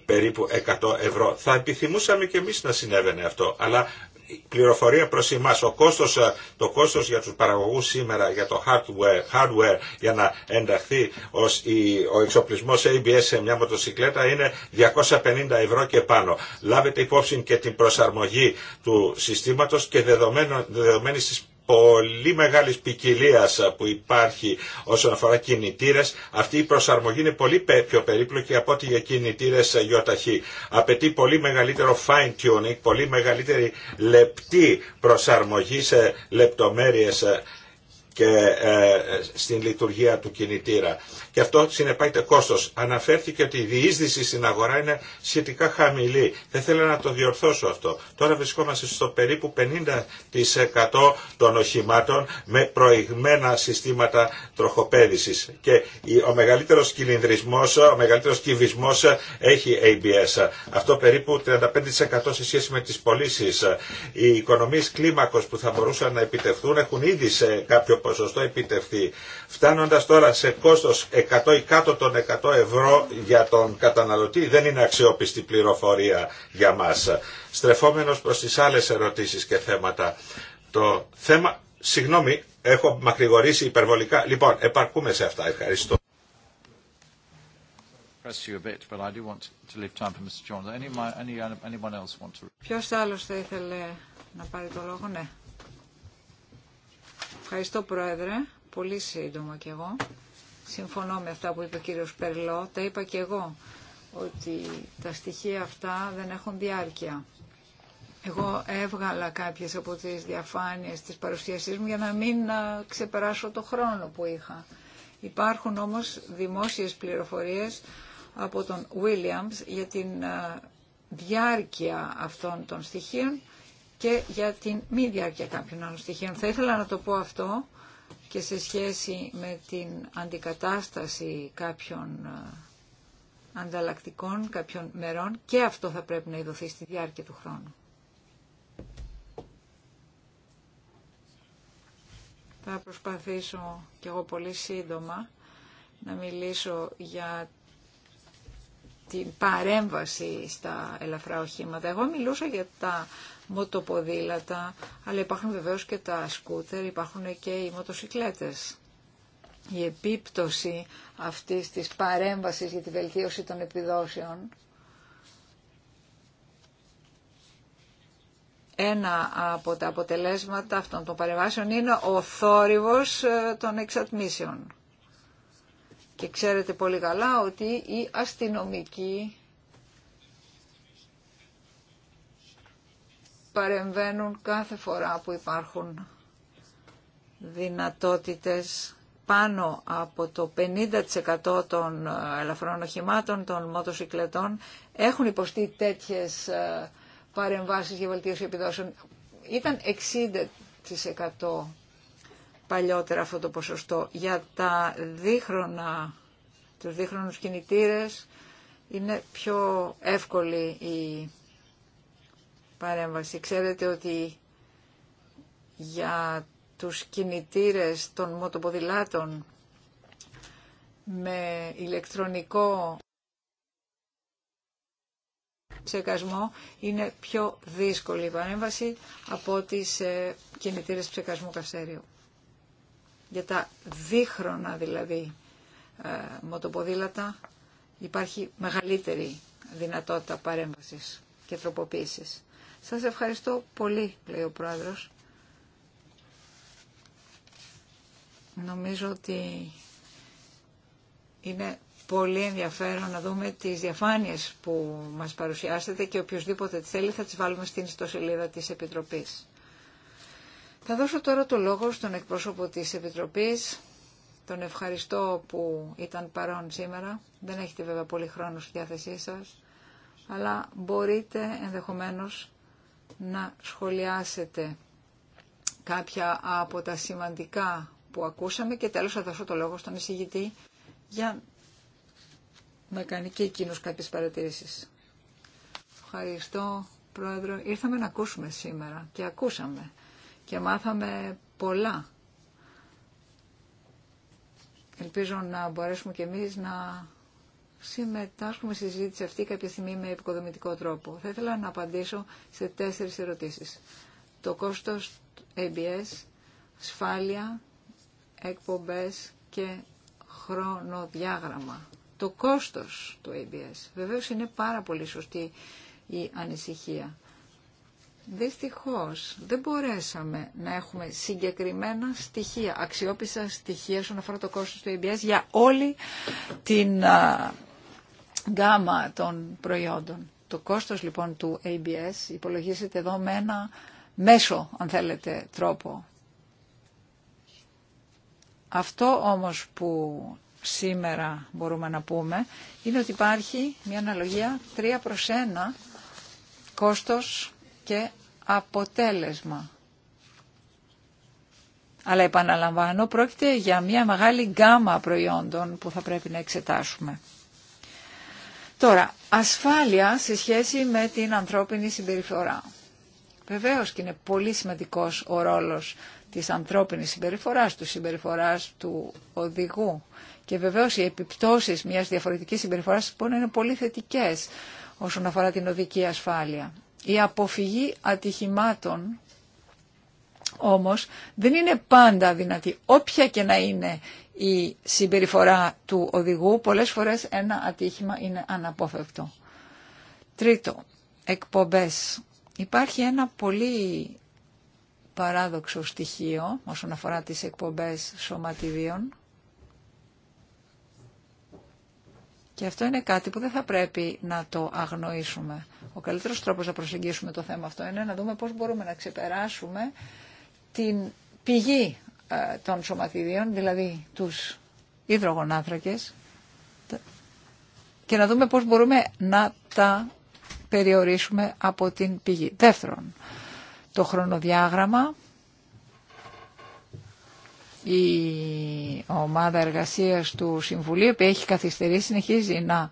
περίπου 100 ευρώ. Θα επιθυμούσαμε και εμείς να συνέβαινε αυτό, αλλά πληροφορία προς εμάς. Ο κόστος, ε, το κόστος για τους παραγωγούς σήμερα, για το hardware, hardware για να ενταχθεί ως η, ο εξοπλισμός ABS σε μια μοτοσυκλέτα είναι 250 ευρώ και πάνω. Λάβετε υπόψη και την προσαρμογή του συστήματος και δεδομένης της πολύ μεγάλης ποικιλία που υπάρχει όσον αφορά κινητήρες, αυτή η προσαρμογή είναι πολύ πιο περίπλοκη από ό,τι για κινητήρες ε, γιοταχή. Απαιτεί πολύ μεγαλύτερο fine tuning, πολύ μεγαλύτερη λεπτή προσαρμογή σε λεπτομέρειες ε, και ε, στην λειτουργία του κινητήρα. Και αυτό συνεπάγεται κόστος. Αναφέρθηκε ότι η διείσδυση στην αγορά είναι σχετικά χαμηλή. Δεν θέλω να το διορθώσω αυτό. Τώρα βρισκόμαστε στο περίπου 50% των οχημάτων με προηγμένα συστήματα τροχοπέδησης. Και ο μεγαλύτερος κυλινδρισμός, ο μεγαλύτερο κυβισμός έχει ABS. Αυτό περίπου 35% σε σχέση με τις πωλήσει. Οι οικονομίες κλίμακος που θα μπορούσαν να επιτευχθούν έχουν ήδη σε κάποιο ποσοστό επιτευχθεί. Φτάνοντας τώρα σε κόστος 100 ή κάτω των 100 ευρώ για τον καταναλωτή δεν είναι αξιόπιστη πληροφορία για μας. Στρεφόμενος προς τις άλλες ερωτήσεις και θέματα. Το θέμα, συγγνώμη, έχω μακρηγορήσει υπερβολικά. Λοιπόν, επαρκούμε σε αυτά. Ευχαριστώ. Ποιος άλλος θα ήθελε να πάρει το λόγο, ναι. Ευχαριστώ Πρόεδρε. Πολύ σύντομα κι εγώ. Συμφωνώ με αυτά που είπε ο κύριος Περλό. Τα είπα κι εγώ ότι τα στοιχεία αυτά δεν έχουν διάρκεια. Εγώ έβγαλα κάποιες από τις διαφάνειες της παρουσίασής μου για να μην ξεπεράσω το χρόνο που είχα. Υπάρχουν όμως δημόσιες πληροφορίες από τον Williams για την διάρκεια αυτών των στοιχείων και για την μη διάρκεια κάποιων άλλων στοιχείων. Θα ήθελα να το πω αυτό και σε σχέση με την αντικατάσταση κάποιων ε, ανταλλακτικών, κάποιων μερών και αυτό θα πρέπει να ειδωθεί στη διάρκεια του χρόνου. Θα προσπαθήσω και εγώ πολύ σύντομα να μιλήσω για την παρέμβαση στα ελαφρά οχήματα. Εγώ μιλούσα για τα μοτοποδήλατα, αλλά υπάρχουν βεβαίως και τα σκούτερ, υπάρχουν και οι μοτοσυκλέτες. Η επίπτωση αυτής της παρέμβασης για τη βελτίωση των επιδόσεων ένα από τα αποτελέσματα αυτών των παρεμβάσεων είναι ο θόρυβος ε, των εξατμίσεων. Και ξέρετε πολύ καλά ότι οι αστυνομικοί παρεμβαίνουν κάθε φορά που υπάρχουν δυνατότητες πάνω από το 50% των ε, ελαφρών οχημάτων, των μοτοσυκλετών, έχουν υποστεί τέτοιες ε, παρεμβάσεις για βελτίωση επιδόσεων. Ήταν 60% παλιότερα αυτό το ποσοστό. Για τα δίχρονα, τους δίχρονους κινητήρες είναι πιο εύκολη η Ξέρετε ότι για τους κινητήρες των μοτοποδηλάτων με ηλεκτρονικό ψεκασμό είναι πιο δύσκολη η παρέμβαση από ότι σε κινητήρες ψεκασμού καυσέριου. Για τα δίχρονα δηλαδή ε, μοτοποδήλατα υπάρχει μεγαλύτερη δυνατότητα παρέμβασης και τροποποίησης. Σας ευχαριστώ πολύ, λέει ο Πρόεδρος. Νομίζω ότι είναι πολύ ενδιαφέρον να δούμε τις διαφάνειες που μας παρουσιάσετε και οποιοδήποτε θέλει θα τις βάλουμε στην ιστοσελίδα της Επιτροπής. Θα δώσω τώρα το λόγο στον εκπρόσωπο της Επιτροπής. Τον ευχαριστώ που ήταν παρόν σήμερα. Δεν έχετε βέβαια πολύ χρόνο στη διάθεσή σας αλλά μπορείτε ενδεχομένως να σχολιάσετε κάποια από τα σημαντικά που ακούσαμε και τέλος θα δώσω το λόγο στον εισηγητή για να κάνει και εκείνος κάποιες παρατηρήσεις. Ευχαριστώ, Πρόεδρο. Ήρθαμε να ακούσουμε σήμερα και ακούσαμε και μάθαμε πολλά. Ελπίζω να μπορέσουμε και εμείς να συμμετάσχουμε στη συζήτηση αυτή κάποια στιγμή με επικοδομητικό τρόπο. Θα ήθελα να απαντήσω σε τέσσερις ερωτήσεις. Το κόστος ABS, ασφάλεια, εκπομπές και χρονοδιάγραμμα. Το κόστος του ABS. Βεβαίως είναι πάρα πολύ σωστή η ανησυχία. Δυστυχώς δεν μπορέσαμε να έχουμε συγκεκριμένα στοιχεία, αξιόπιστα στοιχεία όσον αφορά το κόστος του ABS για όλη την γκάμα των προϊόντων. Το κόστος λοιπόν του ABS υπολογίζεται εδώ με ένα μέσο, αν θέλετε, τρόπο. Αυτό όμως που σήμερα μπορούμε να πούμε είναι ότι υπάρχει μια αναλογία 3 προς 1 κόστος και αποτέλεσμα. Αλλά επαναλαμβάνω, πρόκειται για μια μεγάλη γκάμα προϊόντων που θα πρέπει να εξετάσουμε. Τώρα, ασφάλεια σε σχέση με την ανθρώπινη συμπεριφορά. Βεβαίως και είναι πολύ σημαντικός ο ρόλος της ανθρώπινης συμπεριφοράς, του συμπεριφοράς του οδηγού. Και βεβαίως οι επιπτώσεις μιας διαφορετικής συμπεριφοράς μπορεί να είναι πολύ θετικές όσον αφορά την οδική ασφάλεια. Η αποφυγή ατυχημάτων όμως δεν είναι πάντα δυνατή. Όποια και να είναι η συμπεριφορά του οδηγού, πολλές φορές ένα ατύχημα είναι αναπόφευκτο. Τρίτο, εκπομπές. Υπάρχει ένα πολύ παράδοξο στοιχείο όσον αφορά τις εκπομπές σωματιδίων και αυτό είναι κάτι που δεν θα πρέπει να το αγνοήσουμε. Ο καλύτερος τρόπος να προσεγγίσουμε το θέμα αυτό είναι να δούμε πώς μπορούμε να ξεπεράσουμε την πηγή ε, των σωματιδίων, δηλαδή τους υδρογονάνθρακες και να δούμε πώς μπορούμε να τα περιορίσουμε από την πηγή. Δεύτερον, το χρονοδιάγραμμα, η ομάδα εργασίας του Συμβουλίου που έχει καθυστερήσει συνεχίζει να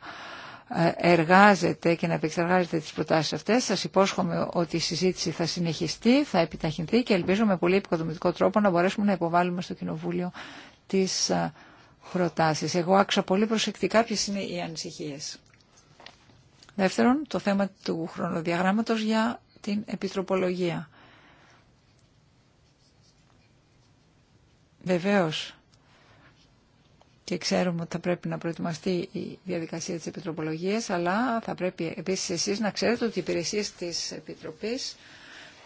ε, εργάζεται και να επεξεργάζεται τις προτάσεις αυτές. Σας υπόσχομαι ότι η συζήτηση θα συνεχιστεί, θα επιταχυνθεί και ελπίζω με πολύ επικοδομητικό τρόπο να μπορέσουμε να υποβάλουμε στο Κοινοβούλιο τις ε, προτάσεις. Εγώ άκουσα πολύ προσεκτικά ποιε είναι οι ανησυχίες. Δεύτερον, το θέμα του χρονοδιαγράμματος για την επιτροπολογία. Βεβαίως, και ξέρουμε ότι θα πρέπει να προετοιμαστεί η διαδικασία της Επιτροπολογίας, αλλά θα πρέπει επίσης εσείς να ξέρετε ότι οι υπηρεσίες της Επιτροπής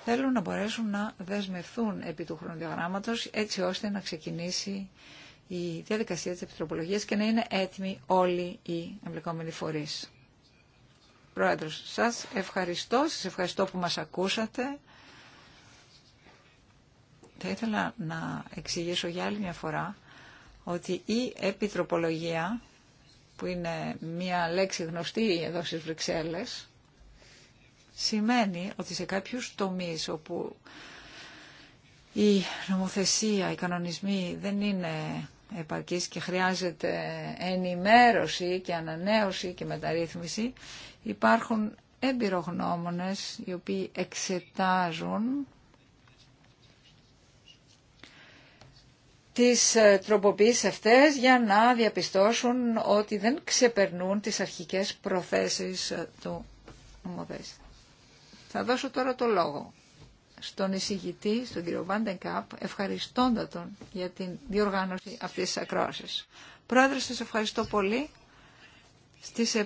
θέλουν να μπορέσουν να δεσμευθούν επί του χρονοδιαγράμματος έτσι ώστε να ξεκινήσει η διαδικασία της Επιτροπολογίας και να είναι έτοιμοι όλοι οι εμπλεκόμενοι φορείς. Πρόεδρος, σας ευχαριστώ, σας ευχαριστώ που μας ακούσατε. Θα ήθελα να εξηγήσω για άλλη μια φορά ότι η επιτροπολογία, που είναι μια λέξη γνωστή εδώ στις Βρυξέλλες, σημαίνει ότι σε κάποιους τομείς όπου η νομοθεσία, οι κανονισμοί δεν είναι επαρκής και χρειάζεται ενημέρωση και ανανέωση και μεταρρύθμιση, υπάρχουν εμπειρογνώμονες οι οποίοι εξετάζουν τις ε, τροποποιείς αυτές για να διαπιστώσουν ότι δεν ξεπερνούν τις αρχικές προθέσεις ε, του νομοδέστη. Θα δώσω τώρα το λόγο στον εισηγητή, στον κύριο Βάντεγκαπ, ευχαριστώντα τον για την διοργάνωση αυτής της ακρόασης. Πρόεδρε, σας ευχαριστώ πολύ. Στις 7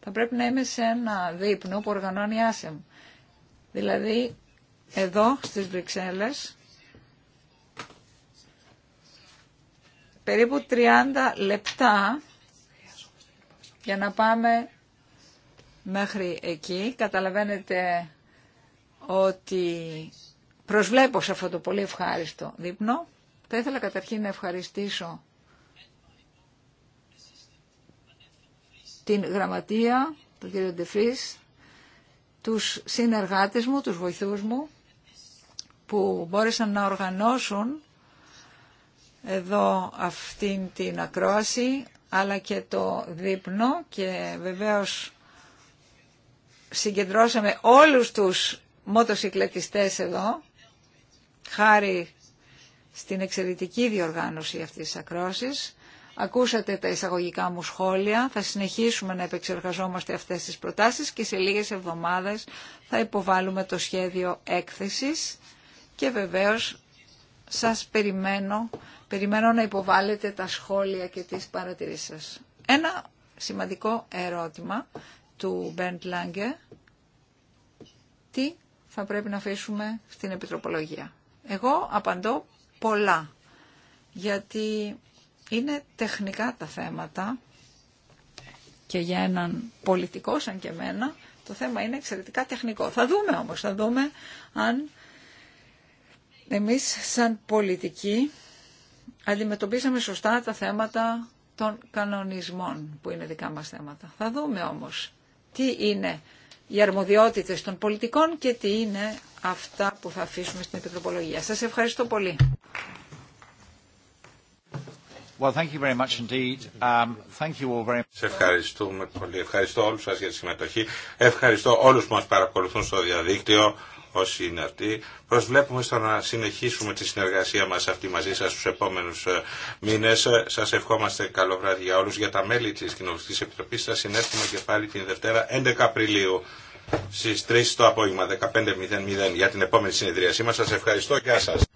θα πρέπει να είμαι σε ένα δείπνο που οργανώνει Άσεμ. Δηλαδή, εδώ στις Βρυξέλλες, περίπου 30 λεπτά για να πάμε μέχρι εκεί. Καταλαβαίνετε ότι προσβλέπω σε αυτό το πολύ ευχάριστο δείπνο. Θα ήθελα καταρχήν να ευχαριστήσω την γραμματεία, τον κύριο Ντεφρίς, τους συνεργάτες μου, τους βοηθούς μου, που μπόρεσαν να οργανώσουν εδώ αυτήν την ακρόαση αλλά και το δείπνο και βεβαίως συγκεντρώσαμε όλους τους μοτοσυκλετιστές εδώ χάρη στην εξαιρετική διοργάνωση αυτής της ακρόασης. Ακούσατε τα εισαγωγικά μου σχόλια, θα συνεχίσουμε να επεξεργαζόμαστε αυτές τις προτάσεις και σε λίγες εβδομάδες θα υποβάλουμε το σχέδιο έκθεσης και βεβαίως σας περιμένω Περιμένω να υποβάλλετε τα σχόλια και τις παρατηρήσεις σας. Ένα σημαντικό ερώτημα του Μπέντ Λάγκε. Τι θα πρέπει να αφήσουμε στην Επιτροπολογία. Εγώ απαντώ πολλά, γιατί είναι τεχνικά τα θέματα και για έναν πολιτικό σαν και εμένα το θέμα είναι εξαιρετικά τεχνικό. Θα δούμε όμως, θα δούμε αν εμείς σαν πολιτικοί αντιμετωπίσαμε σωστά τα θέματα των κανονισμών που είναι δικά μας θέματα. Θα δούμε όμως τι είναι οι αρμοδιότητες των πολιτικών και τι είναι αυτά που θα αφήσουμε στην Επιτροπολογία. Σας ευχαριστώ πολύ. Well, thank you very much indeed. Um, thank you all very much. Σε ευχαριστούμε πολύ. Ευχαριστώ όλους σας για τη συμμετοχή. Ευχαριστώ όλους που μας παρακολουθούν στο διαδίκτυο όσοι είναι αυτοί. Προσβλέπουμε στο να συνεχίσουμε τη συνεργασία μας αυτή μαζί σας στους επόμενους ε, μήνες. Ε, σας ευχόμαστε καλό βράδυ για όλους. Για τα μέλη της Κοινοβουλικής Επιτροπής θα συνέρχομαι και πάλι την Δευτέρα 11 Απριλίου στις 3 το απόγευμα 15.00 για την επόμενη συνεδρίασή μας. Σας ευχαριστώ. Γεια σας.